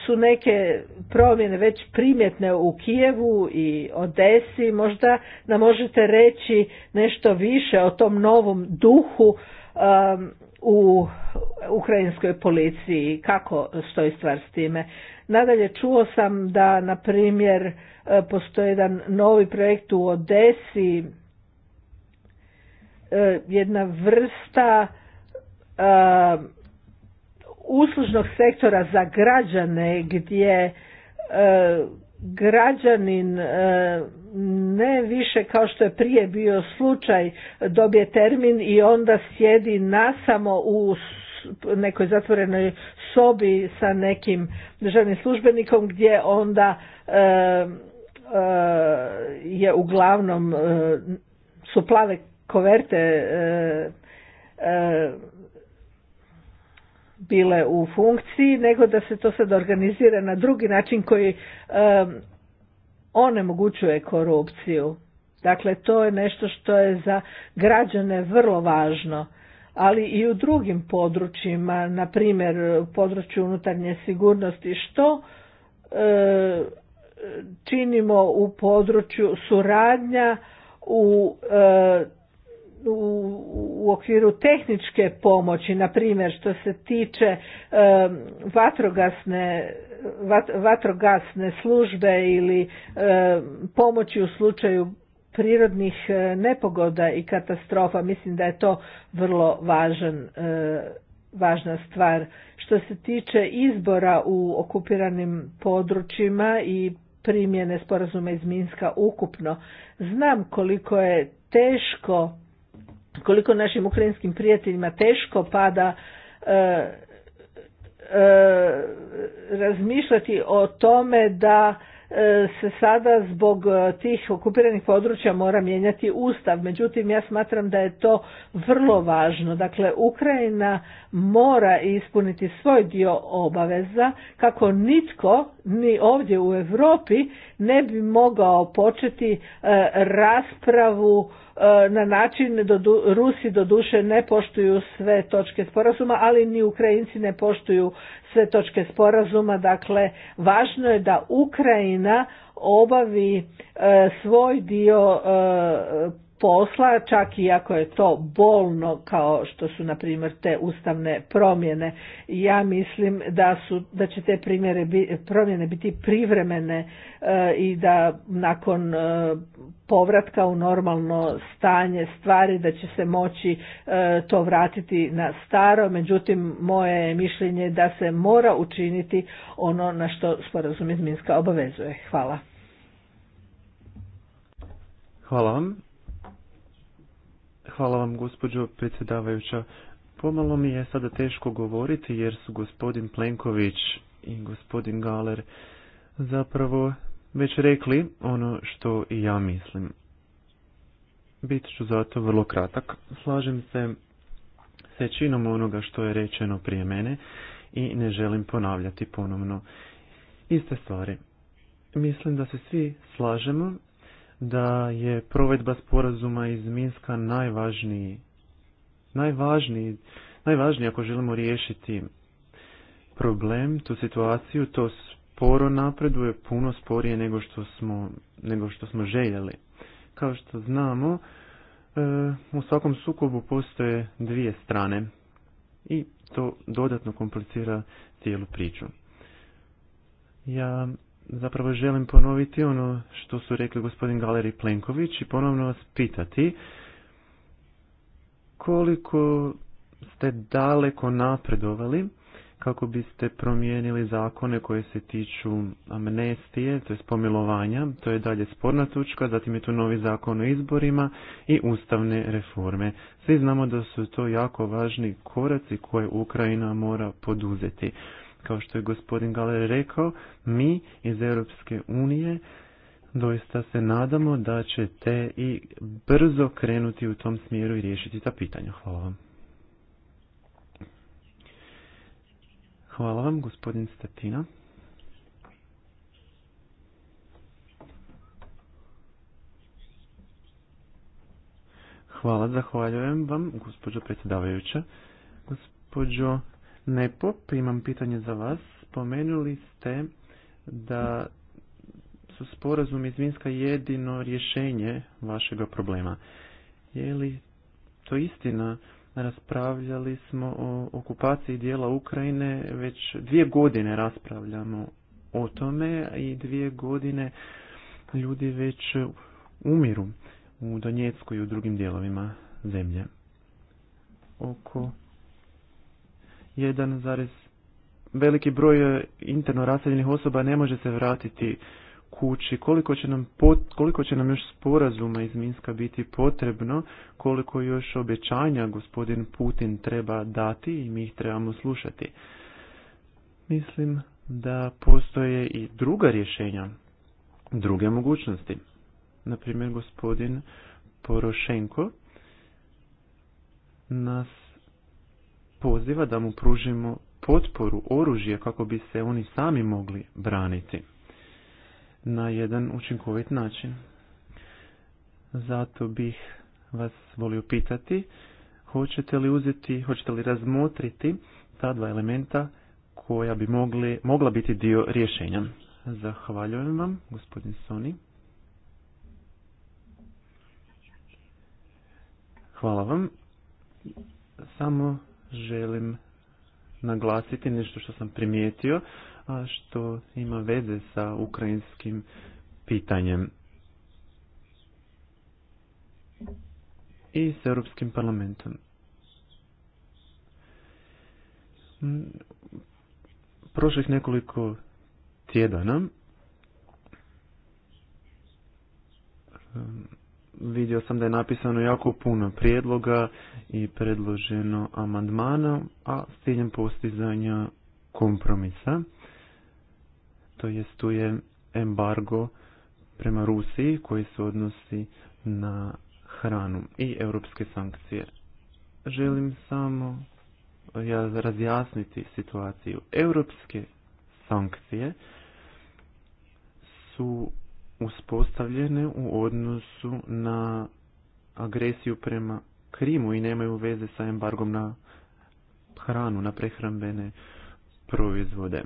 Speaker 1: su neke promjene već primjetne u Kijevu i Odesi, možda nam možete reći nešto više o tom novom duhu um, u ukrajinskoj policiji, kako stoji stvar s time. Nadalje čuo sam da, na primjer, e, postoji jedan novi projekt u Odesi, e, jedna vrsta e, uslužnog sektora za građane gdje e, građanin e, ne više kao što je prije bio slučaj dobije termin i onda sjedi nasamo u nekoj zatvorenoj sobi sa nekim državnim službenikom gdje onda e, je uglavnom su plave koverte bile u funkciji, nego da se to sad organizira na drugi način koji um, onemogućuje korupciju. Dakle, to je nešto što je za građane vrlo važno, ali i u drugim područjima, na primjer u području unutarnje sigurnosti, što činimo u području suradnja u u okviru tehničke pomoći, na primjer što se tiče vatrogasne, vatrogasne službe ili pomoći u slučaju prirodnih e, nepogoda i katastrofa, mislim da je to vrlo važan, e, važna stvar. Što se tiče izbora u okupiranim područjima i primjene sporazuma iz Minska ukupno, znam koliko je teško koliko našim ukrajinskim prijateljima teško pada e, e razmišljati o tome da e, se sada zbog e, tih okupiranih područja mora mijenjati ustav. Međutim, ja smatram da je to vrlo važno. Dakle, Ukrajina mora ispuniti svoj dio obaveza kako nitko ni ovdje u Europi ne bi mogao početi raspravu E, na način do, Rusi doduše ne poštuju sve točke sporazuma, ali ni Ukrajinci ne poštuju sve točke sporazuma. Dakle, važno je da Ukrajina obavi e, svoj dio e, posla, čak i ako je to bolno kao što su na primjer te ustavne promjene. Ja mislim da, su, da će te primjere, promjene biti privremene e, i da nakon e, povratka u normalno stanje stvari da će se moći e, to vratiti na staro, međutim moje je mišljenje da se mora učiniti ono na što sporazum iz Minska obavezuje. Hvala.
Speaker 3: Hvala vam. Hvala vam, gospođo predsjedavajuća. Pomalo mi je sada teško govoriti jer su gospodin Plenković i gospodin Galer zapravo već rekli ono što i ja mislim. Bit ću zato vrlo kratak. Slažem se s većinom onoga što je rečeno prije mene i ne želim ponavljati ponovno iste stvari. Mislim da se svi slažemo da je provedba sporazuma iz Minska najvažniji. Najvažniji, najvažniji ako želimo riješiti problem, tu situaciju, to sporo napreduje, puno sporije nego što smo, nego što smo željeli. Kao što znamo, e, u svakom sukobu postoje dvije strane i to dodatno komplicira cijelu priču. Ja zapravo želim ponoviti ono što su rekli gospodin Galeri Plenković i ponovno vas pitati koliko ste daleko napredovali kako biste promijenili zakone koje se tiču amnestije, to je spomilovanja, to je dalje sporna tučka, zatim je tu novi zakon o izborima i ustavne reforme. Svi znamo da su to jako važni koraci koje Ukrajina mora poduzeti. Kao što je gospodin Galer rekao, mi iz Europske unije doista se nadamo da ćete i brzo krenuti u tom smjeru i riješiti ta pitanja. Hvala vam. Hvala vam, gospodin Statina. Hvala, zahvaljujem vam, gospođo predsjedavajuća. Gospođo Nepop, imam pitanje za vas. Spomenuli ste da su sporazum iz Minska jedino rješenje vašega problema. Je li to istina? Raspravljali smo o okupaciji dijela Ukrajine, već dvije godine raspravljamo o tome i dvije godine ljudi već umiru u Donjecku i u drugim dijelovima zemlje. Oko 1, veliki broj e, interno raseljenih osoba ne može se vratiti kući, koliko će nam, pot, koliko će nam još sporazuma iz Minska biti potrebno, koliko još obećanja gospodin Putin treba dati i mi ih trebamo slušati. Mislim da postoje i druga rješenja, druge mogućnosti. Naprimjer, gospodin Porošenko nas poziva da mu pružimo potporu oružja kako bi se oni sami mogli braniti na jedan učinkovit način. Zato bih vas volio pitati, hoćete li uzeti, hoćete li razmotriti ta dva elementa koja bi mogli, mogla biti dio rješenja. Zahvaljujem vam, gospodin Soni. Hvala vam. Samo želim naglasiti nešto što sam primijetio, a što ima veze sa ukrajinskim pitanjem i s Europskim parlamentom. Prošlih nekoliko tjedana vidio sam da je napisano jako puno prijedloga i predloženo amandmana, a s ciljem postizanja kompromisa, to jest tu je embargo prema Rusiji koji se odnosi na hranu i europske sankcije. Želim samo ja razjasniti situaciju. Europske sankcije su uspostavljene u odnosu na agresiju prema Krimu i nemaju veze sa embargom na hranu, na prehrambene proizvode.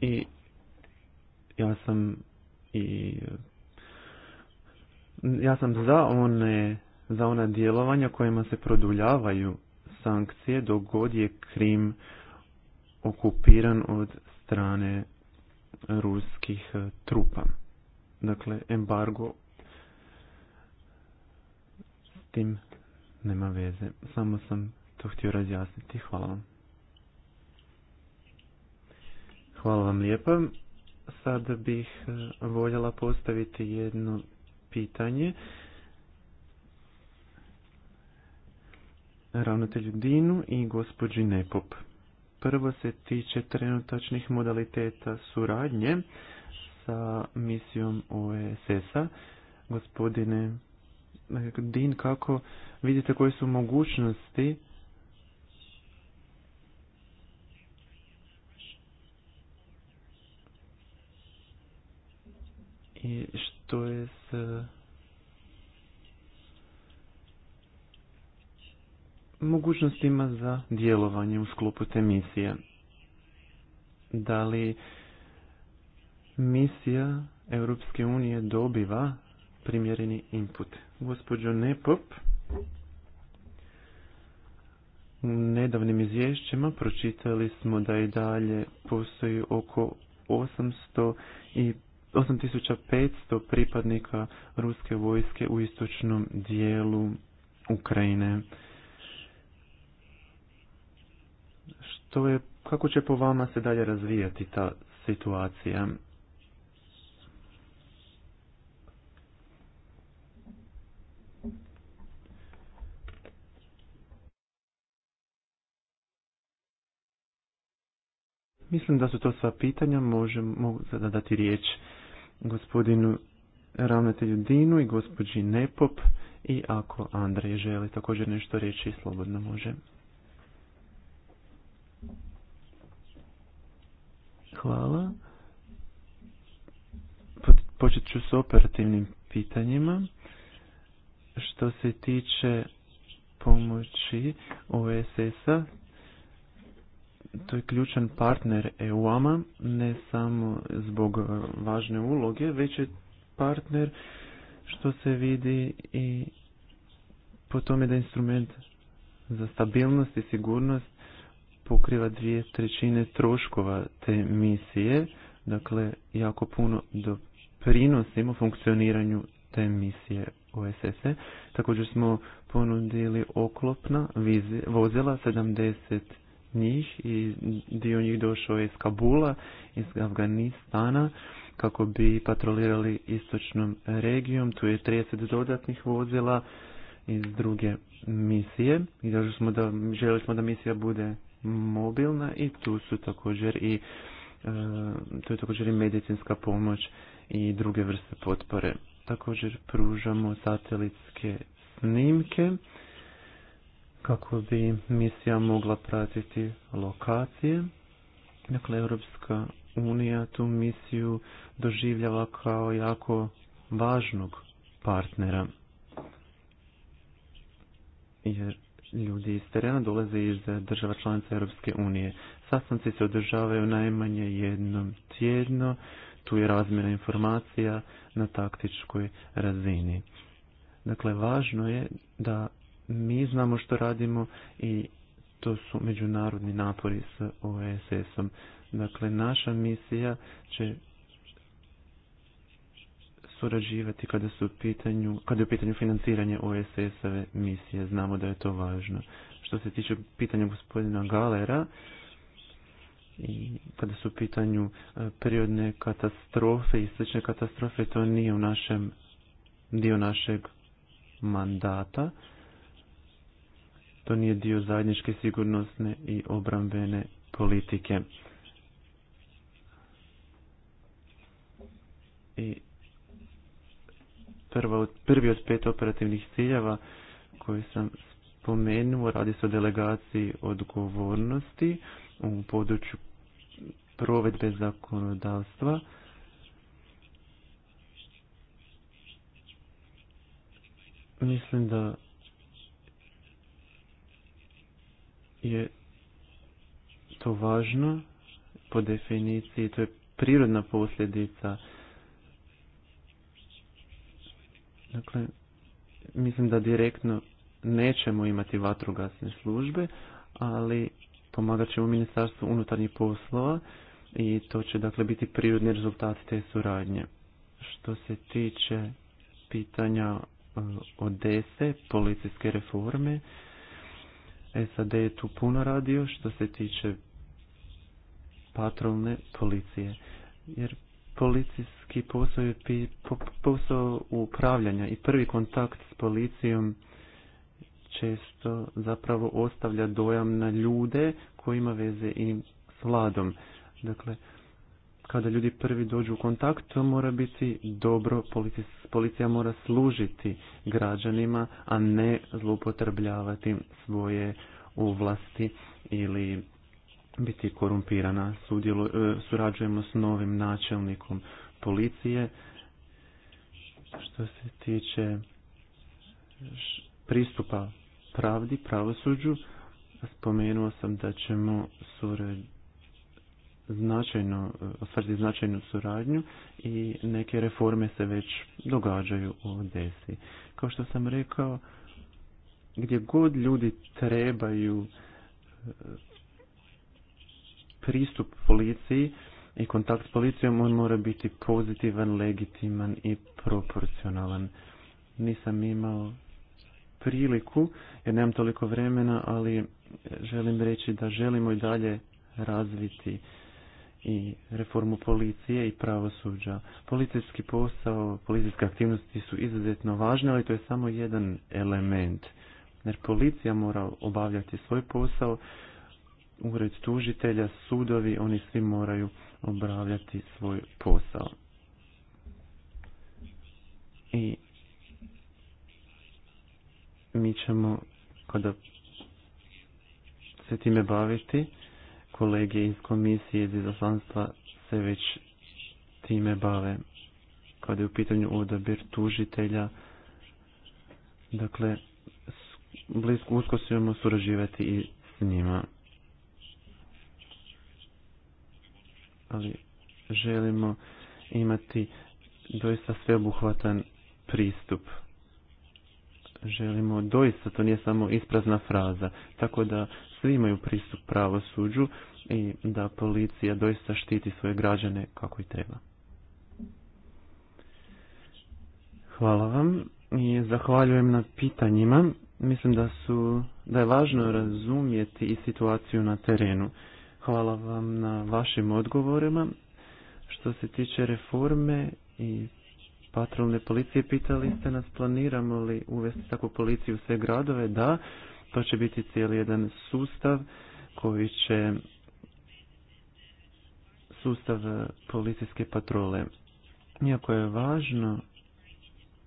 Speaker 3: I ja sam i ja sam za one za ona djelovanja kojima se produljavaju sankcije dok god je Krim okupiran od strane ruskih trupa. Dakle, embargo s tim nema veze. Samo sam to htio razjasniti. Hvala vam. Hvala vam lijepa. Sada bih voljela postaviti jedno pitanje. ravnatelju Dinu i gospođi Nepop. Prvo se tiče trenutačnih modaliteta suradnje sa misijom OSS-a. Gospodine Din, kako vidite koje su mogućnosti i što je s mogućnostima za djelovanje u sklopu te misije. Da li misija Europske unije dobiva primjereni input? Gospođo Nepop, u nedavnim izvješćima pročitali smo da i dalje postoji oko 800 i 8500 pripadnika ruske vojske u istočnom dijelu Ukrajine. to je kako će po vama se dalje razvijati ta situacija. Mislim da su to sva pitanja. Možem, mogu sada dati riječ gospodinu ravnatelju Dinu i gospođi Nepop. I ako Andrej želi također nešto reći, slobodno može. Hvala. Počet ću s operativnim pitanjima. Što se tiče pomoći OSS-a, to je ključan partner eu ne samo zbog važne uloge, već je partner što se vidi i po tome da instrument za stabilnost i sigurnost pokriva dvije trećine troškova te misije, dakle jako puno doprinosimo funkcioniranju te misije OSS-e. Također smo ponudili oklopna vozila, 70 njih i dio njih došao iz Kabula, iz Afganistana, kako bi patrolirali istočnom regijom. Tu je 30 dodatnih vozila iz druge misije i smo da, želi smo da misija bude mobilna i tu su također i e, tu je također i medicinska pomoć i druge vrste potpore. Također pružamo satelitske snimke kako bi misija mogla pratiti lokacije. Dakle, Europska unija tu misiju doživljava kao jako važnog partnera. Jer ljudi iz terena dolaze iz država članica Europske unije. Sastanci se održavaju najmanje jednom tjedno, tu je razmjena informacija na taktičkoj razini. Dakle, važno je da mi znamo što radimo i to su međunarodni napori s OSS-om. Dakle, naša misija će surađivati kada, su u pitanju, kada je u pitanju financiranje OSS-ove misije. Znamo da je to važno. Što se tiče pitanja gospodina Galera, i kada su u pitanju e, periodne katastrofe i slične katastrofe, to nije u našem dio našeg mandata. To nije dio zajedničke sigurnosne i obrambene politike. I prva, prvi od pet operativnih ciljeva koji sam spomenuo, radi se o delegaciji odgovornosti u području provedbe zakonodavstva. Mislim da je to važno po definiciji, to je prirodna posljedica Dakle, mislim da direktno nećemo imati vatrogasne službe, ali pomagat ćemo ministarstvu unutarnjih poslova i to će dakle biti prirodni rezultat te suradnje. Što se tiče pitanja e, Odese, policijske reforme, SAD je tu puno radio što se tiče patrolne policije, jer policijski posao i posao upravljanja i prvi kontakt s policijom često zapravo ostavlja dojam na ljude koji ima veze i s vladom. Dakle, kada ljudi prvi dođu u kontakt, to mora biti dobro, policija, policija mora služiti građanima, a ne zloupotrebljavati svoje ovlasti ili biti korumpirana. E, surađujemo s novim načelnikom policije. Što se tiče pristupa pravdi, pravosuđu, spomenuo sam da ćemo e, ostvariti značajnu suradnju i neke reforme se već događaju u Odesi. Kao što sam rekao, gdje god ljudi trebaju e, pristup policiji i kontakt s policijom, on mora biti pozitivan, legitiman i proporcionalan. Nisam imao priliku, jer nemam toliko vremena, ali želim reći da želimo i dalje razviti i reformu policije i pravosuđa. Policijski posao, policijske aktivnosti su izuzetno važne, ali to je samo jedan element. Jer policija mora obavljati svoj posao ured tužitelja, sudovi, oni svi moraju obravljati svoj posao. I mi ćemo kada se time baviti, kolege iz komisije iz izaslanstva se već time bave. Kada je u pitanju odabir tužitelja, dakle, blisko usko ćemo surađivati i s njima. ali želimo imati doista sveobuhvatan pristup. Želimo doista, to nije samo isprazna fraza, tako da svi imaju pristup pravosuđu i da policija doista štiti svoje građane kako i treba. Hvala vam i zahvaljujem na pitanjima. Mislim da su da je važno razumjeti i situaciju na terenu. Hvala vam na vašim odgovorima. Što se tiče reforme i patrolne policije, pitali ste nas planiramo li uvesti takvu policiju u sve gradove? Da, to će biti cijeli jedan sustav koji će sustav policijske patrole. Iako je važno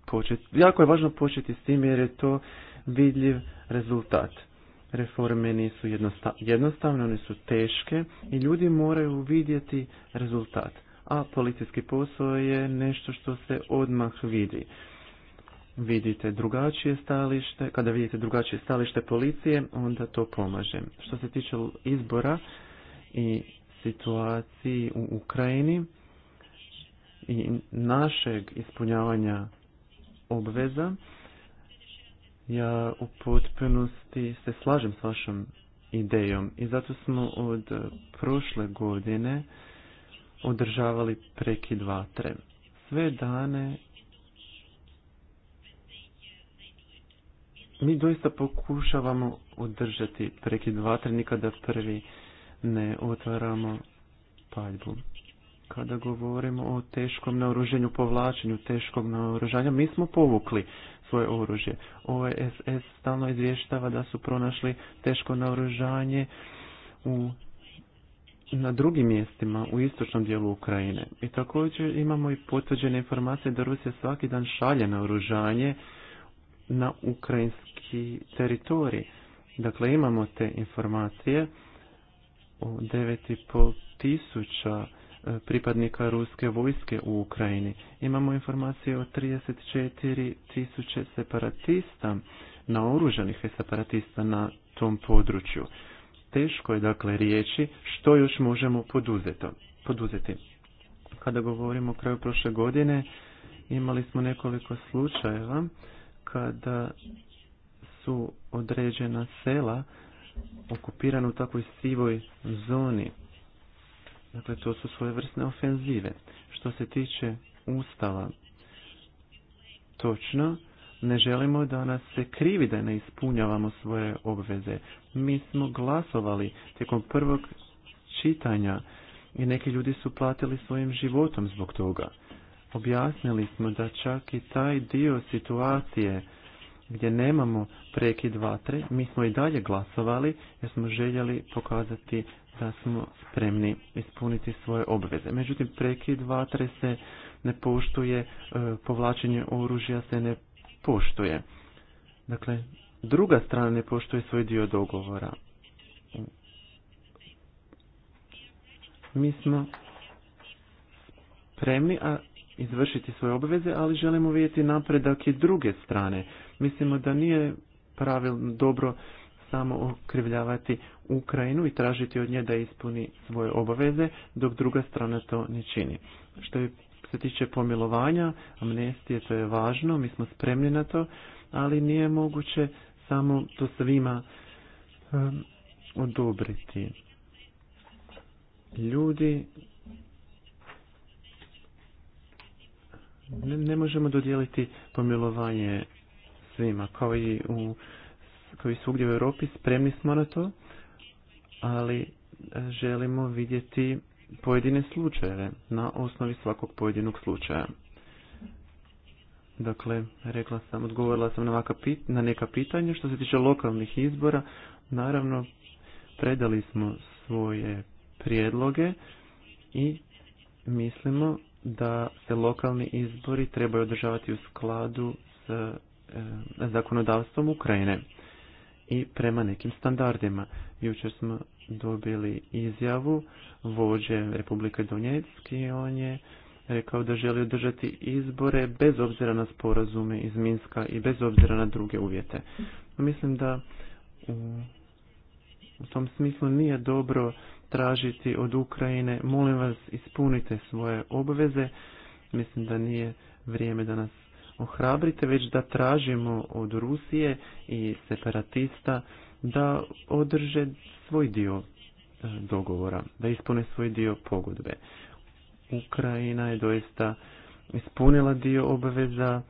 Speaker 3: početi, jako je važno početi s tim jer je to vidljiv rezultat. Reforme nisu jednostavne, one su teške i ljudi moraju vidjeti rezultat. A policijski posao je nešto što se odmah vidi. Vidite drugačije stalište, kada vidite drugačije stalište policije, onda to pomaže. Što se tiče izbora i situaciji u Ukrajini i našeg ispunjavanja obveza, ja u potpunosti se slažem s vašom idejom i zato smo od prošle godine održavali prekid vatre. Sve dane mi doista pokušavamo održati prekid vatre, nikada prvi ne otvaramo paljbu. Kada govorimo o teškom naoruženju, povlačenju teškog naoružanja, mi smo povukli svoje oružje. OSS ovaj stalno izvještava da su pronašli teško naoružanje u na drugim mjestima u istočnom dijelu Ukrajine. I također imamo i potvrđene informacije da Rusija svaki dan šalje naoružanje na ukrajinski teritorij. Dakle, imamo te informacije o 9,5 tisuća pripadnika ruske vojske u Ukrajini. Imamo informacije o 34 tisuće separatista, naoružanih separatista na tom području. Teško je dakle riječi što još možemo poduzeto, poduzeti. Kada govorimo o kraju prošle godine, imali smo nekoliko slučajeva kada su određena sela okupirana u takvoj sivoj zoni Dakle, to su svoje vrsne ofenzive. Što se tiče ustava, točno, ne želimo da nas se krivi da ne ispunjavamo svoje obveze. Mi smo glasovali tijekom prvog čitanja i neki ljudi su platili svojim životom zbog toga. Objasnili smo da čak i taj dio situacije gdje nemamo prekid vatre, mi smo i dalje glasovali jer smo željeli pokazati da smo spremni ispuniti svoje obveze. Međutim, prekid vatre se ne poštuje, e, povlačenje oružja se ne poštuje. Dakle, druga strana ne poštuje svoj dio dogovora. Mi smo spremni a izvršiti svoje obveze, ali želimo vidjeti napredak i druge strane. Mislimo da nije pravilno dobro samo okrivljavati Ukrajinu i tražiti od nje da ispuni svoje obaveze, dok druga strana to ne čini. Što se tiče pomilovanja, amnestije, to je važno, mi smo spremni na to, ali nije moguće samo to svima odobriti. Ljudi ne, ne možemo dodijeliti pomilovanje svima, kao i, u, kao i svugdje u Europi, spremni smo na to, ali e, želimo vidjeti pojedine slučajeve na osnovi svakog pojedinog slučaja. Dakle, rekla sam, odgovorila sam na, na neka pitanja. Što se tiče lokalnih izbora, naravno, predali smo svoje prijedloge i mislimo da se lokalni izbori trebaju održavati u skladu s E, zakonodavstvom Ukrajine i prema nekim standardima. Jučer smo dobili izjavu vođe Republike Donetski i on je rekao da želi održati izbore bez obzira na sporazume iz Minska i bez obzira na druge uvjete. Mislim da u tom smislu nije dobro tražiti od Ukrajine molim vas ispunite svoje obveze. Mislim da nije vrijeme da nas ohrabrite, već da tražimo od Rusije i separatista da održe svoj dio e, dogovora, da ispune svoj dio pogodbe. Ukrajina je doista ispunila dio obaveza,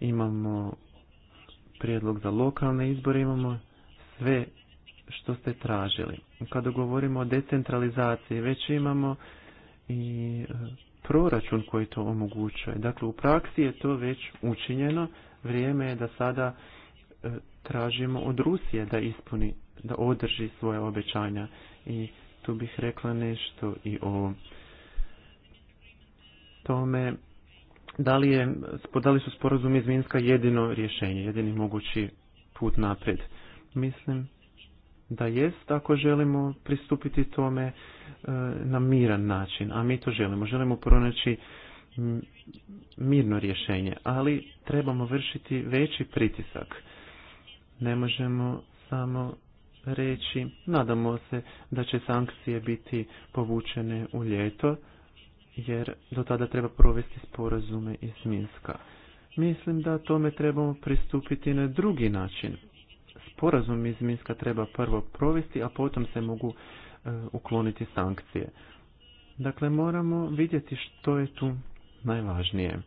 Speaker 3: imamo prijedlog za lokalne izbore, imamo sve što ste tražili. Kada govorimo o decentralizaciji, već imamo i e, proračun koji to omogućuje. Dakle, u praksi je to već učinjeno, vrijeme je da sada e, tražimo od Rusije da ispuni, da održi svoje obećanja. I tu bih rekla nešto i o tome da li, je, da li su sporazumi iz Minska jedino rješenje, jedini mogući put napred. Mislim da jest ako želimo pristupiti tome e, na miran način, a mi to želimo. Želimo pronaći mirno rješenje, ali trebamo vršiti veći pritisak. Ne možemo samo reći, nadamo se da će sankcije biti povučene u ljeto, jer do tada treba provesti sporazume iz Minska. Mislim da tome trebamo pristupiti na drugi način sporazum iz Minska treba prvo provesti, a potom se mogu e, ukloniti sankcije. Dakle, moramo vidjeti što je tu najvažnije.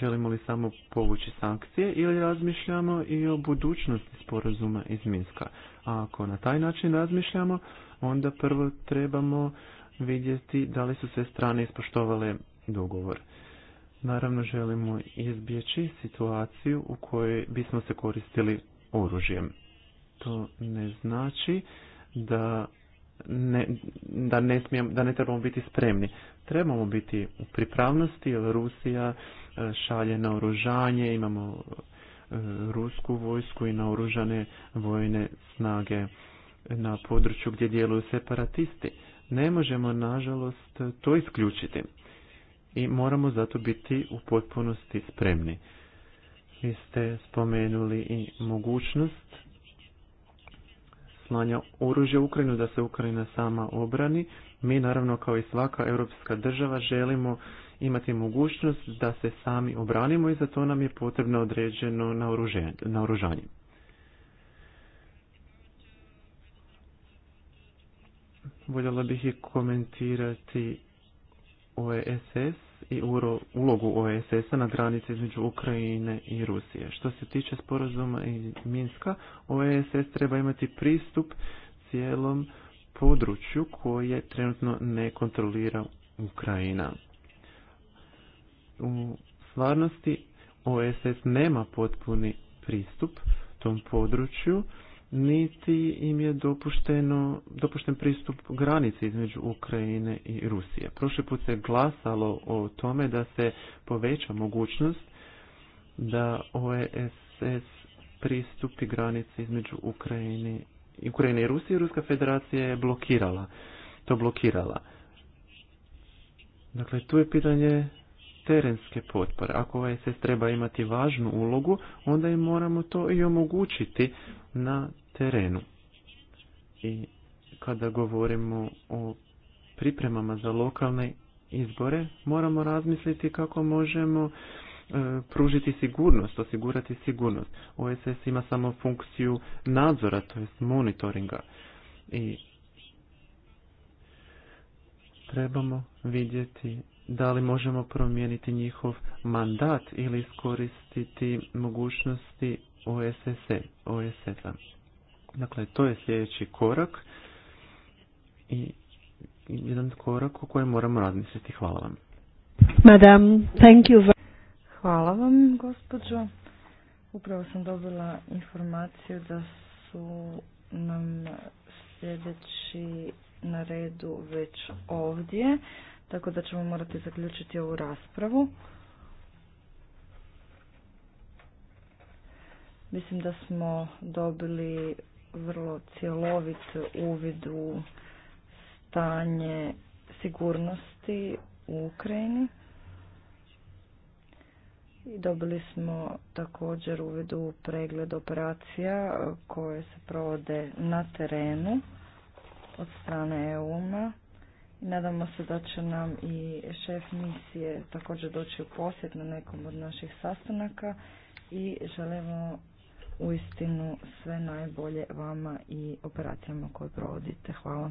Speaker 3: Želimo li samo povući sankcije ili razmišljamo i o budućnosti sporazuma iz Minska. A ako na taj način razmišljamo, onda prvo trebamo vidjeti da li su sve strane ispoštovale dogovor. Naravno želimo izbjeći situaciju u kojoj bismo se koristili oružjem. To ne znači da ne, da, ne da ne trebamo biti spremni. Trebamo biti u pripravnosti jer Rusija e, šalje na oružanje, imamo e, rusku vojsku i naoružane vojne snage na području gdje djeluju separatisti. Ne možemo, nažalost, to isključiti i moramo zato biti u potpunosti spremni. Vi ste spomenuli i mogućnost slanja oružja Ukrajinu, da se Ukrajina sama obrani. Mi naravno kao i svaka europska država želimo imati mogućnost da se sami obranimo i za to nam je potrebno određeno naoružanje. Voljela bih i komentirati OSS e i ulogu OSS-a na granici između Ukrajine i Rusije. Što se tiče sporazuma iz Minska, OSS treba imati pristup cijelom području koje trenutno ne kontrolira Ukrajina. U stvarnosti OSS nema potpuni pristup tom području niti im je dopušteno, dopušten pristup granici između Ukrajine i Rusije. Prošli put se glasalo o tome da se poveća mogućnost da OSS e pristupi granici između Ukrajine, Ukrajine i Rusije. Ruska federacija je blokirala, to blokirala. Dakle, tu je pitanje terenske potpore. Ako OSS e treba imati važnu ulogu, onda im moramo to i omogućiti na terenu. I kada govorimo o pripremama za lokalne izbore, moramo razmisliti kako možemo e, pružiti sigurnost, osigurati sigurnost. OSS ima samo funkciju nadzora, to jest monitoringa. I trebamo vidjeti da li možemo promijeniti njihov mandat ili iskoristiti mogućnosti OSS-a. OSS Dakle, to je sljedeći korak i jedan korak o kojem moramo razmisliti. Hvala vam.
Speaker 1: Madam, thank you.
Speaker 2: Hvala vam, gospođo. Upravo sam dobila informaciju da su nam sljedeći na redu već ovdje, tako da ćemo morati zaključiti ovu raspravu. Mislim da smo dobili vrlo cjelovit uvid u stanje sigurnosti u Ukrajini. I dobili smo također uvid u pregled operacija koje se provode na terenu od strane EU-a. Nadamo se da će nam i šef misije također doći u posjet na nekom od naših sastanaka i želimo uistinu sve najbolje vama i operacijama
Speaker 3: koje provodite. Hvala.